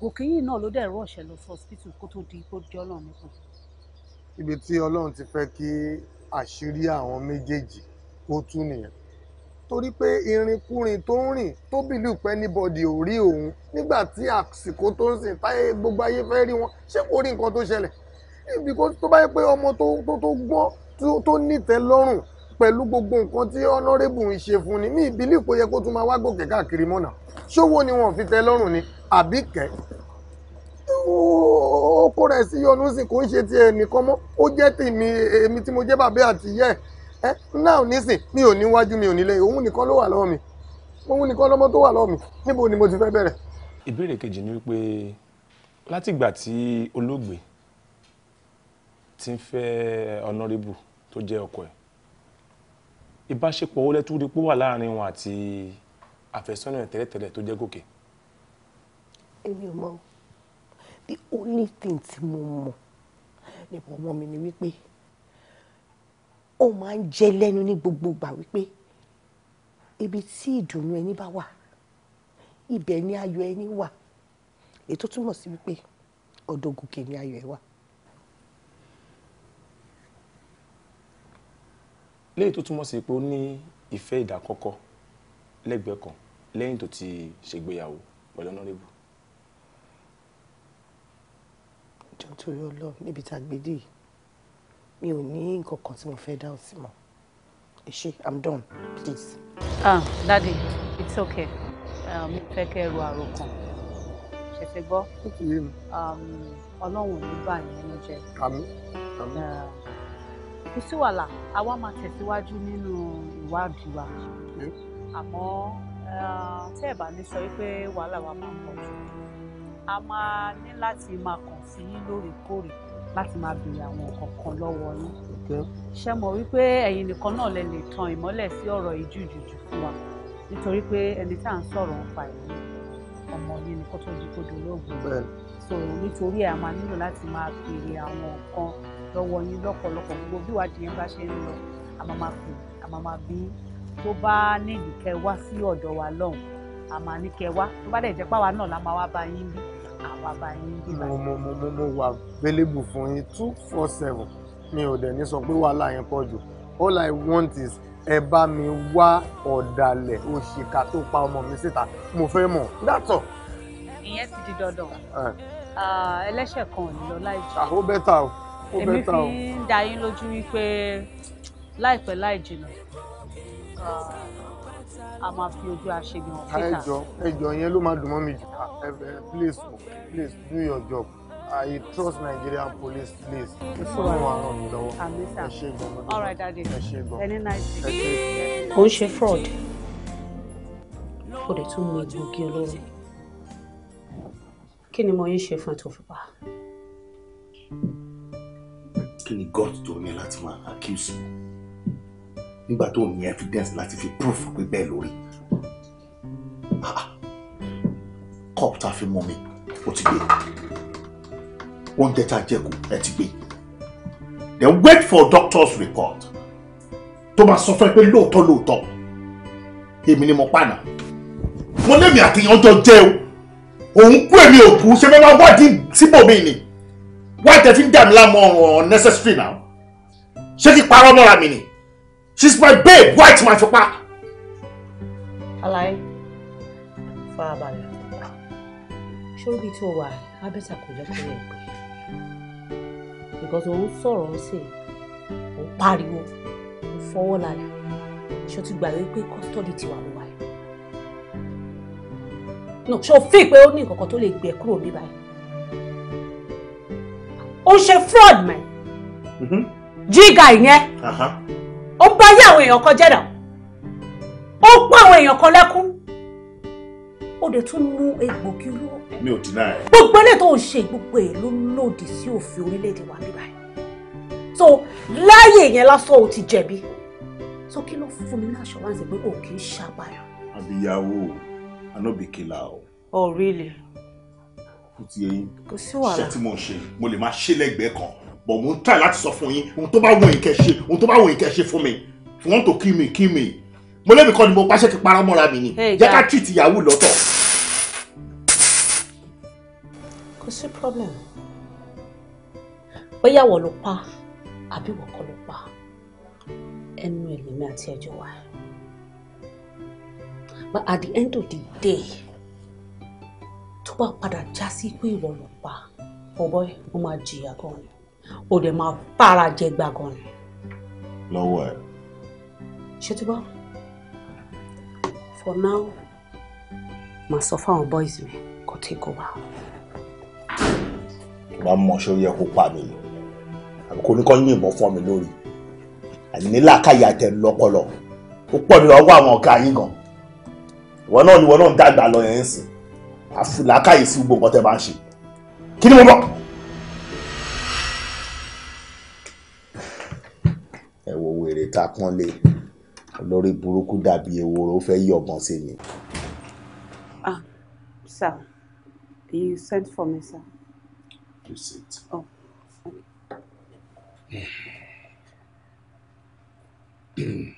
gòkè yìí náà ló dẹ̀ rọ̀ṣẹ̀ lọ sí hospital kó tó di kó di ọlọ́run nípò. ibi tí ọlọ́run ti fẹ́ kí àṣírí àwọn méjèèjì kó tú nìyẹn torí pé irinkúrin tó ń rìn tó bìlú pé níbọdì ò rí òun nígbà tí àsìkò tó ń sìn táyé gbogbo ayé fẹ́ rí wọn ṣé kò rí nǹkan tó ṣẹlẹ̀ ibi tó bá yẹ pé ọmọ tó gbọ́n tó nítẹ́ lọ́rùn pẹ̀lú gbogbo nǹkan tí honorable ń ṣe fún ni mí ìbílẹ̀ kò yẹ kó tún máa wá gòkè káàkiri mọ́nà ṣówó ni wọn fi tẹ́ lọ́rùn ni àbí kẹ́ ó kó rẹ̀ sí yọnu sí kò ń ṣe ti ẹnìkan mọ́ ó jẹ́ tèmi èmi tí mo jẹ́ bàbá àti yẹ́ ẹ náà nísìn mi ò níwájú mi ò nílé òun nìkan ló wà lọ́wọ́ mi òun nìkan lọ́mọ tó wà lọ́wọ́ mi níbo ni mo ti fẹ́ bẹ̀rẹ̀. ìbéèrè kejì ni wípé látìgbà tí olóògbé ti ń fẹ́ honorable tó jẹ́ ọkọ ẹ̀ ìbáṣepọ̀ owó lẹ́tú rí pé wà láàrin wọn àti àfẹ́sọ́nà ẹ̀ tẹ́lẹ̀tẹ́lẹ̀ tó jẹ́ gòkè. èmi ò mọ the only thing tí mo mọ̀ nípa ọmọ mi ni wípé ó máa ń jẹ lẹ́nu ní gbogbo ìgbà wípé ibi tí ìdùnnú ẹni bá wà ibẹ̀ ni ayọ̀ ẹni wà èyí túmọ̀ sí wípé ọ̀dọ̀ gòkè ni ayọ̀ ẹ wà. léyìí tó túmọ̀ sí pé ó ní ìfẹ́ ìdákọ́kọ́ lẹ́gbẹ̀ẹ́ kan lẹ́yìn tó ti ṣègbéyàwó pẹ̀lú ọ̀nàrẹ́bù. ìjọ torí ọlọ níbi tá a gbé dé mi ò ní nǹkan kan tí mo fẹ́ dá òsì mọ́ ẹ ṣe i'm done please. ah daddy it's okay ah, mo fẹ́ kẹ́ ẹrù àròkàn ṣẹ̀ṣẹ̀ gbọ́ um, ọlọ́run ò ní bà yín nínú jẹ́ kò sí wàhálà àwa máa tẹ̀síwájú nínú ìwádìí wa àmọ́ tẹ́ ẹ̀ bá ní sọ pé wàhálà wa máa ń pọ̀ jù a máa ní láti máa kàn sí yín lóòrèkóòrè láti máa béèrè àwọn kọ̀ọ̀kan lọ́wọ́ yín ṣé mọ̀ wípé ẹ̀yin nìkan náà lè lè tan ìmọ́lẹ̀ sí ọ̀rọ̀ ìjújùjù fún wa nítorí pé ẹni tá à ń sọ̀rọ̀ ń pa ìlú ọmọ yín ni kó tó di kó dolóògùn so nítorí ẹ̀ a máa nílò láti máa béèrè àwọn nǹkan lọ́wọ́ yín lọ́pọ̀lọpọ̀ gbogbo bí ìwádìí yẹn bá ṣe ń lọ a máa máa pè a máa máa bí tó bá nídìí kẹ́ wá sí ọ̀dọ̀ wa lọ́hùn a máa ní kẹ́ wá tó bá dẹ̀ jẹ́ páwa náà la máa wá bá yín bí àwa bá yín bí báyìí. mo mo mo mo wà available fún yín two four seven mi ò dẹ̀ ní sọ pé wàhálà yẹn pọ̀ jù all i want is ẹ bá mi wá ọ̀dàlẹ̀ òṣìkà tó pa ọmọ mi síta mo fẹ́ mọ̀ dátọ̀. ìyẹn ti di dandan ah, ẹlẹ́ṣẹ̀ kan ò ní lọ láì jù. àhó bẹ́tà o èmi fi ń dá yín lójú wípé láìpẹ́ láì jìnnà a máa fi ojú aṣègbè hàn síta. ẹjọ ẹjọ yẹn ló máa dùn mọ́ mi jù ah, please please do your job i trust nigerian police please fún wa ràn mí ẹ ṣe gan-an all right daddy ẹ ṣe gan-an ó ń ṣe fraud ó dẹ̀ tún mú egbògi olóró kí ni mo yín ṣe fún ẹ tó fi pa á tún ní gut tó ní láti máa accuse mi nígbà tó ní evidence láti fi proof pé bẹ́ẹ̀ lórí ah, ah. cup tá a fi mú mi ó ti gbé oúnjẹ tá a jẹ kù ẹ ti gbé then wait for doctor's report tó máa sọ fún ẹ pé lóòótọ́ lóòótọ́ èmi ni mo pàànà mo lémi àti ọjọ́ jẹ́ o òun kú èmi ò kú ṣe fẹ́ máa wádìí síbòmí ni why tẹ̀ fi ń dàmí necessary now ṣé kí parọ́ mọ́ra mi ni she is my babe why ti máa fi pa. alaye farabalẹ̀ ṣóbi tó wà abẹ́sà kò jẹ́ kó lè pè é because òun sọ̀rọ̀ ó sì òun pariwo òun fọwọ́ lálẹ́ ṣó ti gbà wípé custody ti wà lọ́wọ́ ẹ̀ no ṣó fi pé ó ní nǹkan kan tó lè gbẹ kúrò ní ó ṣe fraud mẹ́ jíga ìyẹn ó ń bá yé àwọn èèyàn kan jẹ́dà ó ń pọ́n àwọn èèyàn kan lẹ́kún ó dẹ̀ tún mú egbògi olóró. mi ò dínà ẹ. gbogbo eléyìí tó ń ṣe gbogbo èyí ló lòdì sí òfin orílẹ̀-èdè wa bíbáyìí so láàyè yẹn lásán ò ti jẹ̀bi so kí ló fún mi ní assurance pé o kì í ṣàbàyàn. àbíyáwó i o. oh really kò ti eyín iṣẹ́ tí mo ń ṣe mo lè máa ṣe lẹ́gbẹ̀ẹ́ kan but mo ń tà láti sọ fún yín ohun tó bá wọ̀nyí kẹ́ ṣe ohun tó bá wọ̀nyí kẹ́ ṣe fún mi if you want to kill me kill mo lébi kan ni mo pàṣẹ kí para mọ́ra mi ni jẹ́ ká treat ìyàwó lọ́tọ̀. kò sí problem bóyá wọ́n ló pa àbí wọ́n kọ́ ló pa ẹnu ẹ̀lẹ́mí àti ẹjọ́ wa but at the end of the day bá padà já sí pé ìwọ ló pa ọ̀bọ ó máa jìyà gan ni ó dẹ̀ máa fara jẹ gbà gan ni. lọ́wọ́ ẹ̀. ṣètìbọ́ for now màá sọ fáwọn boys mi kó take over. ìwà mọṣẹ ó yẹ kó pa mi ni àbí kò ní kọ́ yìnbọn fọ́ mi lórí àní níláàkàyà tẹ̀ lọ́pọ̀lọ́ ó pọ̀ nínú ọwọ́ àwọn ọ̀gá yín gan ìwọ náà ni ìwọ náà ń dàgbà lọ yẹn ń sìn àfìlàkàyè sí gbogbo nǹkan tẹ́ bá ń ṣe kí ni mo bọ́. ẹ wo wèrè ta pọ́nlé olórí burúkú dàbí ewúro ó fẹ́ yọ̀bọ̀n sí mi. ah sir you sent for me sir. you sit. Oh.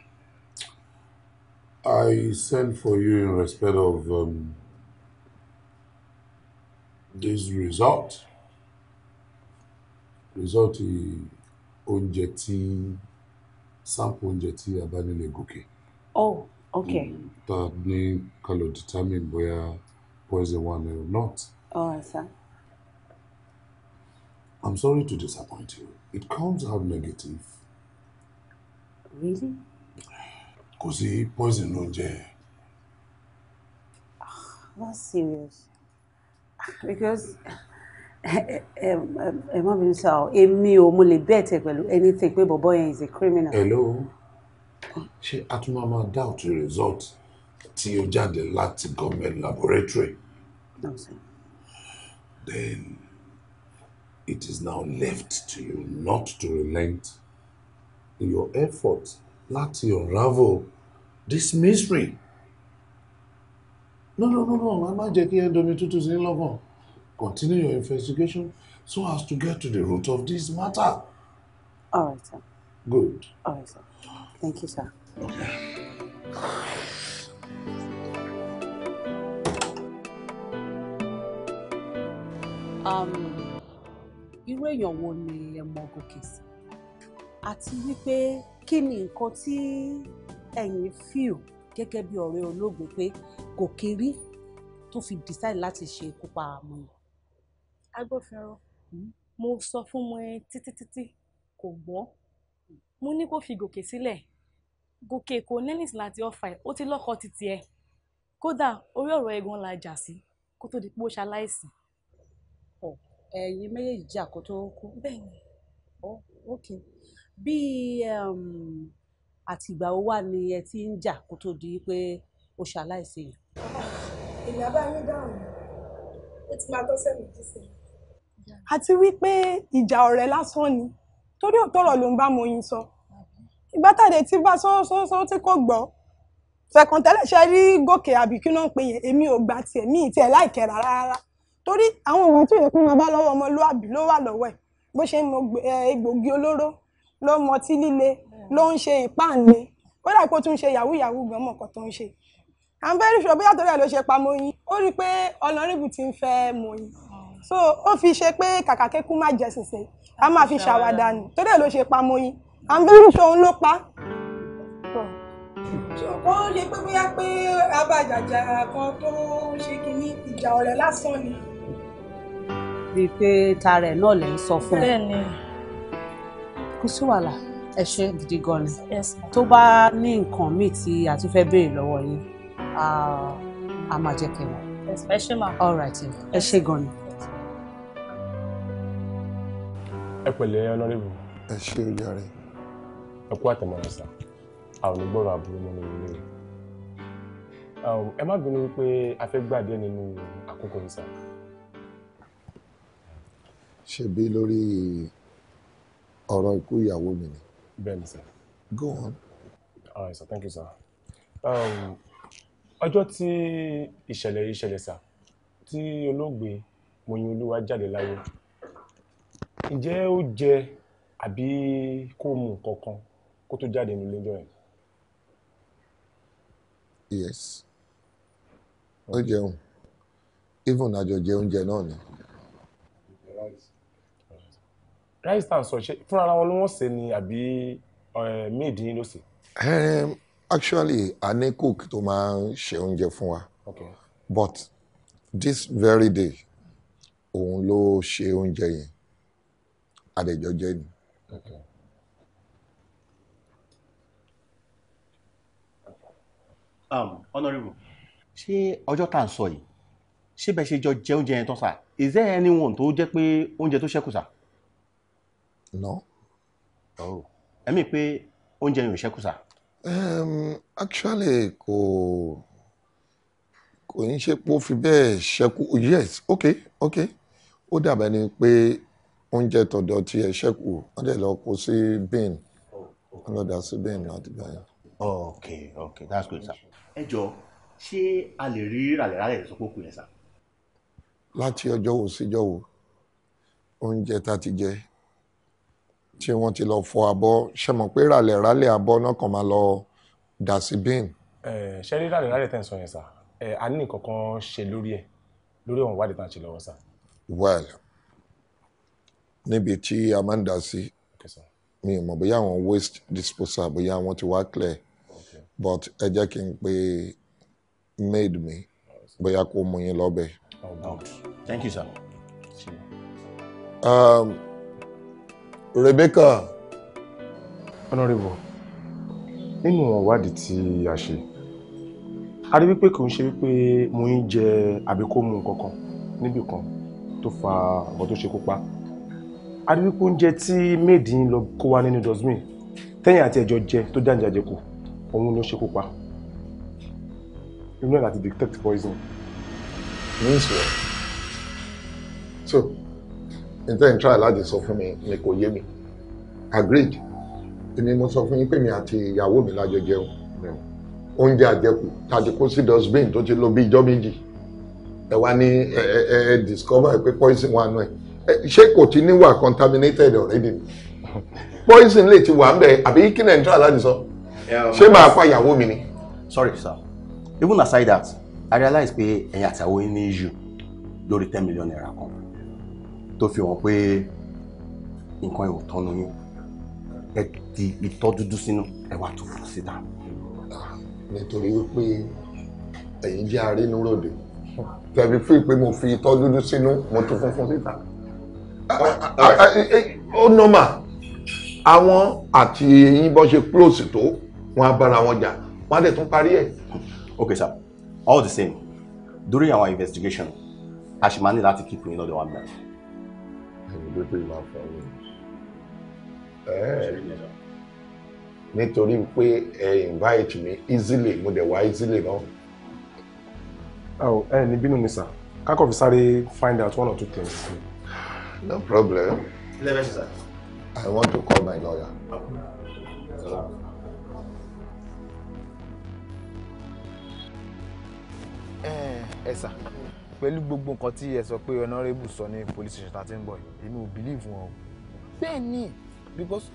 I sent for you in respect of um, this result result oúnjẹ tí sample oúnjẹ tí a bá nílé gòkè. oh okay. Mm, ta ni ká lọ determine bóyá poison one or not. Oh, sir. I'm sorry to disappoint you. It comes out negative. Really? Kò sí poison oúnjẹ. Ah, that's serious because ẹ mọ bí n sọ ọ èmi ò mo lè bẹ́ẹ̀ tẹ pẹ̀lú anything pé bọ̀bọ̀ yẹn is a criminal. hello ṣé a tún doubt the doubt result tí ó jáde láti government laboratory then it is now left to you not to relent in your effort láti unravel this mystery. No, no, no, no. Ẹ má jẹ́ kí ẹ domi tútù sí lọ́kàn. Continue your investigation so as to get to the root of this matter. All right, sir. Good. All right, sir. Thank you, sir. Okay. Um, irú èèyàn wo ni ẹ mọ gòkè sí? Àti wípé kí ni nǹkan tí ẹ̀yin fíò gẹ́gẹ́ bí ọ̀rẹ́ olóògbé pé gòkè rí tó fi decide láti ṣe ikú pa àmọ́ yẹn. agbófinró hmm? mo sọ fún mo ẹ títí títí kò gbọ́ mo ní kó fi gòkè sílẹ̀ gòkè kò nẹ́nìsì láti ọ̀fà ẹ̀ ó ti lọ́kọ títí ẹ̀ kódà orí ọ̀rọ̀ ẹ̀gbọ́n la jà sí kó tó di pé ó ṣaláìsí. ọ ẹ̀yin méjèèjì jà kó tó kú. bẹ́ẹ̀ni. ọ ok bí àtìgbà wo wà ni ẹ ti ń jà kó tó di pé ó ṣaláìsí yìí èmi àbá yín dáhùn ó ti máa tọ́sẹ̀ méjì sí i. àti wípé ìjà ọ̀rẹ́ lásán ni torí òtọ́rọ̀ ló ń bá Moyin sọ ìgbà tàdé tí bá sọ́sọ́sọ́ tí kò gbọ́ fẹ̀kàn tẹ́lẹ̀ ṣe rí gòkè àbí kí náà pé yẹn èmi ò gba tiẹ̀ mí ì tiẹ̀ láìkẹ́ rárá torí àwọn ìwà tó yẹ kó máa bá lọ́wọ́ ọmọlúàbí ló wà lọ́wọ́ ẹ̀ bó ṣe ń mọ egbògi olóró ló mọtí líle ló ń ṣe ìpáǹle ó dà tún ṣe yàwúyàwú gan mọ̀ọ́kàn tó ń ṣe i'm very sure bóyá torí ẹ̀ ló ṣe pa Moyin ó rí i pé ọ̀nàrìbù ti ń fẹ́ Moyin so ó fi ṣe pé kàkà kékú má jẹ a máa fi ṣàwádà ni torí ẹ̀ ló ṣe pa Moyin i'm very sure òun ló pa. ó lè pé bóyá pé abàjàjà kan tó ń ṣe kínní ìjà ọ̀rẹ́ lásán ni. bíi pé tara ẹ̀ náà lè ń sọ fún ẹ kò sí wàhálà ẹ ṣe gidi gan ni tó bá ní nǹkan míì tí a tún fẹ́ béèrè lọ́wọ́ yín Ah, ah, a máa jẹ́ kẹwàá. ẹ ṣe all right ẹ ṣe gan ni. ẹ pẹ̀lẹ́ ọlọ́rẹ́bù. ẹ ṣe ojàre. ẹ kú àtẹ̀mọ́ra sá a ò ní gbọ́rọ̀ àbúrò mọ́ nínú ilé um, ẹ má bínú wípé a fẹ́ gbà díẹ̀ nínú àkókò yìí sá. ṣebí lórí ọ̀rọ̀ ikú ìyàwó mi ni. bẹ́ẹ̀ ni go on. all right sir thank you sir. Um, ọjọ́ tí ìṣẹ̀lẹ̀ yìí ṣẹlẹ̀ sà tí olóògbé Mọ́yìnolúwa jáde láyé ǹjẹ́ ó jẹ àbí kò mu nǹkan kó tó jáde nílé ìjọ yes ó jẹun even àjọjẹ oúnjẹ náà ni. rice and sọ ṣe fúnra wọn ló wọ́n ṣe ni àbí eh, míì dín ló ṣe actually a ní cook tó máa ń ṣe oúnjẹ fún wa okay. but this very day òun ló ṣe oúnjẹ yẹn àdèjọ jẹ ni. Okay. um, honourable ṣé ọjọ́ tá à ń sọ yìí ṣé bẹ́ẹ̀ ṣe jọ jẹ oúnjẹ yẹn tán sà is there anyone tó jẹ́ pé oúnjẹ tó ṣẹ́kù sà. no. Oh. ẹ̀mí pé oúnjẹ yẹn ò ṣẹ́kù sà. Um, actually kò kò ń ṣe pé ó fi bẹ́ẹ̀ ṣẹ́kù yes okay okay ó dàbẹ̀ ni pé oúnjẹ tọ̀dọ̀ tí ẹ ṣẹ́kù wọ́n dẹ̀ lọ kó sí bin wọ́n lọ dà sí bin láti gbà yẹn. okay okay that's good sir. ẹ jọ ṣé a lè rí ràlẹ̀ràlẹ̀ ìsọpọ̀kù yẹn sá. láti ọjọ́ wo síjọ́ wo oúnjẹ tá a ti jẹ tí wọ́n ti lọ fọ abọ́ ṣe mọ̀ pé ràlẹ̀ ràlẹ̀ abọ́ náà kàn máa lọ dà sí bin. ṣé rí ràlẹ̀ ràlẹ̀ tẹ̀ ń sọ yẹn sà a ní nǹkan kan ṣe lórí ẹ̀ lórí ọ̀hún ìwádìí tán ṣe lọ́wọ́ sà. well níbi tí a máa ń dà sí mi ò mọ̀ bóyá àwọn waste disposal bóyá wọ́n ti wá clear okay. but ẹ jẹ́ kí n pe maid mi bóyá kó mú yín lọ́bẹ̀. Oh, thank you sir. Um, Rebecca. honourable nínú ìwádìí tí a ṣe a rí wípé kò ń ṣe wípé mo ń jẹ àbí kó mu nǹkan kan níbì kan tó fa nǹkan tó ṣe kópa a rí wípé oúnjẹ tí méèdì ń lọ kó wá nínú dustbin tẹ́yìn àti ẹ̀jọ́ jẹ tó dáǹjà kù òun ló ṣe kópa inú ẹ̀ láti detect poison. means what? so nítorí n try láti sọ fún mi mi kò yé mi agreed èmi mo sọ fún yín pé mi àti ìyàwó mi lájọ jẹun oúnjẹ àjẹkù tàbí kó sí dustbin tó ti lò bí ijọ́ méjì ẹ wá ní ẹ ẹ discover pé poison wà nù ẹ ṣé kò ti ní wà contaminated already poison lè ti wà ń bẹ àbí kí náà n try láti sọ ṣé máa um, pa ìyàwó mi ni. sorry sir even aside that i realize pé ẹ̀yin àtàwọn ẹni issue lórí ten million naira kan tó fi hàn pé nǹkan ẹ̀ ò tọ́nu yín ẹ di ìtọ́ dúdú sínú ẹ wá tún fún síta. nítorí wípé ẹ̀yin jẹ́ arínúròde tẹ̀bí fún ìpè mo fi ìtọ́ dúdú sínú mo tún fún fún síta. ó nọ́mà àwọn àti eyín bọ́ ṣe close tó wọn á bára wọn jà wọn á dẹ̀ tún parí ẹ̀. okay sir all the same during our investigation a ṣì máa ní láti keep yín lọ́dọ̀ wa mẹ́rin ìdókòwò máa fún mi nítorí pé ẹ eh, invite me easily mo dẹ̀ wá easily náà. ẹ eh, ní bínú mi sà kákọ́ fi sáré find out one or two things. no problem. eleven sir. I want to call my lawyer. Okay. Uh, eh, ẹ ẹ sà pẹ̀lú gbogbo nǹkan tí ẹ sọ pé honourable sọ ní police station thirteen boy èmi ò believe wọn o. bẹ́ẹ̀ ni because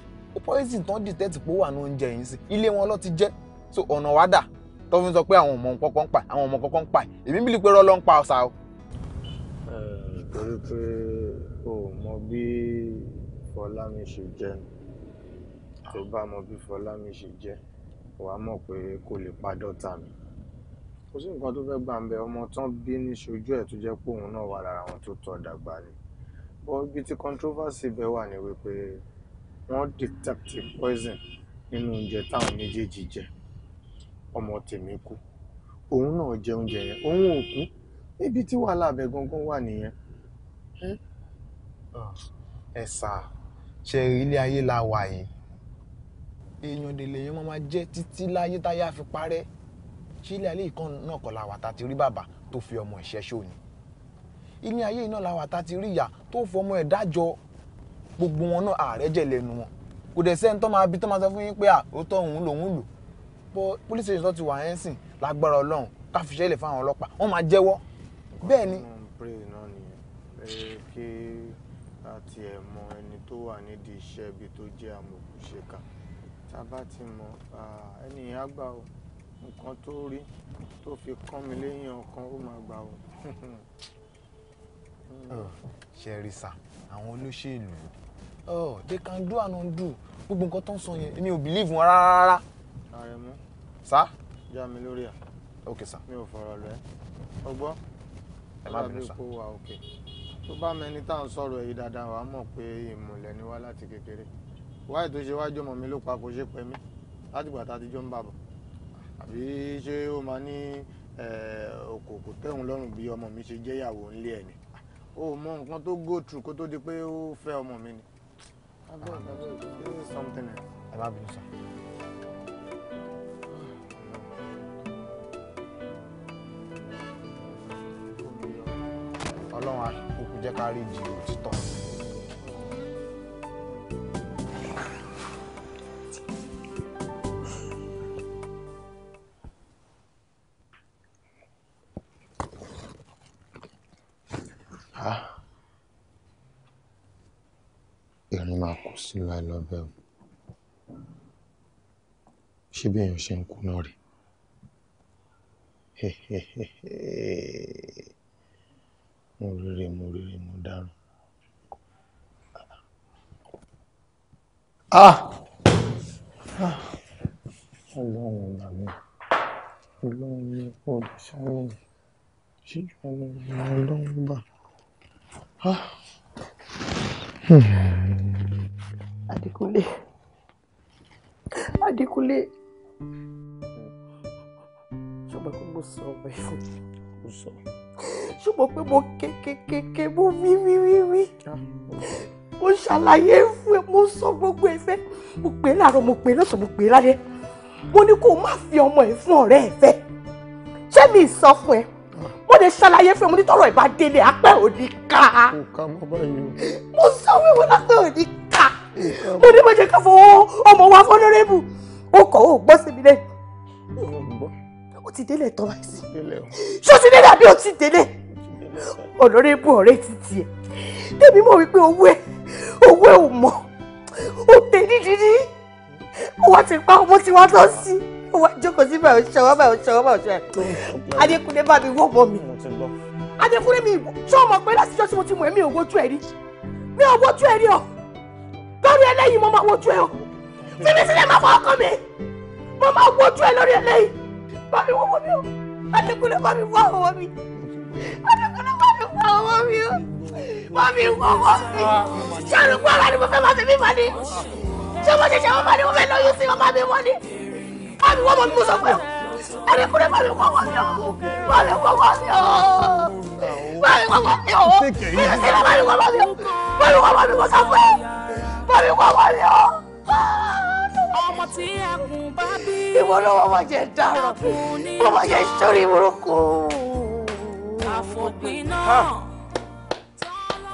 poison tán detect pé ó wà ní oúnjẹ yìí sí ilé wọn lọ ti jẹ́ so ọ̀nà wá dà tó fi sọ pé àwọn ọmọ kọ́kọ́ ń pa àwọn ọmọ kọ́kọ́ ń pa èmi bí pé rọ́ ló ń pa ọ̀sà o. torí pé o mọ bí Fọlámi ṣe jẹ́ tó bá mọ bí Fọlámi ṣe jẹ́ wàá mọ̀ pé kò lè pa dọ́tà mi kò sí nǹkan tó fẹ́ gbà ń bẹ ọmọ tán bí ní ṣojú ẹ̀ tó jẹ́ pé òun náà wà lára àwọn tó tọ́ dàgbà ni ibi tí controversy bẹ wà ní wípé wọ́n detective poison nínú oúnjẹ táwọn méjèèjì jẹ ọmọ tèmi kú òun náà jẹ oúnjẹ yẹn òun ò kú ibi tí wàhálà abẹ gangan wà nìyẹn ẹ sà ṣe ilé ayé la wà yìí èèyàn délé yẹn máa jẹ títí láyé táyà fi parẹ́ sílé ayé ìkan náà kọ́ làwà tá ti rí bàbá tó fi ọmọ ẹ̀ ṣẹ́ṣó ni ilé ayé iná làwà tá ti rí ìyá tó fọmọ ẹ̀ dájọ́ gbogbo wọn náà ààrẹ jẹ̀ lẹ́nu wọn kò dẹ̀ sẹ́ni tó máa bí tó máa sọ fún yín pé à ó tọ́ òun lòun lò bọ́ police station tó ti wà ẹ́ sìn lágbára ọlọ́run káfíṣẹ́ ilẹ̀ fáwọn ọlọ́pàá wọ́n máa jẹ́wọ́ bẹ́ẹ̀ ni. kí a tiẹ̀ mọ ẹni tó wà nídìí iṣẹ́ ibi tó jẹ́ amòkùnṣe ká tá a bá ti mọ ẹni yẹn ó nǹkan tó rí tó fi kán mi lẹ́yìn ọkàn ó máa gbà ó. Oh, ṣẹ́rí àwọn olóṣèlú oh, they can do and undo gbogbo nǹkan tó ń sọ yẹn èmi ò believe wọn rárá. àrẹ̀mú. sá. já mi lórí à. ok sà. mi ò fọ̀rọ̀ lọ ọgbọ́. ẹ má bínú sà. ọlọ́bí kò wà òkè tó bá mẹni tá à ń sọ̀rọ̀ èyí dáadáa wàá mọ̀ pé ìmùlẹ̀ ni wá láti kékeré wáyé tó ṣe wájú ọmọ mi ló pa kò ṣe pẹ́ mi látìgbà tá a ti jọ ń bàbọ̀ àbí ṣé ó máa ní òkòkò tẹ́hùn lọ́rùn bí ọmọ mi ṣe jẹ́ ìyàwó ńlé ni ó mọ nǹkan tó go through kó tó di pé ó fẹ́ ọmọ mi ni ọlọ́run àkókò jẹ́ ká rí ìjì òtítọ́. sí láìlọ́bẹ̀ o ṣé bí èèyàn ṣe ń kú náà rí mo Ah. mo rere mo dáràn ah, ah! ọlọ́run ọ̀nà mi ọlọ́run ní kó o sáré ṣíjú ọlọ́run ọlọ́run bà ah. Hmm. Adékúnlé Adékúnlé ṣùgbọ́n pé mo sọ ọ̀bẹ fún mo sọ ṣùgbọ́n pé mo kékékéké mo wí wí wí wí ah, mo ṣàlàyé fún ẹ mo sọ gbogbo ẹ fẹ́ mo pè é láàárọ̀ mo pè é lọ́sàn mo pè é lálẹ́ mo ní kó o má fi ọmọ ẹ fún ọ̀rẹ́ ẹ fẹ́ ṣé mi sọ fún ẹ mo lè ṣàlàyé fún ẹ mo ní tọrọ ẹ bá délé apẹ òní ká mo sọ wíwọ lápẹ òní ká mo ní mo jẹ́ ká fowó ọmọ wa fọ́nọ́rẹ́bù ó kọ̀ ó gbọ́ síbi lẹ́yìn. ó ti délé tọ́ báyìí sí ṣó ti délé àbí ó ti délé ọ̀nọ́rẹ́bù ọ̀rẹ́ ti tiẹ̀ débi mọ̀ wípé owó ẹ̀ owó ẹ̀ ò mọ̀ ó tẹ dídídí wá ti pa ọmọ tí wá tọ́ sí wá jókòó sí báyìí ṣọwọ́ báyìí ṣọwọ́ báyìí ṣọwọ́ adékúnlé bá mi wọ́ ọmọ mi adékúnlé mi ṣọ́ ọmọ pé láti jọ́ sí mo ti mọ̀ ẹ́ mi ò gbójú ẹ̀ rí mi ò gbójú ẹ̀ rí ọ̀ lórí eléyìí mo máa wojú ẹ o fífi sílẹ̀ máa fọ ọkàn mi mo máa wojú ẹ lórí eléyìí bàbí wọ́n mi o Adékúnlé bá mi wá ọwọ́ mi Adékúnlé bá mi wá ọwọ́ mi o bá mi wá ọwọ́ mi sọ̀rọ̀ gbọ́ ara ni mo fẹ́ máa fi mí mọ̀ ni ṣé mo ṣẹ̀ṣẹ̀ wọ́n máa ní mo fẹ́ lóyún sí ọmọ mi wọ́n ni bá mi wọ́n mọ̀ mi mo sọ pé o Adékúnlé bá mi wá ọwọ́ mi o bá mi wá ọwọ́ mi o bá mi wá ọwọ́ mi sílẹ̀ bá mi wá ọwọ́ mi o wá ọwọ́ mi mo sọ pé bàbí wà wá ní ọ. ọmọ tí ẹkùn bá bí. ìwọ ló wọ́n máa jẹ dáràn wọ́n máa jẹ ìṣòro ìmúrokò. àfòpin náà.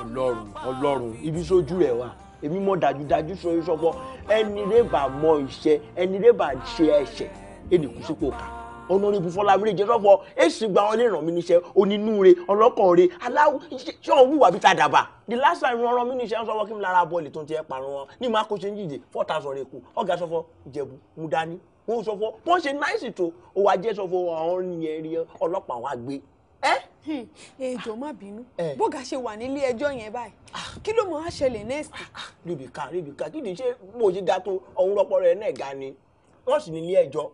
ọlọ́run ọlọ́run ibi sójú rẹ̀ wà èmi mọ̀ dájúdájú sọ yìí sọpọ ẹni rẹ bá mọ iṣẹ́ ẹni rẹ bá ṣe ẹ̀ṣẹ̀ ẹni kù sípò kà. Honorable Fọláwéré Jẹ́sọ́fọ́ èsì gba wọn lè ràn mí níṣẹ́ onínúure ọlọ́kànre aláwọ̀ ṣé òun wùwà bí tàdàbà the last time wọn rán mí níṣẹ́ sọ́wọ́ kí n lára bọ́ọ̀lì tó ń tiẹ̀ parun wọn ní máa kó ṣe ń jìjì four thousand èkó ọ̀gá Sọ́fọ́ jẹ̀bù mú dání wọn sọ fọ wọn ṣe náìsì tó ó wàá jẹ́ Sọ́fọ́ àwọn nìyẹn rí ọlọ́pàá wa gbé ètò hmm, má bínú bóga ṣe wà nílé ẹjọ́ yẹn báyìí ah. kí ló mọ̀ á ṣẹlẹ̀ next. ríbi ah, ah, ká ríbi ká kí ni ṣé mo ṣe ga tó ọ̀hún rọpò rẹ̀ náà ga ni wọ́n sì nílé ẹjọ́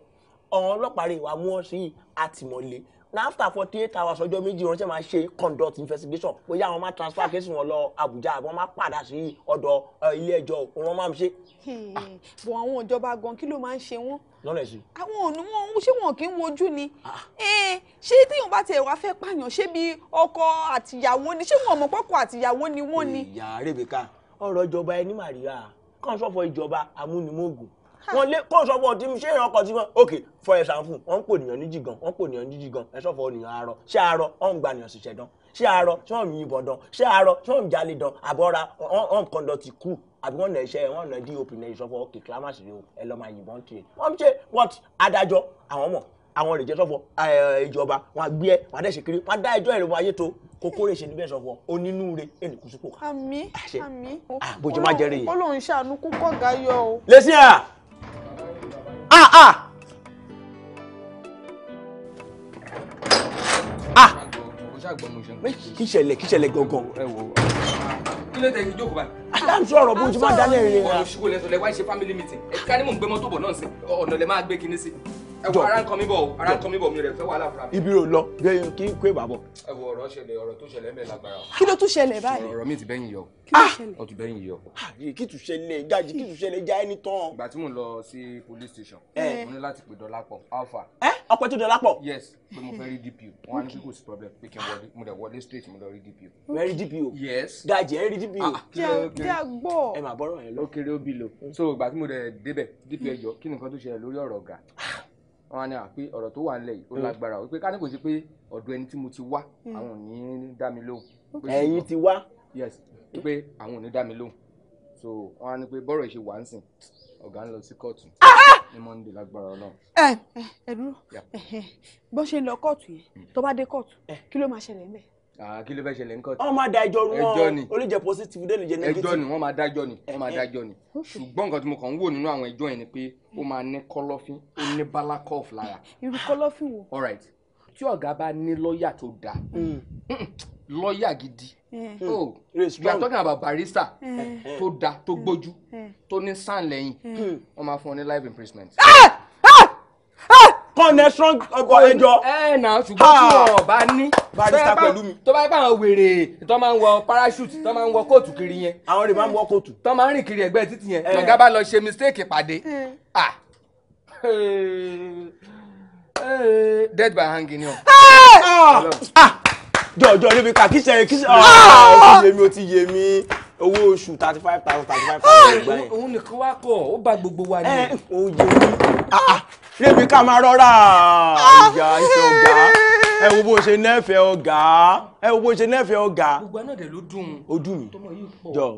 ọ̀hún ọlọ́pàá rẹ̀ wà mú ọ sí àtìmọ́lé na after forty eight hours ọjọ́ méjì wọ́n ṣe máa ṣe conduct investigation bóyá wọ́n máa transfer case wọn lọ Àbújá àbí wọ́n máa padà sí ọ̀dọ̀ ilé ẹjọ́ wọn máa ṣe. bọ àwọn ìjọba gan kí ló máa ń ṣe wọn. lọ́nà ẹ̀sìn. àwọn òní wọn ṣé wọn kì í wojú ni. Ah. Eh, ṣé tíyàn bá tẹ̀ wá fẹ́ pààyàn ṣé bí ọkọ àtìyàwó ni ṣé wọn mọ̀ pọ́kọ àtìyàwó ni wọ́n ni. ìyá Rèbékà ọ̀rọ̀ ìjọba ẹni màríà kàn sọ́fọ̀ ìjọba amúnimóògùn wọn lé kó sọ fún ọtí ṣé ìran ọkọ tí wọn ok for example wọn ń pò nìyàn ní jìgàn wọn ń pò nìyàn ní jìgàn ẹ sọfọ nìyàn arọ ṣé arọ wọn ń gba nìyàn ṣiṣẹ dán ṣé arọ tí wọn ń yìnbọn dán ṣé arọ tí wọn ń jalè dán àbọra wọn ń kọńdọtì kú àbí wọn nà ẹṣẹ wọn nà dop nà ìsọfọ ok clamasi rẹ o ẹ lọ máa yìnbọn tiẹ wọn ṣe what adájọ́ àwọn mọ àwọn rèjẹ sọfọ ìjọba wọn gbé ẹ wọn adẹsẹ kiri wọn dá ẹjọ́ ìrìnwó ayé tó kókó rè ṣe níbẹ̀ sọfọ onínúure ènìkùsùpò. àmì àmì ah, bójú má jẹ rèé. Ọlọ́run ṣàánú kó kọgá yọ o. lè sí à ah ah ah kí ṣẹlẹ̀ kí ṣẹlẹ̀ gangan. family meeting ẹwọ ara ń kan mi bọ o ara ń kan mi bọ mi rẹ fẹ wàhálà fúnra mi. ibi ò lọ bẹ́ẹ̀ kí n kó ìbá bọ. ẹ wo ọ̀rọ̀ tó ṣẹlẹ̀ mẹẹ lágbára. kí ló tún ṣẹlẹ̀ báyìí. ọ̀rọ̀ mi ti bẹyìn yọ. kí ah! ti bẹyìn yọ. Ah, kí tún ṣẹlẹ̀ gaji kí tún ṣẹlẹ̀ já ẹni tán. ìgbà tí mo lọ sí police station eh. mo ní láti pè Dọlápọ̀ alpha. ẹ eh? ọpẹ tó Dọlápọ̀. yes pé mo fẹ́ rí DPO wọn á ní pé kò sí problem pé kí n wọlé mo dẹ̀ wọlé straight mo lọ rí DPO. rí DPO. yes gaji ẹ rí DPO. jẹ àgbọ̀. ẹ mà bọ́rọ̀ yẹn lọ. ó kéré ó bí lo so ìgbà tí mo dẹ̀ débẹ̀ DPO ẹjọ́ kí nìkan tó ṣẹlẹ̀ lórí ọ̀rọ̀ ọ̀gá. Ah, wọn á ní à pé ọ̀rọ̀ tó wà nílẹ̀ yìí ó mm. lágbára o pé ká ní kò sí pé ọ̀dọ̀ ẹni tí mo ti wá mm. àwọn ò ní dá mi lóhùn. ẹ̀yin ti wá. yes pé àwọn ò ní dá mi lóhùn so wọn á ní pé bọ́rọ̀ ìṣe wà ń sìn ọ̀gá ń lọ sí kóòtù ní monday lágbára ọlọ́run. ẹ eh, eh, ẹ dúró eh, bó ṣe lọ kóòtù yẹn mm. tó bá dé kóòtù kí ló máa ṣẹlẹ̀ mẹ́ẹ̀ kí ló fẹ́ ṣẹlẹ̀ nǹkan. wọ́n máa da ẹjọ́ rú wọn ó positive ó lè jẹ́ negative. ẹjọ́ ni wọ́n máa dájọ́ ni wọ́n máa dájọ́ ni ṣùgbọ́n nǹkan tí mo kàn ń wò nínú àwọn ẹjọ́ yẹn ni pé ó máa ní kọ́lọ́fín ó ní balakọ́ọ̀f lára. irú kọ́lọ́fín wo. all right tí ọ̀gá bá ní lọ́ọ̀yà tó dáa hmm. lọ́ọ̀yà gidi oh you are talking about barista tó dáa tó hmm. gbójú tó ní sàn lẹ́yìn hmm. wọ́n máa fún ọ ní life imprisonment. Ah! Ah! Ah! connection ọgọ eh, ẹjọ. ẹ nà ṣùgbọ́n tí wọn ò bá ní. barista pẹ̀lú mi. tó bá yẹ báwọn wèrè tó máa ń wọ parachute tó máa ń wọ kóòtù kiri yẹn. àwọn rè máa ń wọ kóòtù. tó máa ń rìn kiri ẹ̀gbẹ́ títì yẹn. Eh. lọ́gá bá lọ ṣe mistake pàdé. Eh. dead by hanging ni o. Ah! Ah! jọ̀jọ̀ níbi kà kí ṣe kí ṣe. Ah! ó ti yé mi ó ti yé mi owó oṣù thirty five thousand thirty five ah! thousand ìgbà yẹn. òun nìkan wá kọ ó bá gbogbo wa ni. ẹ ò jẹ orí rébi ah, ah, ká máa rọra ìyá ìfẹ́ ọ̀gá ẹ wo bó ṣe nẹ́fẹ̀ẹ́ ọ̀gá ẹ wo bó ṣe nẹ́fẹ̀ẹ́ ọ̀gá. gbogbo ẹ̀ náà dẹ̀ ló dùn. ó dùn mí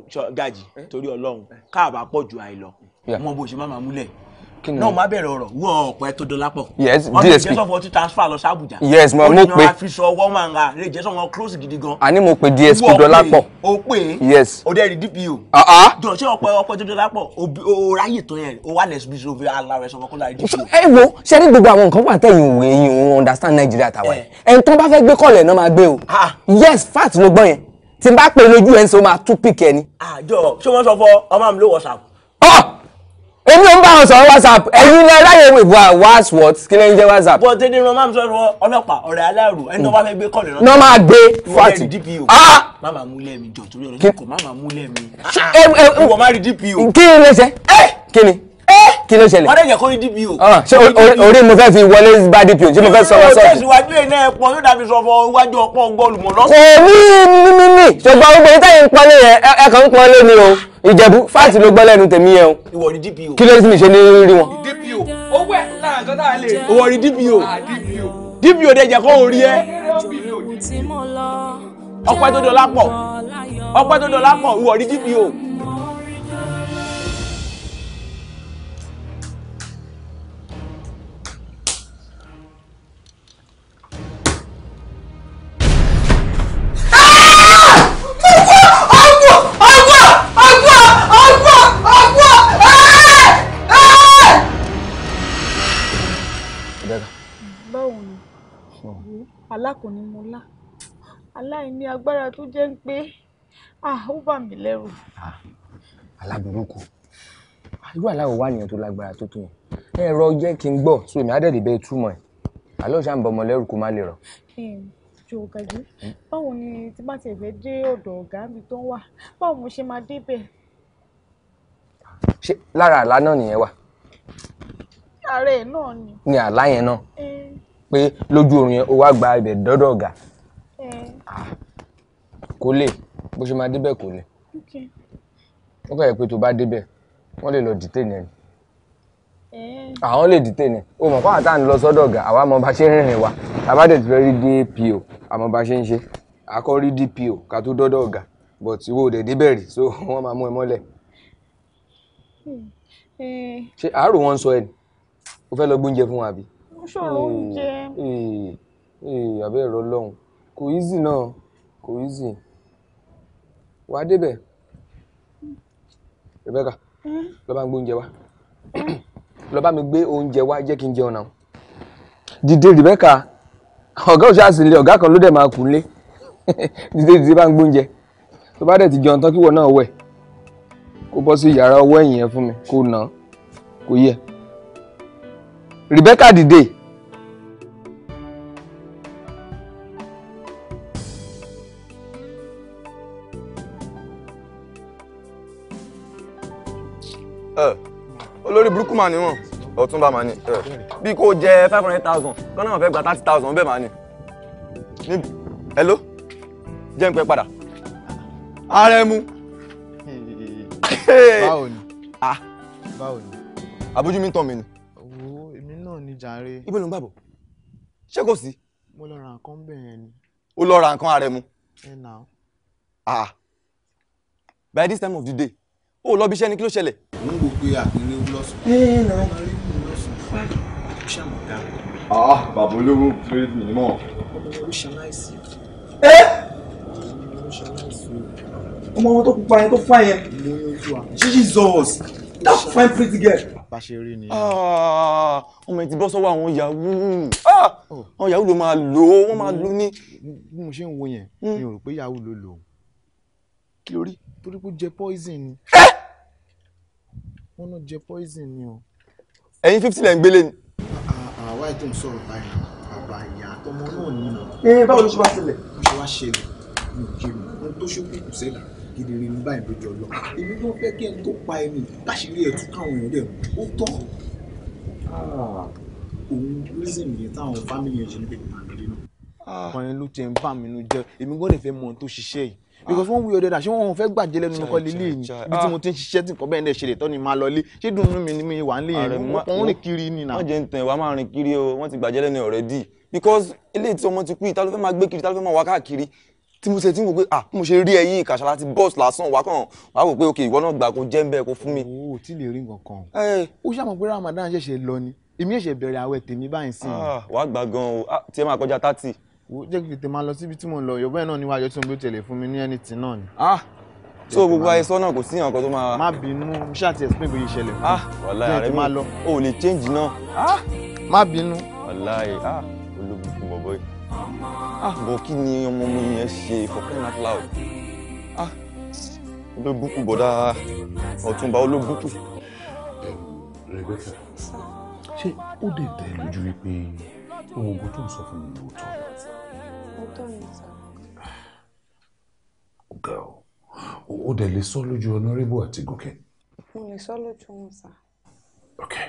jọ Gaji torí Ọlọ́run káàbà pọ̀ ju àìlọ wọn bó ṣe má máa múlẹ̀ náà má bẹ̀rẹ̀ ọ̀rọ̀ wọ ọ̀pọ̀ ẹ̀ tó dọ́là pọ̀. yes dsp ọmọ ìjẹsọ fọ ti transfer lọ sí Abuja. yes mo mo pe oníyanra fi sọ ọwọ́ máa ń ra lè jẹ́sọ̀ wọn close gidi gan. àní mo pe dsp dọ́là pọ̀. o pe yes o dẹ́ rí dpo. Ah, ah. jọ ṣé ọ̀pọ̀ ọ̀pọ̀ tó dọ́là pọ̀ o ráyè tó yẹn o wà lẹ́sibí so fi ala rẹ sọ̀rọ̀ kó láì dpo. ẹ wo ṣe ní gbogbo àwọn nǹkan wà tẹ̀yìn òwe yìí òun understand Nigeria tàwa yẹn ẹni tó bá fẹ́ gbé kọ́ọ̀lù ẹ̀ náà máa gbé o ah, yes fact ló gbọ́n yẹn tí n bá pè lójú ẹ̀ ń sọ máa tún pìkẹ́ ni. àjọ ṣé wọ́n sọ fọ ọmọ mi ló WhatsApp èmi ò ń bá wọn sọ̀rọ̀ whatsapp ẹ̀yin lẹ ráyè ìwà whatsapp kí lẹ́yìn jẹ́ whatsapp. bó tẹ́lẹ̀ ní máa ń sọ̀rọ̀ ọlọ́pàá ọ̀rẹ́ aláàrù ẹni tó bá fẹ́ gbé kọ́lẹ̀ náà. náà gbé fati ah. Mama, mú lẹ́ẹ̀mí jọ̀ torí ọ̀rẹ́ kò máma mú lẹ́ẹ̀mí. ìwọ má rí dpo. kí ni lè ṣe eh! kí ni. Eh! kí ló ṣẹlẹ̀. ọ̀rẹ́ yẹ kó rí dpo. Ah, ṣé orí mo fẹ́ fi wọlé bá dpo ṣé mo fẹ́ sọ̀rọ̀ sọ̀rọ̀. tẹ̀síwájú iná ẹ̀pọ̀ yóò dàbí sọ̀fọ̀ iwájú ọ̀pọ̀ gbọ́ọ̀lùmọ̀ lọ́sọ̀. kò ní ní ní ṣùgbọ́n gbogbo yìí táyì ń pọ́n lé yẹn ẹ kàn ń pọ́n lé ni o ìjẹ̀bú fáàtì ló gbọ́ lẹ́nu tèmi yẹn o. ìwọ ni dpo. kí ló sì mi ṣe ní rí wọn. dpo owó ẹ̀ lára nǹkan tá a lè. ìwọ ni dpo. dpo dẹ̀ jẹ́ kó o rí ẹ. ọpẹ́ tó dọ̀lá pọ̀ ọpẹ́ tó dọ̀lá pọ̀ ìwọ ni dpo. àlá kan ni mo lá àlá yìí ní agbára tó jẹ́ pé ó bà mí lẹ́rù. àlá burúkú irú àlá wo wà nìyẹn tó lágbára tó tó yẹn ẹ rọ jẹ́ kí n gbọ́ so èmi á dẹ̀dẹ̀ bẹ́ẹ̀ túmọ̀ ẹ̀ àlọ́ ṣá ń bọ ọmọ lẹ́rù kó má lè rọ. jò kẹjú báwo ni tí bá ti fẹ́ dé ọ̀dọ̀ ọ̀gá mi tó ń wà báwo mo ṣe máa débẹ̀. ṣé lára àlá náà nìyẹn wà. ààrẹ náà ni. ni àlá yẹn náà pé lójú oorun yẹn o wá gba ibẹ̀ dọ́dọ̀ ọ̀gá eh. kò lè bó ṣe máa débẹ̀ kò lè ó kọ̀ yẹ pé tó bá débẹ̀ wọ́n lè lọ detain ẹ̀ eh. àwọn lè detain ẹ̀ o mọ̀ fáwọn táwọn lọ sọ́dọ̀ ọ̀gá àwa mọ̀ bá ṣe ń rìnrìn wa àbádẹ́ ti fẹ́ rí DPO àmọ́ bá ṣe ń ṣe àkọ́ rí DPO ká tó dọ́dọ̀ ọ̀gá but ìwọ ò dẹ̀ débẹ̀ rí so wọ́n máa mú ẹ mọ́lẹ̀ hmm. eh. ṣe àárò wọn sọ ẹ o fẹ́ lọ gbóúnjẹ fún wa àbí ṣòro oúnjẹ. àbẹ́ ẹ̀rọ lọ́hùn kò easy náà kò easy wàá débẹ̀ Rebecca lọ bá ń gbé oúnjẹ wá lọ bá mi gbé oúnjẹ wá jẹ́ kí n jẹun náà dìde Rebecca ọ̀gá òṣìṣẹ́ àsìlẹ̀ ọ̀gá kan ló dẹ̀ máa kú nílé dìde dìde bá ń gbóúnjẹ tó bá dẹ̀ ti jẹun tán kíwọ náà wẹ̀ kó bọ́ sí yàrá ọwọ́ ẹ̀yìn yẹn fún mi kó nà án kó yẹ Rebecca dìde. olórí burúkú mà ni wọn ọ̀túnba mà ni bí kò jẹ five hundred thousand kọ́nà wọn fẹ́ gba thirty thousand bẹ́ẹ̀ mà ni hello jẹ́ n pẹ́ padà ààrẹ mu. báwo ni ah. báwo ni. àbójú mi ń tàn mí ni. owó èmi náà ni jàre. ibo ló ń bàbọ̀ ṣé kò sí. mo lọ ra nǹkan bẹ́ẹ̀ ni. ó lọ ra nǹkan ààrẹ mu. ẹ nà. ah by this time of the day ó lọ bí iṣẹ́ ni kí ló ṣẹlẹ̀. mo ń gbogbo àpẹẹrẹ lọ́sùn. ẹ ẹ náà ah bàbá olówó trade mi mọ. ẹ ọmọ wọn tó pupa yẹn tó fà yẹn Jesus that fine pretty girl. bá a ṣe rí ni. Ah, ọmọ ẹ ti bọ́ sọ́wọ́ àwọn yahoo ah, oh. àwọn yahoo ló máa lò ó wọ́n máa lò ní. bí mo ṣe ń wo yẹn hmm. mi ò rò pé yahoo ló lò ó kí ló rí torí kó jẹ poison ni. ẹ wọn ló jẹ poison ni o. ẹ̀yin fifty lẹ ń gbélé ni. àwa ètò ìsọ̀rọ̀ báyìí bàbá ìyá àtọmọ náà ní ìlú. ee báwo ló ṣe wá ṣẹlẹ̀. ó ṣe wá ṣẹlẹ̀ mi ò jẹ́ mi ohun tó ṣókè kù sẹ́là kedere ní báyìí lójú ọlọ èmi ló fẹ́ kí ẹni tó pa ẹni láṣìírí ẹ̀ tún káwọn èèyàn dẹ̀ ó tọ́ ah. òun reason yẹn táwọn family yẹn ṣe ní pẹ̀lú àgbélé náà. Ah. ọkàn yẹn ló ti ń bà mí nú jẹ́ èmi gbọ́dọ̀ fẹ́ mọ ohun tó ṣiṣẹ́ yìí because one way or the other ṣé wọn fẹ́ gbàjẹ́ lẹ́nu nǹkan lílé mi bí tí mo ah. ti ń ṣiṣẹ́ tí nǹkan bẹ́ẹ̀ ń dẹ̀ ṣe lè tọ́ ni máa lọ lé ṣé dùnú mi ni mi wà ń lè yẹn wọ́n rìn kiri ni náà. wọ́n jẹ́ ń tẹ̀ wá máa rìn kiri o wọ́n ti gbàjẹ́ lẹ́nu already because eléyìí tí ọmọ ti kú yìí ta ló fẹ́ máa gbé kiri ta ló fẹ́ máa wá káàkiri tí mo ṣe tí mo pé ah mo ṣe rí ẹ yìí kàṣà láti bọ́ọ̀sì lásán wá kàn wá wò pé ok ìwọ náà gbà kó jẹ́ ń bẹ́ẹ̀ kó fún mi. o ò tí lè rí nǹkan kan o eh. ṣàmọ̀ pé Ramadan ṣẹ̀ṣẹ̀ lọ ni èmi ṣẹ̀ṣẹ̀ bẹ̀rẹ̀ àwẹ̀ tèmi báyìí sí i. Ah, wàá gbà gan o ah, tí ẹ máa kọjá thirty jẹ́ kí tètè máa lọ síbi tí mo lọ yọ̀bọ̀ náà ni wàá yọ tí mo bí tẹ̀lé fún mi ní ẹni tì náà ni. ah so gbogbo ayé sọ́nà kò sí nǹkan tó máa. má bínú ṣáà ti explain bóyá ìṣẹ̀lẹ̀ fún ah! mi. ah wàláhì ààrẹ mi ò lè change náà. ah má bínú. wàláhì ah olóbùkún bọ̀bọ̀ yìí. ah bọ̀ kí ni ọmọ mi yẹn ṣe for crying out ah olóbùkún bọ̀dá ọ̀túnba olóbùkún. Rebecca ṣé ó dè tẹ́ lójú wípé ohun ogun tó ń sọ fún mi ni o dẹ̀ lè sọ lójú ọ̀nàrẹ́bù àti gòkè. mo lè sọ lójú wọn sà. okay.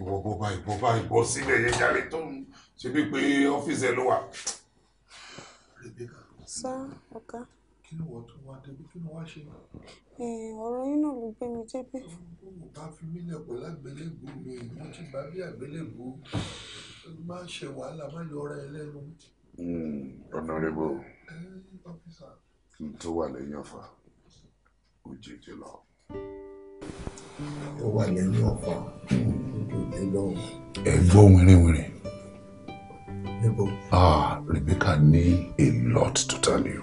ìwọ bọ́ báyìí bọ́ báyìí bọ́ sílẹ̀ yẹn jáde tó ń ṣe bí pé ọ́fíìsì ẹ ló wà. sá ọ̀gá. kí ló wọ tó wá débi kí ló wá ṣe. ọ̀rọ̀ yín náà ló gbé mi débi. mo bá fi mílẹ̀ pẹ̀lú àgbélébù mi mo ti bá bí àgbélébù má ṣe wàhálà má yọ ọ̀rẹ́ ẹlẹ́nu. Hmm, ọ̀nàrẹ́bù tó wà lẹ́yìn ọ̀fà òjijì lọ ó wà lẹ́yìn ọ̀fà ẹ gbọ́ wìrìwìrì. níbo. ah Rebecca ní a lot to tell you.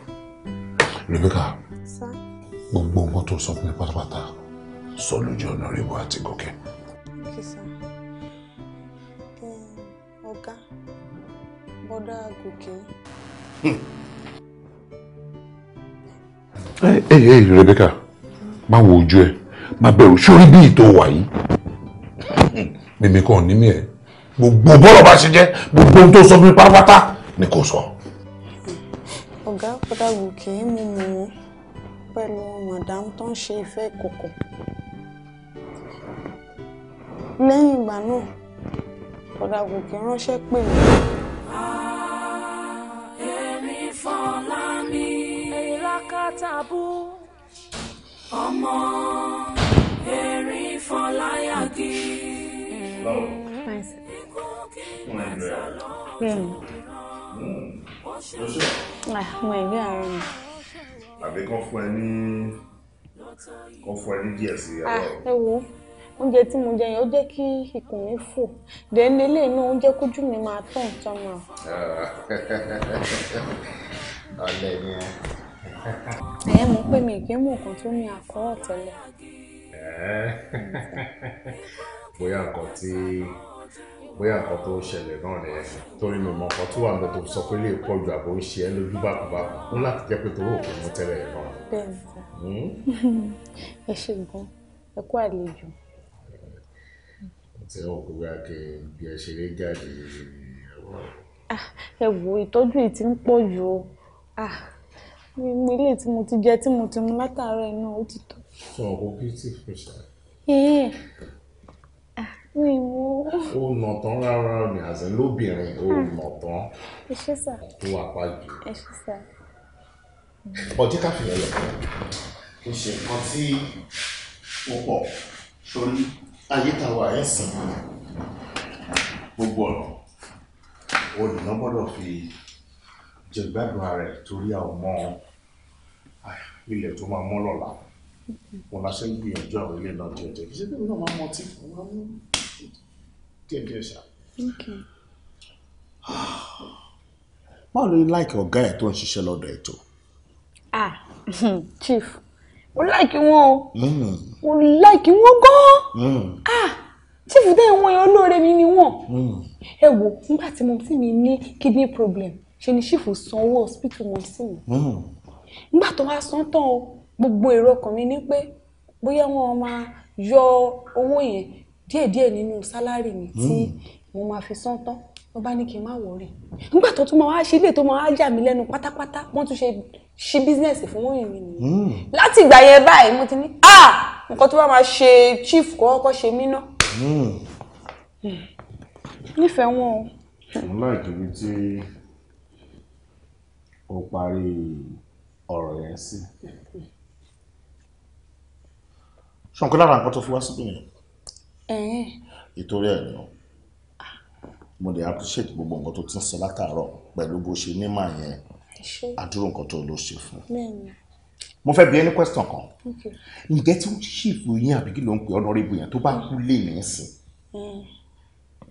Rebecca. sá. gbogbo nǹkan tó sọ fún mi pátápátá sọ lójú ọ̀nà rìbọ àti gòkè. okay sir. Eh, ọ̀gá bọ́dá gòkè. Hey, eh, eh, hey, hey, Rebecca, máa wo ojú ẹ má bẹ̀rù sórí bí ìtò wà yìí mímí kan ní mí ẹ̀ gbogbo bọ́rọ̀ bá ṣe jẹ́ gbogbo ohun tó sọ fún mi pátápátá ni kò sọ. ọ̀gá pàdàgbù kì í mú mi mú pẹ̀lú madam tó ń ṣe ìfẹ́ ìkọ̀kọ̀ lẹ́yìn ìgbà náà pàdàgbù kì í ránṣẹ́ pè mí. èmi fọlá mi. èyí lákàtà bú. ọmọ fọláyàgì. báwo wọn ẹgbẹ rẹ. bẹ́ẹ̀ni mo ẹgbẹ ara mi. àbí kàn fún ẹ ní kàn fún ẹ ní díẹ̀ sí i. ẹ wo oúnjẹ tí mo jẹ yẹn ó jẹ́ kí ikùn mi fò dẹ́nu eléyìí náà ó jẹ́ kójú mi máa tán ìtọ́nà. ọ̀lẹ ni ẹ. ẹ̀yẹ́ mo pé mi kì í mú tó ní àkọ́wọ̀ tẹ́lẹ̀. Eh. bóyá nǹkan tí bóyá nǹkan tó ṣẹlẹ̀ náà rẹ̀ torí mi mọ nǹkan tó wà lọ tó sọ pé lè pọ̀ ju àbò ń ṣe ẹ́ lójú bákùbákù ó láti jẹ́ pé torí òkè mú tẹ́lẹ̀ rẹ̀ náà. bẹ́ẹ̀ni hmm? ẹ ṣe gan ẹ kú àlejò. tí wọn kò gbà kí bí ẹ ṣeré jáde ah, ẹ wo ìtọ́jú yìí ti ń pọ̀ jù o ah, mi ilé tí mo ti jẹ tí mo ti mu látàárọ̀ iná ó ti tó. Sọ̀rọ̀ beautiful ṣá. Ee, mi wo. O nà tán rárá mi àṣẹ lóbìnrin o ah. nà tán. Ẹ ṣé sà. Tó wà pa jù. Ẹ ṣé sà. Ọjọ́ ká fi lọ́lọ́. Kò ṣe nǹkan tí mo pọ̀ sórí ayétawà ẹ̀sìn gbogbo ọ̀nà. Olùná gbọ́dọ̀ fi jẹ gbádùn ara ẹ̀ torí àwọn ọmọ ah, ilẹ̀ tó máa mọ́ lọ́la wọn la ṣe ń gbìyànjú àwọn ilé náà díẹ̀ díẹ̀ kì í ṣe bẹ́ẹ̀ náà máa mọ tí máa mú díẹ̀ díẹ̀ ṣá. báwo ló láìkì ọ̀gá ẹ̀ tó ń ṣiṣẹ́ lọ́dọ̀ ẹ̀ tó. ah chief mo láìkì wọn o hmm. mo láìkì wọn gan ah chief dẹ́ ìwọ̀n yẹn olóore mi ni wọ́n hmm. ẹ wo nígbà tí mo ti mi ní kidney problem ṣe ni chief sanwó hospital wọn sí mi nígbà tó wá san tán o gbogbo èrò ọkàn mi ni pé bóyá wọn máa yọ owó yẹn díẹ̀díẹ̀ nínú sálárì mi tí hmm. mo máa fi san tán wọ́n bá ní kí n má wọrí nígbà tó tún máa wá ṣe ilé tó máa wá yà mí lẹ́nu pátápátá wọ́n tún ṣe ṣe bísínẹ́sì fún wọ́n yìí nìyí láti ìgbà yẹn báyìí mo ti ní ah nǹkan tó bá máa ṣe chief kọ́kọ́ ṣe mí ná hmm. Hmm. nífẹ̀ẹ́ wọn o. mo láìpẹ́ ibi tí o parí ọ̀rọ̀ yẹn sí ṣọ́nkú lára nǹkan tó fi wá síbí yẹn ètò rẹ̀ ni o mo lè appreciate gbogbo nǹkan tó ti ń sọ látàárọ̀ pẹ̀lú bó ṣe nímọ̀ yẹn àdúrò nǹkan tó ló ṣe fún mo fẹ́ bi ẹ́ question kan ǹjẹ́ tí wọ́n ṣì fún yín àbí kí ló ń pè honorable yẹn tó bá kú lè ní sìn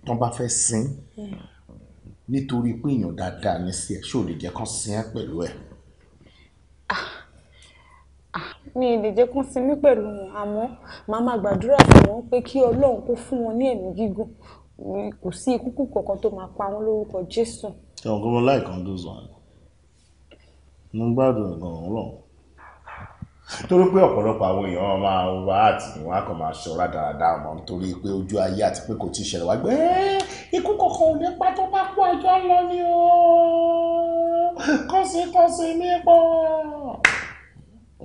tó bá fẹ́ sin nítorí pé èèyàn dáadáa ní sí ẹ̀ ṣó lè jẹ́ kán sin ẹ́ pẹ̀lú ẹ̀. Ah. Ah, mi ì lè jẹ́ kán sinmi pẹ̀lú wọn àmọ́ màá máa gbàdúrà fún wọn pé kí ọlọ́run kó fún wọn ní ẹ̀mí gígùn kò sí ikú kù kankan tó máa pa wọn lórúkọ jésù. ṣé wọn kò mọ láì kan tó sọ ni mo ń gbádùn ìgbọ̀n ọlọ́run torí pé ọ̀pọ̀lọpọ̀ àwọn èèyàn máa wá àti wọn á kàn máa ṣọ́ra dáradára mọ́ nítorí pé ojú ayé àti pé kò tí ì ṣẹlẹ̀ wá gbé ikú kankan ò ní pa tó bá kú àjọ lọ ni ó kọ́sí kọ́sí ní pọ̀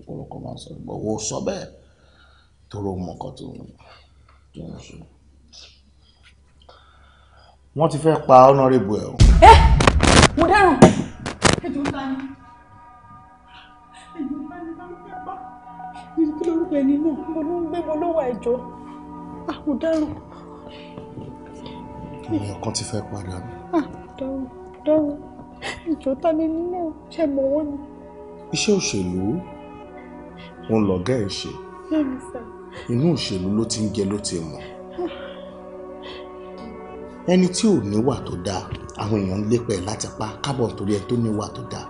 lọ́pọ̀lọpọ̀ máa ń sọ ìgbà owó sọ bẹ́ẹ̀ tóró mọ nǹkan tó ń ṣe. wọ́n ti fẹ́ pa honorable ẹ̀ o. ẹ mo dáràn ẹjọ ta ni ẹjọ ta ni bá ń fẹ́ pa kí lórúkọ ẹni náà mo ló ń gbé mo ló wà ẹjọ mo dáràn. èèyàn kan ti fẹ́ padà. dáràn dáràn ìjọ ta ni nínú ṣe mọ̀ wọ́n ni. iṣẹ́ òṣèlú òun lọ̀gá ẹ̀ ṣe inú òṣèlú ló ti ń jẹ ló ti mọ̀ ẹni tí ò níwà tó dáa àwọn èèyàn ń lépa ẹ̀ láti pa kábọ̀ torí ẹ tó níwà tó dáa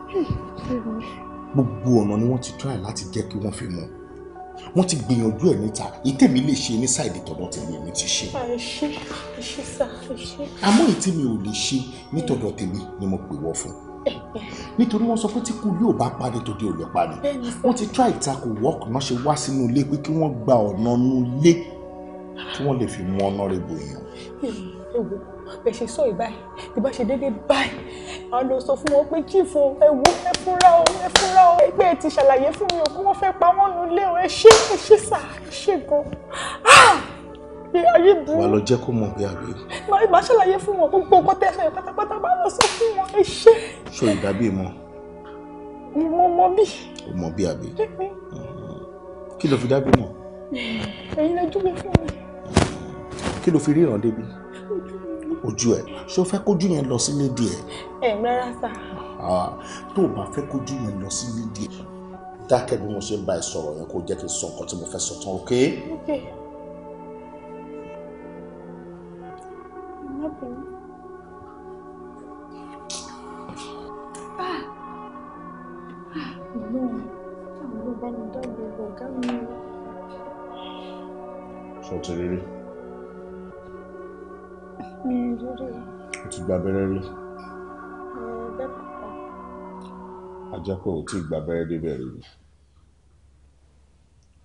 gbogbo ọ̀nà ni wọ́n ti try láti jẹ́ kí wọ́n fi mọ̀ wọ́n ti gbìyànjú ẹ̀ níta ìtẹ̀mí lè ṣe ní sáìdì tọ̀dọ̀ tèmi èmi ti ṣe. àmọ́ ìtí ò lè ṣe nítọ̀dọ̀ tèmi ni mo pè wọ́n fún nítorí wọ́n sọ pé tí kú ilé ò bá parí tòde ò lè parí wọ́n ti try ìtakò work náà ṣe wá sínú ilé pé kí wọ́n gba ọ̀nà inú ilé kí wọ́n lè fi mú honorable yẹn. ẹ wo bẹ ṣe sọ ìbáyìí bí bá ṣe déédéé báyìí àwọn ló sọ fún wọn pé chief o ẹ wo ẹ fúnra o ẹ fúnra o ẹgbẹ́ ẹ ti ṣàlàyé fún mi o kí wọ́n fẹ́ pa wọ́n nulẹ̀ o ẹ ṣé ẹ ṣé sà ẹ ṣé gan-an. Ah! pé ayé burú. wà á lọ jẹ́ kó mọ̀ bí àwẹ̀ rẹ̀. màá ìbá ṣàlàyé fún wọn gbogbo nǹkan tẹ́ sọ̀rọ̀ pátápátá bá lọ sọ fún wọn ẹ ṣe. so ìdábì mọ. mo mọ bí. o mọ bí àbí. Hm. kí ló fi dábì mọ. ẹ̀yin lójú mi fún mi. Hm. kí ló fi ríran débi. ojú ẹ ṣé o fẹ́ kójú yẹn lọ sílé díẹ̀. ẹ rárá sá. tó o bá fẹ́ kójú yẹn lọ sílé díẹ̀ dákẹ́ bí mo ṣe ń bá ẹ sọ̀rọ̀ yẹn kó jẹ́ kí n sọ nǹkan tí mo fẹ́ sọ tán ok. okay. happened? Ah! Ah, no. Àwọn ọba mi dábòbò ọ̀gá mi. Sọ ti rírí. Mi ò rírí. O ti gba abẹ́rẹ́ rí. Bẹ́ẹ̀ pàpà. Ajá pé o ti gba abẹ́rẹ́ débẹ̀ rí.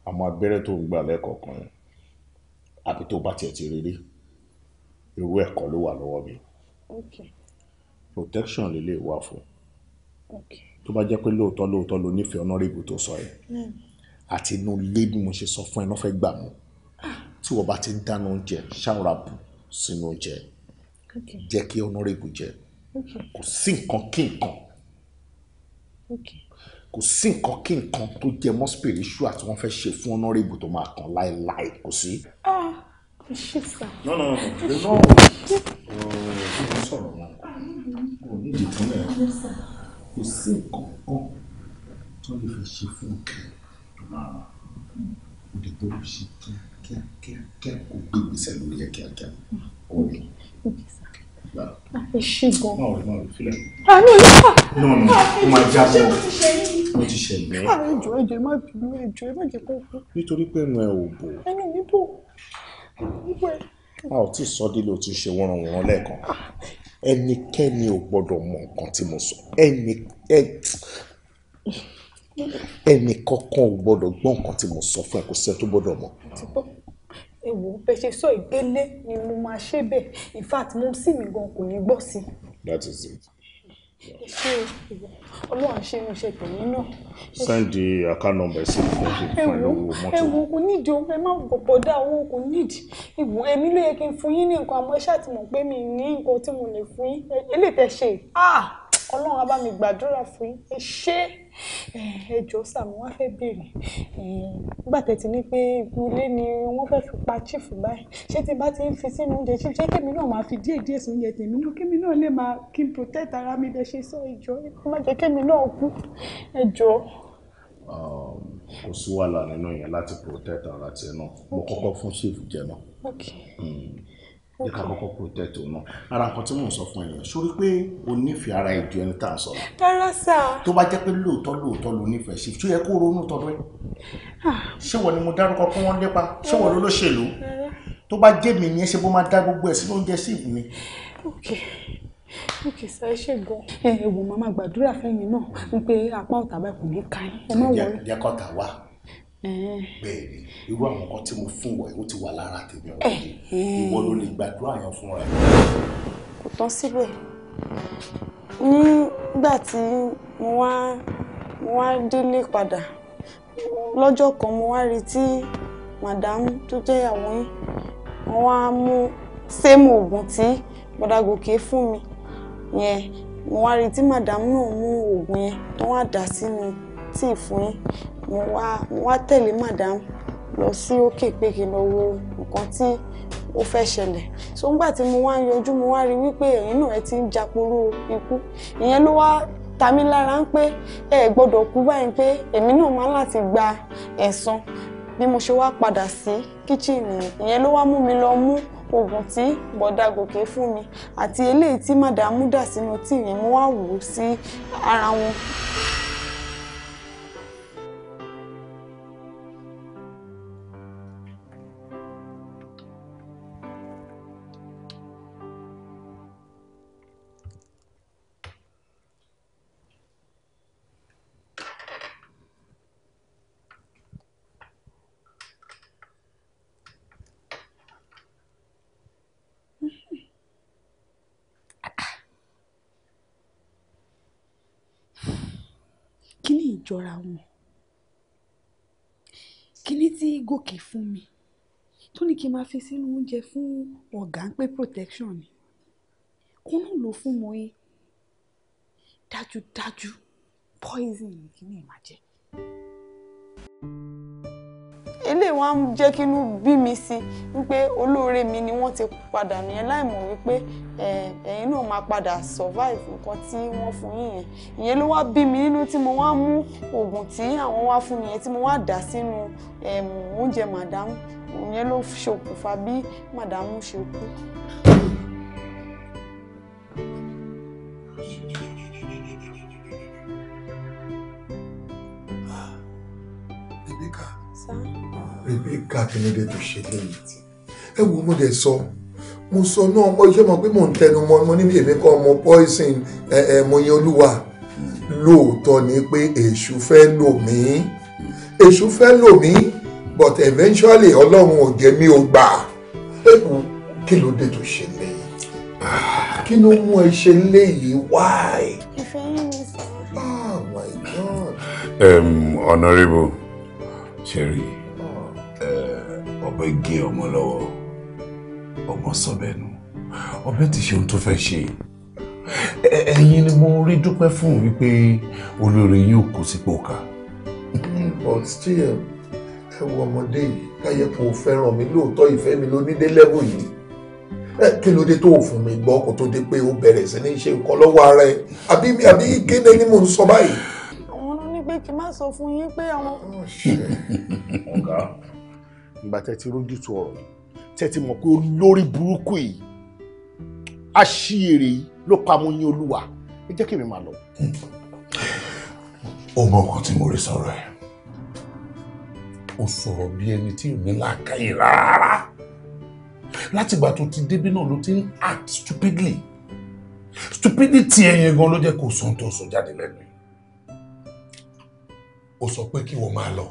Àmọ́ tó ń gbà lẹ́kọ̀ọ̀kan àbí tó bá tiẹ̀ ti rírí irú ẹ̀kọ́ ló wà lọ́wọ́ mi. Okay. protection lè lè wà fún. Okay. tó bá jẹ́ pé lóòótọ́ lóòótọ́ ló nífẹ̀ẹ́ honorable tó sọ yẹn hmm. àti inú ilé bí mo ṣe sọ fún ẹ náà fẹ́ gbà mú ah. tí wọ́n bá ti ń dáná oúnjẹ ṣàwòrán bù sínú oúnjẹ jẹ́ kí honorable jẹ kò sí nǹkan kí nǹkan kò sí nǹkan kí nǹkan tó jẹ mọ́ spiritual tí wọ́n fẹ́ ṣe fún honorable tó máa kàn láéláé kò sí no no no no ò ní sọ̀rọ̀ wọn ò ní ìdìtúnlẹ̀ kò sí nǹkan kan tó lè fẹ́ ṣe fún òkè tó máa rà ó lè gbọ́dọ̀ ṣe kíákíákíá kó gbé ìgbésẹ̀ lórí ẹ̀ kíákíá ó ní. Àfẹ́ṣe gan. Máa wọlé máa wọlé fílẹ̀. Àárín olú kà. Nọ̀ nọ̀ ó máa já ti ṣẹlẹ̀. Àárín ìjọ ẹ̀jẹ̀ má bínú ẹ̀jọ̀ ẹ̀ má jẹ́ kó kú. Nítorí pé ẹnu ẹ ò bò. Ẹnu mi bò a ò tí ì sọ délé o ti ṣe wọ́nranwọ́nran lẹ́ẹ̀kan ẹnikẹ́ni ò gbọ́dọ̀ mọ nǹkan tí mo sọ ẹni ẹni kankan ò gbọ́dọ̀ gbọ́ nǹkan tí mo sọ fún ẹ kò sẹ́ tó gbọ́dọ̀ mọ̀. ewu bẹ ṣe sọ ìgbélé ni mo máa ṣe bẹ́ẹ̀ in fact mo sì mí gan kò ní gbọ́ sí. that is it ṣé ọlọ́run ṣe mi ṣe tèmi náà. sẹ́ndì àká nọmba sí fún ìfún ẹlòwò mọ́tò. ewu kò nídìí o ẹ má gbọ̀pọ̀ dá owó kò nídìí ìwò èmi ló yẹ kí n fún yín ní nǹkan àmọ́ ẹ ṣáà ti mọ̀ pé mi ní nǹkan tí mo lè fún yín eléyìí tẹ́ ṣe ah! ọlọ́run á bá mi gbàdúrà fún yín ẹ ṣé ẹjọ́ sàmú wá fẹ́ béèrè nígbà tẹ́tí ní pé ìpínlẹ̀ ni wọ́n fẹ́ fi pa chief báyìí ṣé tí bá ti ń fi sínú oúnjẹ chief ṣé kémi náà máa fi díẹ̀ díẹ̀ sí oúnjẹ tèmi náà kémi náà lè máa kí n protect ara mi bẹ́ẹ̀ ṣe sọ ìjọ kó má jẹ́ kémi náà kú ẹjọ́. kò sí wàhálà nínú yẹn láti protect ara tiẹ̀ náà mo kọ́kọ́ fún chief jẹ náà hmm jẹ́ ká kọ́kọ́ protect òun náà ara nǹkan tí mò ń sọ fún ẹ̀yàn sórí pé o nífẹ̀ẹ́ ara ìdí ẹni tá à ń sọ̀rọ̀. rárá sá. tó bá jẹ́ pé lóòótọ́ lóòótọ́ ló nífẹ̀ẹ́ sí ṣó yẹ kó ronú tọdún ẹ̀. Ah. ṣé wọ́n ni mo dárúkọ kí wọ́n lépa ṣé wọ́n ló lóṣèlú tó bá jẹ́ mi ni ẹ ṣe bó máa dá gbogbo ẹ̀ sínú oúnjẹ sí ìbùnmi. okay òkè sá ẹ ṣe gan ẹ wò màmá gbàdúrà fẹ́yìn náà wípé apá ọ̀tá bá kò ní ká ẹ má wọlé. jẹ́ kọ́ta wá bẹ́ẹ̀ ni irú àwọn kan tí mo fún wọ̀ ó ti wà lára tèmi ọ̀rẹ́dẹ̀ ìwọ ló lè gbàdúrà yẹn fúnra ẹ̀. kò tán síbẹ̀ nígbà tí mo wá mo wá délé padà lọ́jọ́ kan mo wá rí tí madam tó jẹ́ ìyàwó yín wọ́n wá mú séèmù oògùn tí bọ́dàgòkè fún mi yẹn mo wá rí tí madam náà mú oògùn yẹn tó wá dà sínú tíì fún yín mo wá mo wá tẹ̀lé madam lọ sí òkè pé kí n lọ wo nǹkan tí ó fẹ́ ṣẹlẹ̀ so ńgbà tí mo wá ń yọjú mo wá rí wípé ẹ̀yin náà ẹ ti ń japoró ikú ìyẹn ló wá ta mí lára ń pé ẹ gbọ́dọ̀ kú báyìí pé èmi náà máa láti gba ẹ̀san bí mo ṣe wá padà sí kíchìnì ìyẹn ló wá mú mi lọ mú oògùn tí bọ̀dá gòkè fún mi àti eléyìí tí màdàmú dà sínú tíì yẹn mo wá wò ó sí ara wọn. kíní ìjọra wọn kíní tí gòkè fún mi tó ní kí n máa fi sínú oúnjẹ fún ọ̀gá ń pé protection ni òun náà ló fún mọ́ yín dájúdájú poison kíní ìmájẹ. thank you eléyìí wá ń jẹ́ kínú bí mi sí wípé olóore mi ni wọ́n ti padà nìyẹn láìmọ̀ wípé ẹ̀yin náà máa padà survive nǹkan tí wọ́n fún yín yẹn ìyẹn ló wá bí mi nínú tí mo wá mú oògùn tí àwọn wá fún mi yẹn tí mo wá dà sínú oúnjẹ màdámù ìyẹn ló ṣokùnfà bí màdámù ṣe kú. Rebecca kí ló dé tó ṣe léyìí tí ẹ wo mo dẹ̀ sọ mo sọ náà mo ṣe mọ̀ pé mò ń tẹnu mọ́ mo níbi èmi kan mo poison ẹ ẹ mo yẹ olúwa lóòótọ́ ni pé èṣù fẹ́ lò mí èṣù fẹ́ lò mí but eventually ọlọ́run ò jẹ́ mi ò gbà kí ló dé tó ṣe léyìí kí ló mú ẹ ṣe léyìí why. oh my god. Um, honorable, Cherry ọ̀bẹ gé ọmọ lọ́wọ́ ọmọ sọ̀bẹ̀ nù ọ̀bẹ ti ṣe ohun tó fẹ́ ṣe ẹ̀yin ni mo rí dúpẹ́ fún wípé olórí yóò kó sípò ká. but still ẹ wo ọmọdé yìí káyẹ kó o fẹ́ràn mi lóòótọ́ ìfẹ́ mi ló ní dé level yìí kí ló dé tó ò fún mi gbọ́ kó tó dé pé ó bẹ̀rẹ̀ sí ní ṣe nǹkan lọ́wọ́ ara ẹ àbí mi àbí kéde ni mò ń sọ báyìí. àwọn ló ní pé kí n má sọ fún yín pé àwọn. Oh, ìgbà tẹ́ ti rójú tu ọ̀rọ̀ yìí tẹ́ ti mọ̀ pé olórí burúkú yìí aṣíèrè yìí ló pa mú yín olúwa ẹ jẹ́ kí mi máa lọ. ó mọ ọkàn tí mo rí sọ̀rọ̀ ẹ̀ ó sọ̀rọ̀ bí ẹni tí ò ní làákàyè rárá látìgbà tó ti débí náà ló ti ń act stupidly stupidity ẹ̀yìn gan ló jẹ́ kó sọ́ńtò sọ jáde lẹ́nu ó sọ pé kí wọ́n máa lọ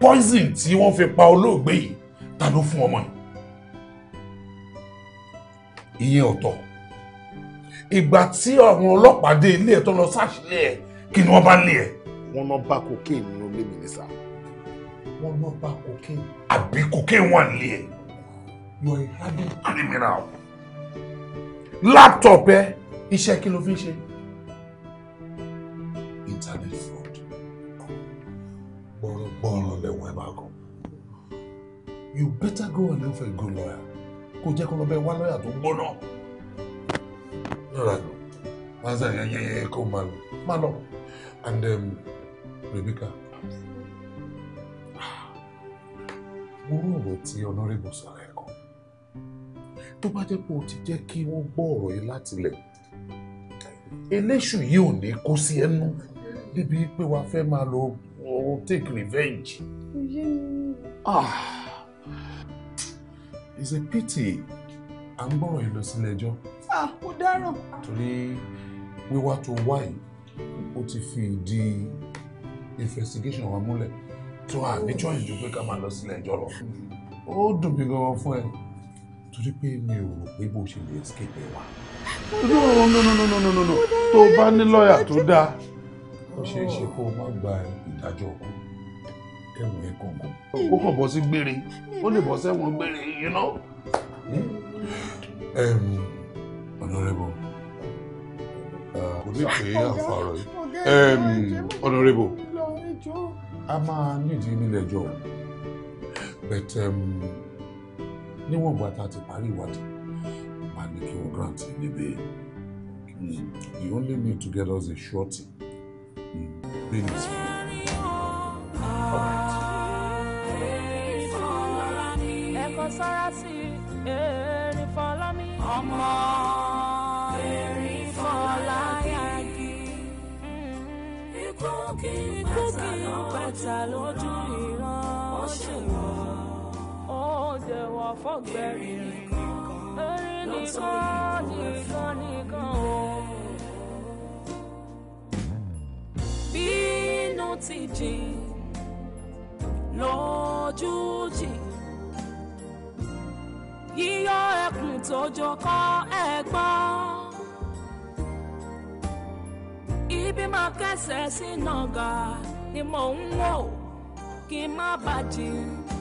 poison tí wọ́n fi pa olóògbé yìí ta ló fún ọmọ yìí ìyẹn ọ̀tọ̀ ìgbà tí àwọn ọlọ́pàá dé ilé ẹ̀ tó lọ sáṣílẹ̀ ẹ̀ kí ni wọ́n bá lé ẹ̀. wọ́n ná bá cocaine nínú ilé mi ní sá. wọ́n ná bá cocaine. àbí cocaine wà nílé ẹ̀ you are criminal. laptop ẹ iṣẹ́ kí ló fi ń ṣe. internet fraud gbọ́rọ̀gbọ́rọ̀ lẹ Bago. You better go and look for a good lawyer. Kò jẹ́ kó lọ bẹ wá lọ́yà tó gbóná. Lọ́la lọ, wọ́n á sàn yẹn yẹn kó máa lọ. Máa lọ. And um, Rebecca, mo rí ọ̀rọ̀ tí Honorable sọ̀rọ̀ ẹ̀kọ́. Tó bá jẹ́ pé o ti jẹ́ kí wọ́n gbọ́ ọ̀rọ̀ yìí látilẹ̀, eléṣù yìí ò ní kó sí ẹnu débi pé wàá fẹ́ máa lọ take revenge ah it's a pity I'm ń gbọ́rọ̀ yìí ah ó dáràn. torí wíwá tó wá yìí ó ti fi investigation was múlẹ̀ So, àmì choice ju pé ká máa lọ sílé ẹjọ́ lọ. ó dùn mí gan-an fún ẹ torí pé mi ò rò pé escape wa. no no no no no no no tó o bá ní lọ́ọ̀yà tó dáa ó ṣeé ṣe kó o má gba ìdájọ́ ẹ̀wọ̀n ẹ̀ kọ̀ọ̀kan. ó kàn bọ́ sí gbére ó lè bọ́ sẹ́wọ̀n gbére yìí ná. honorable kò ní pé àfàrọ̀ yìí honorable a máa nídìí nílẹ̀ jọ but níwọ̀n ìgbà tá a ti parí ìwádìí máa ní kí wọ́n grant níbi you hmm. only need to get us a surety. Mm. Please ẹ̀kọ́ sọ́ra sí erin fọlá mi. ọmọ erin fọlá yagi. ikú kì í bàtà lójú ìran. ó ṣèwọ̀ ó jẹ̀wọ̀ fọ́gbẹ́rì nìkan. erin nìkan nìkan nìkan o. bínú ti jìn lójú jì yíyọ ẹkùn tó jọkọ ẹ̀gbọ́n ibi máa kẹsẹ̀ sí nàgà ni mò ń wò kí n má bàjẹ́.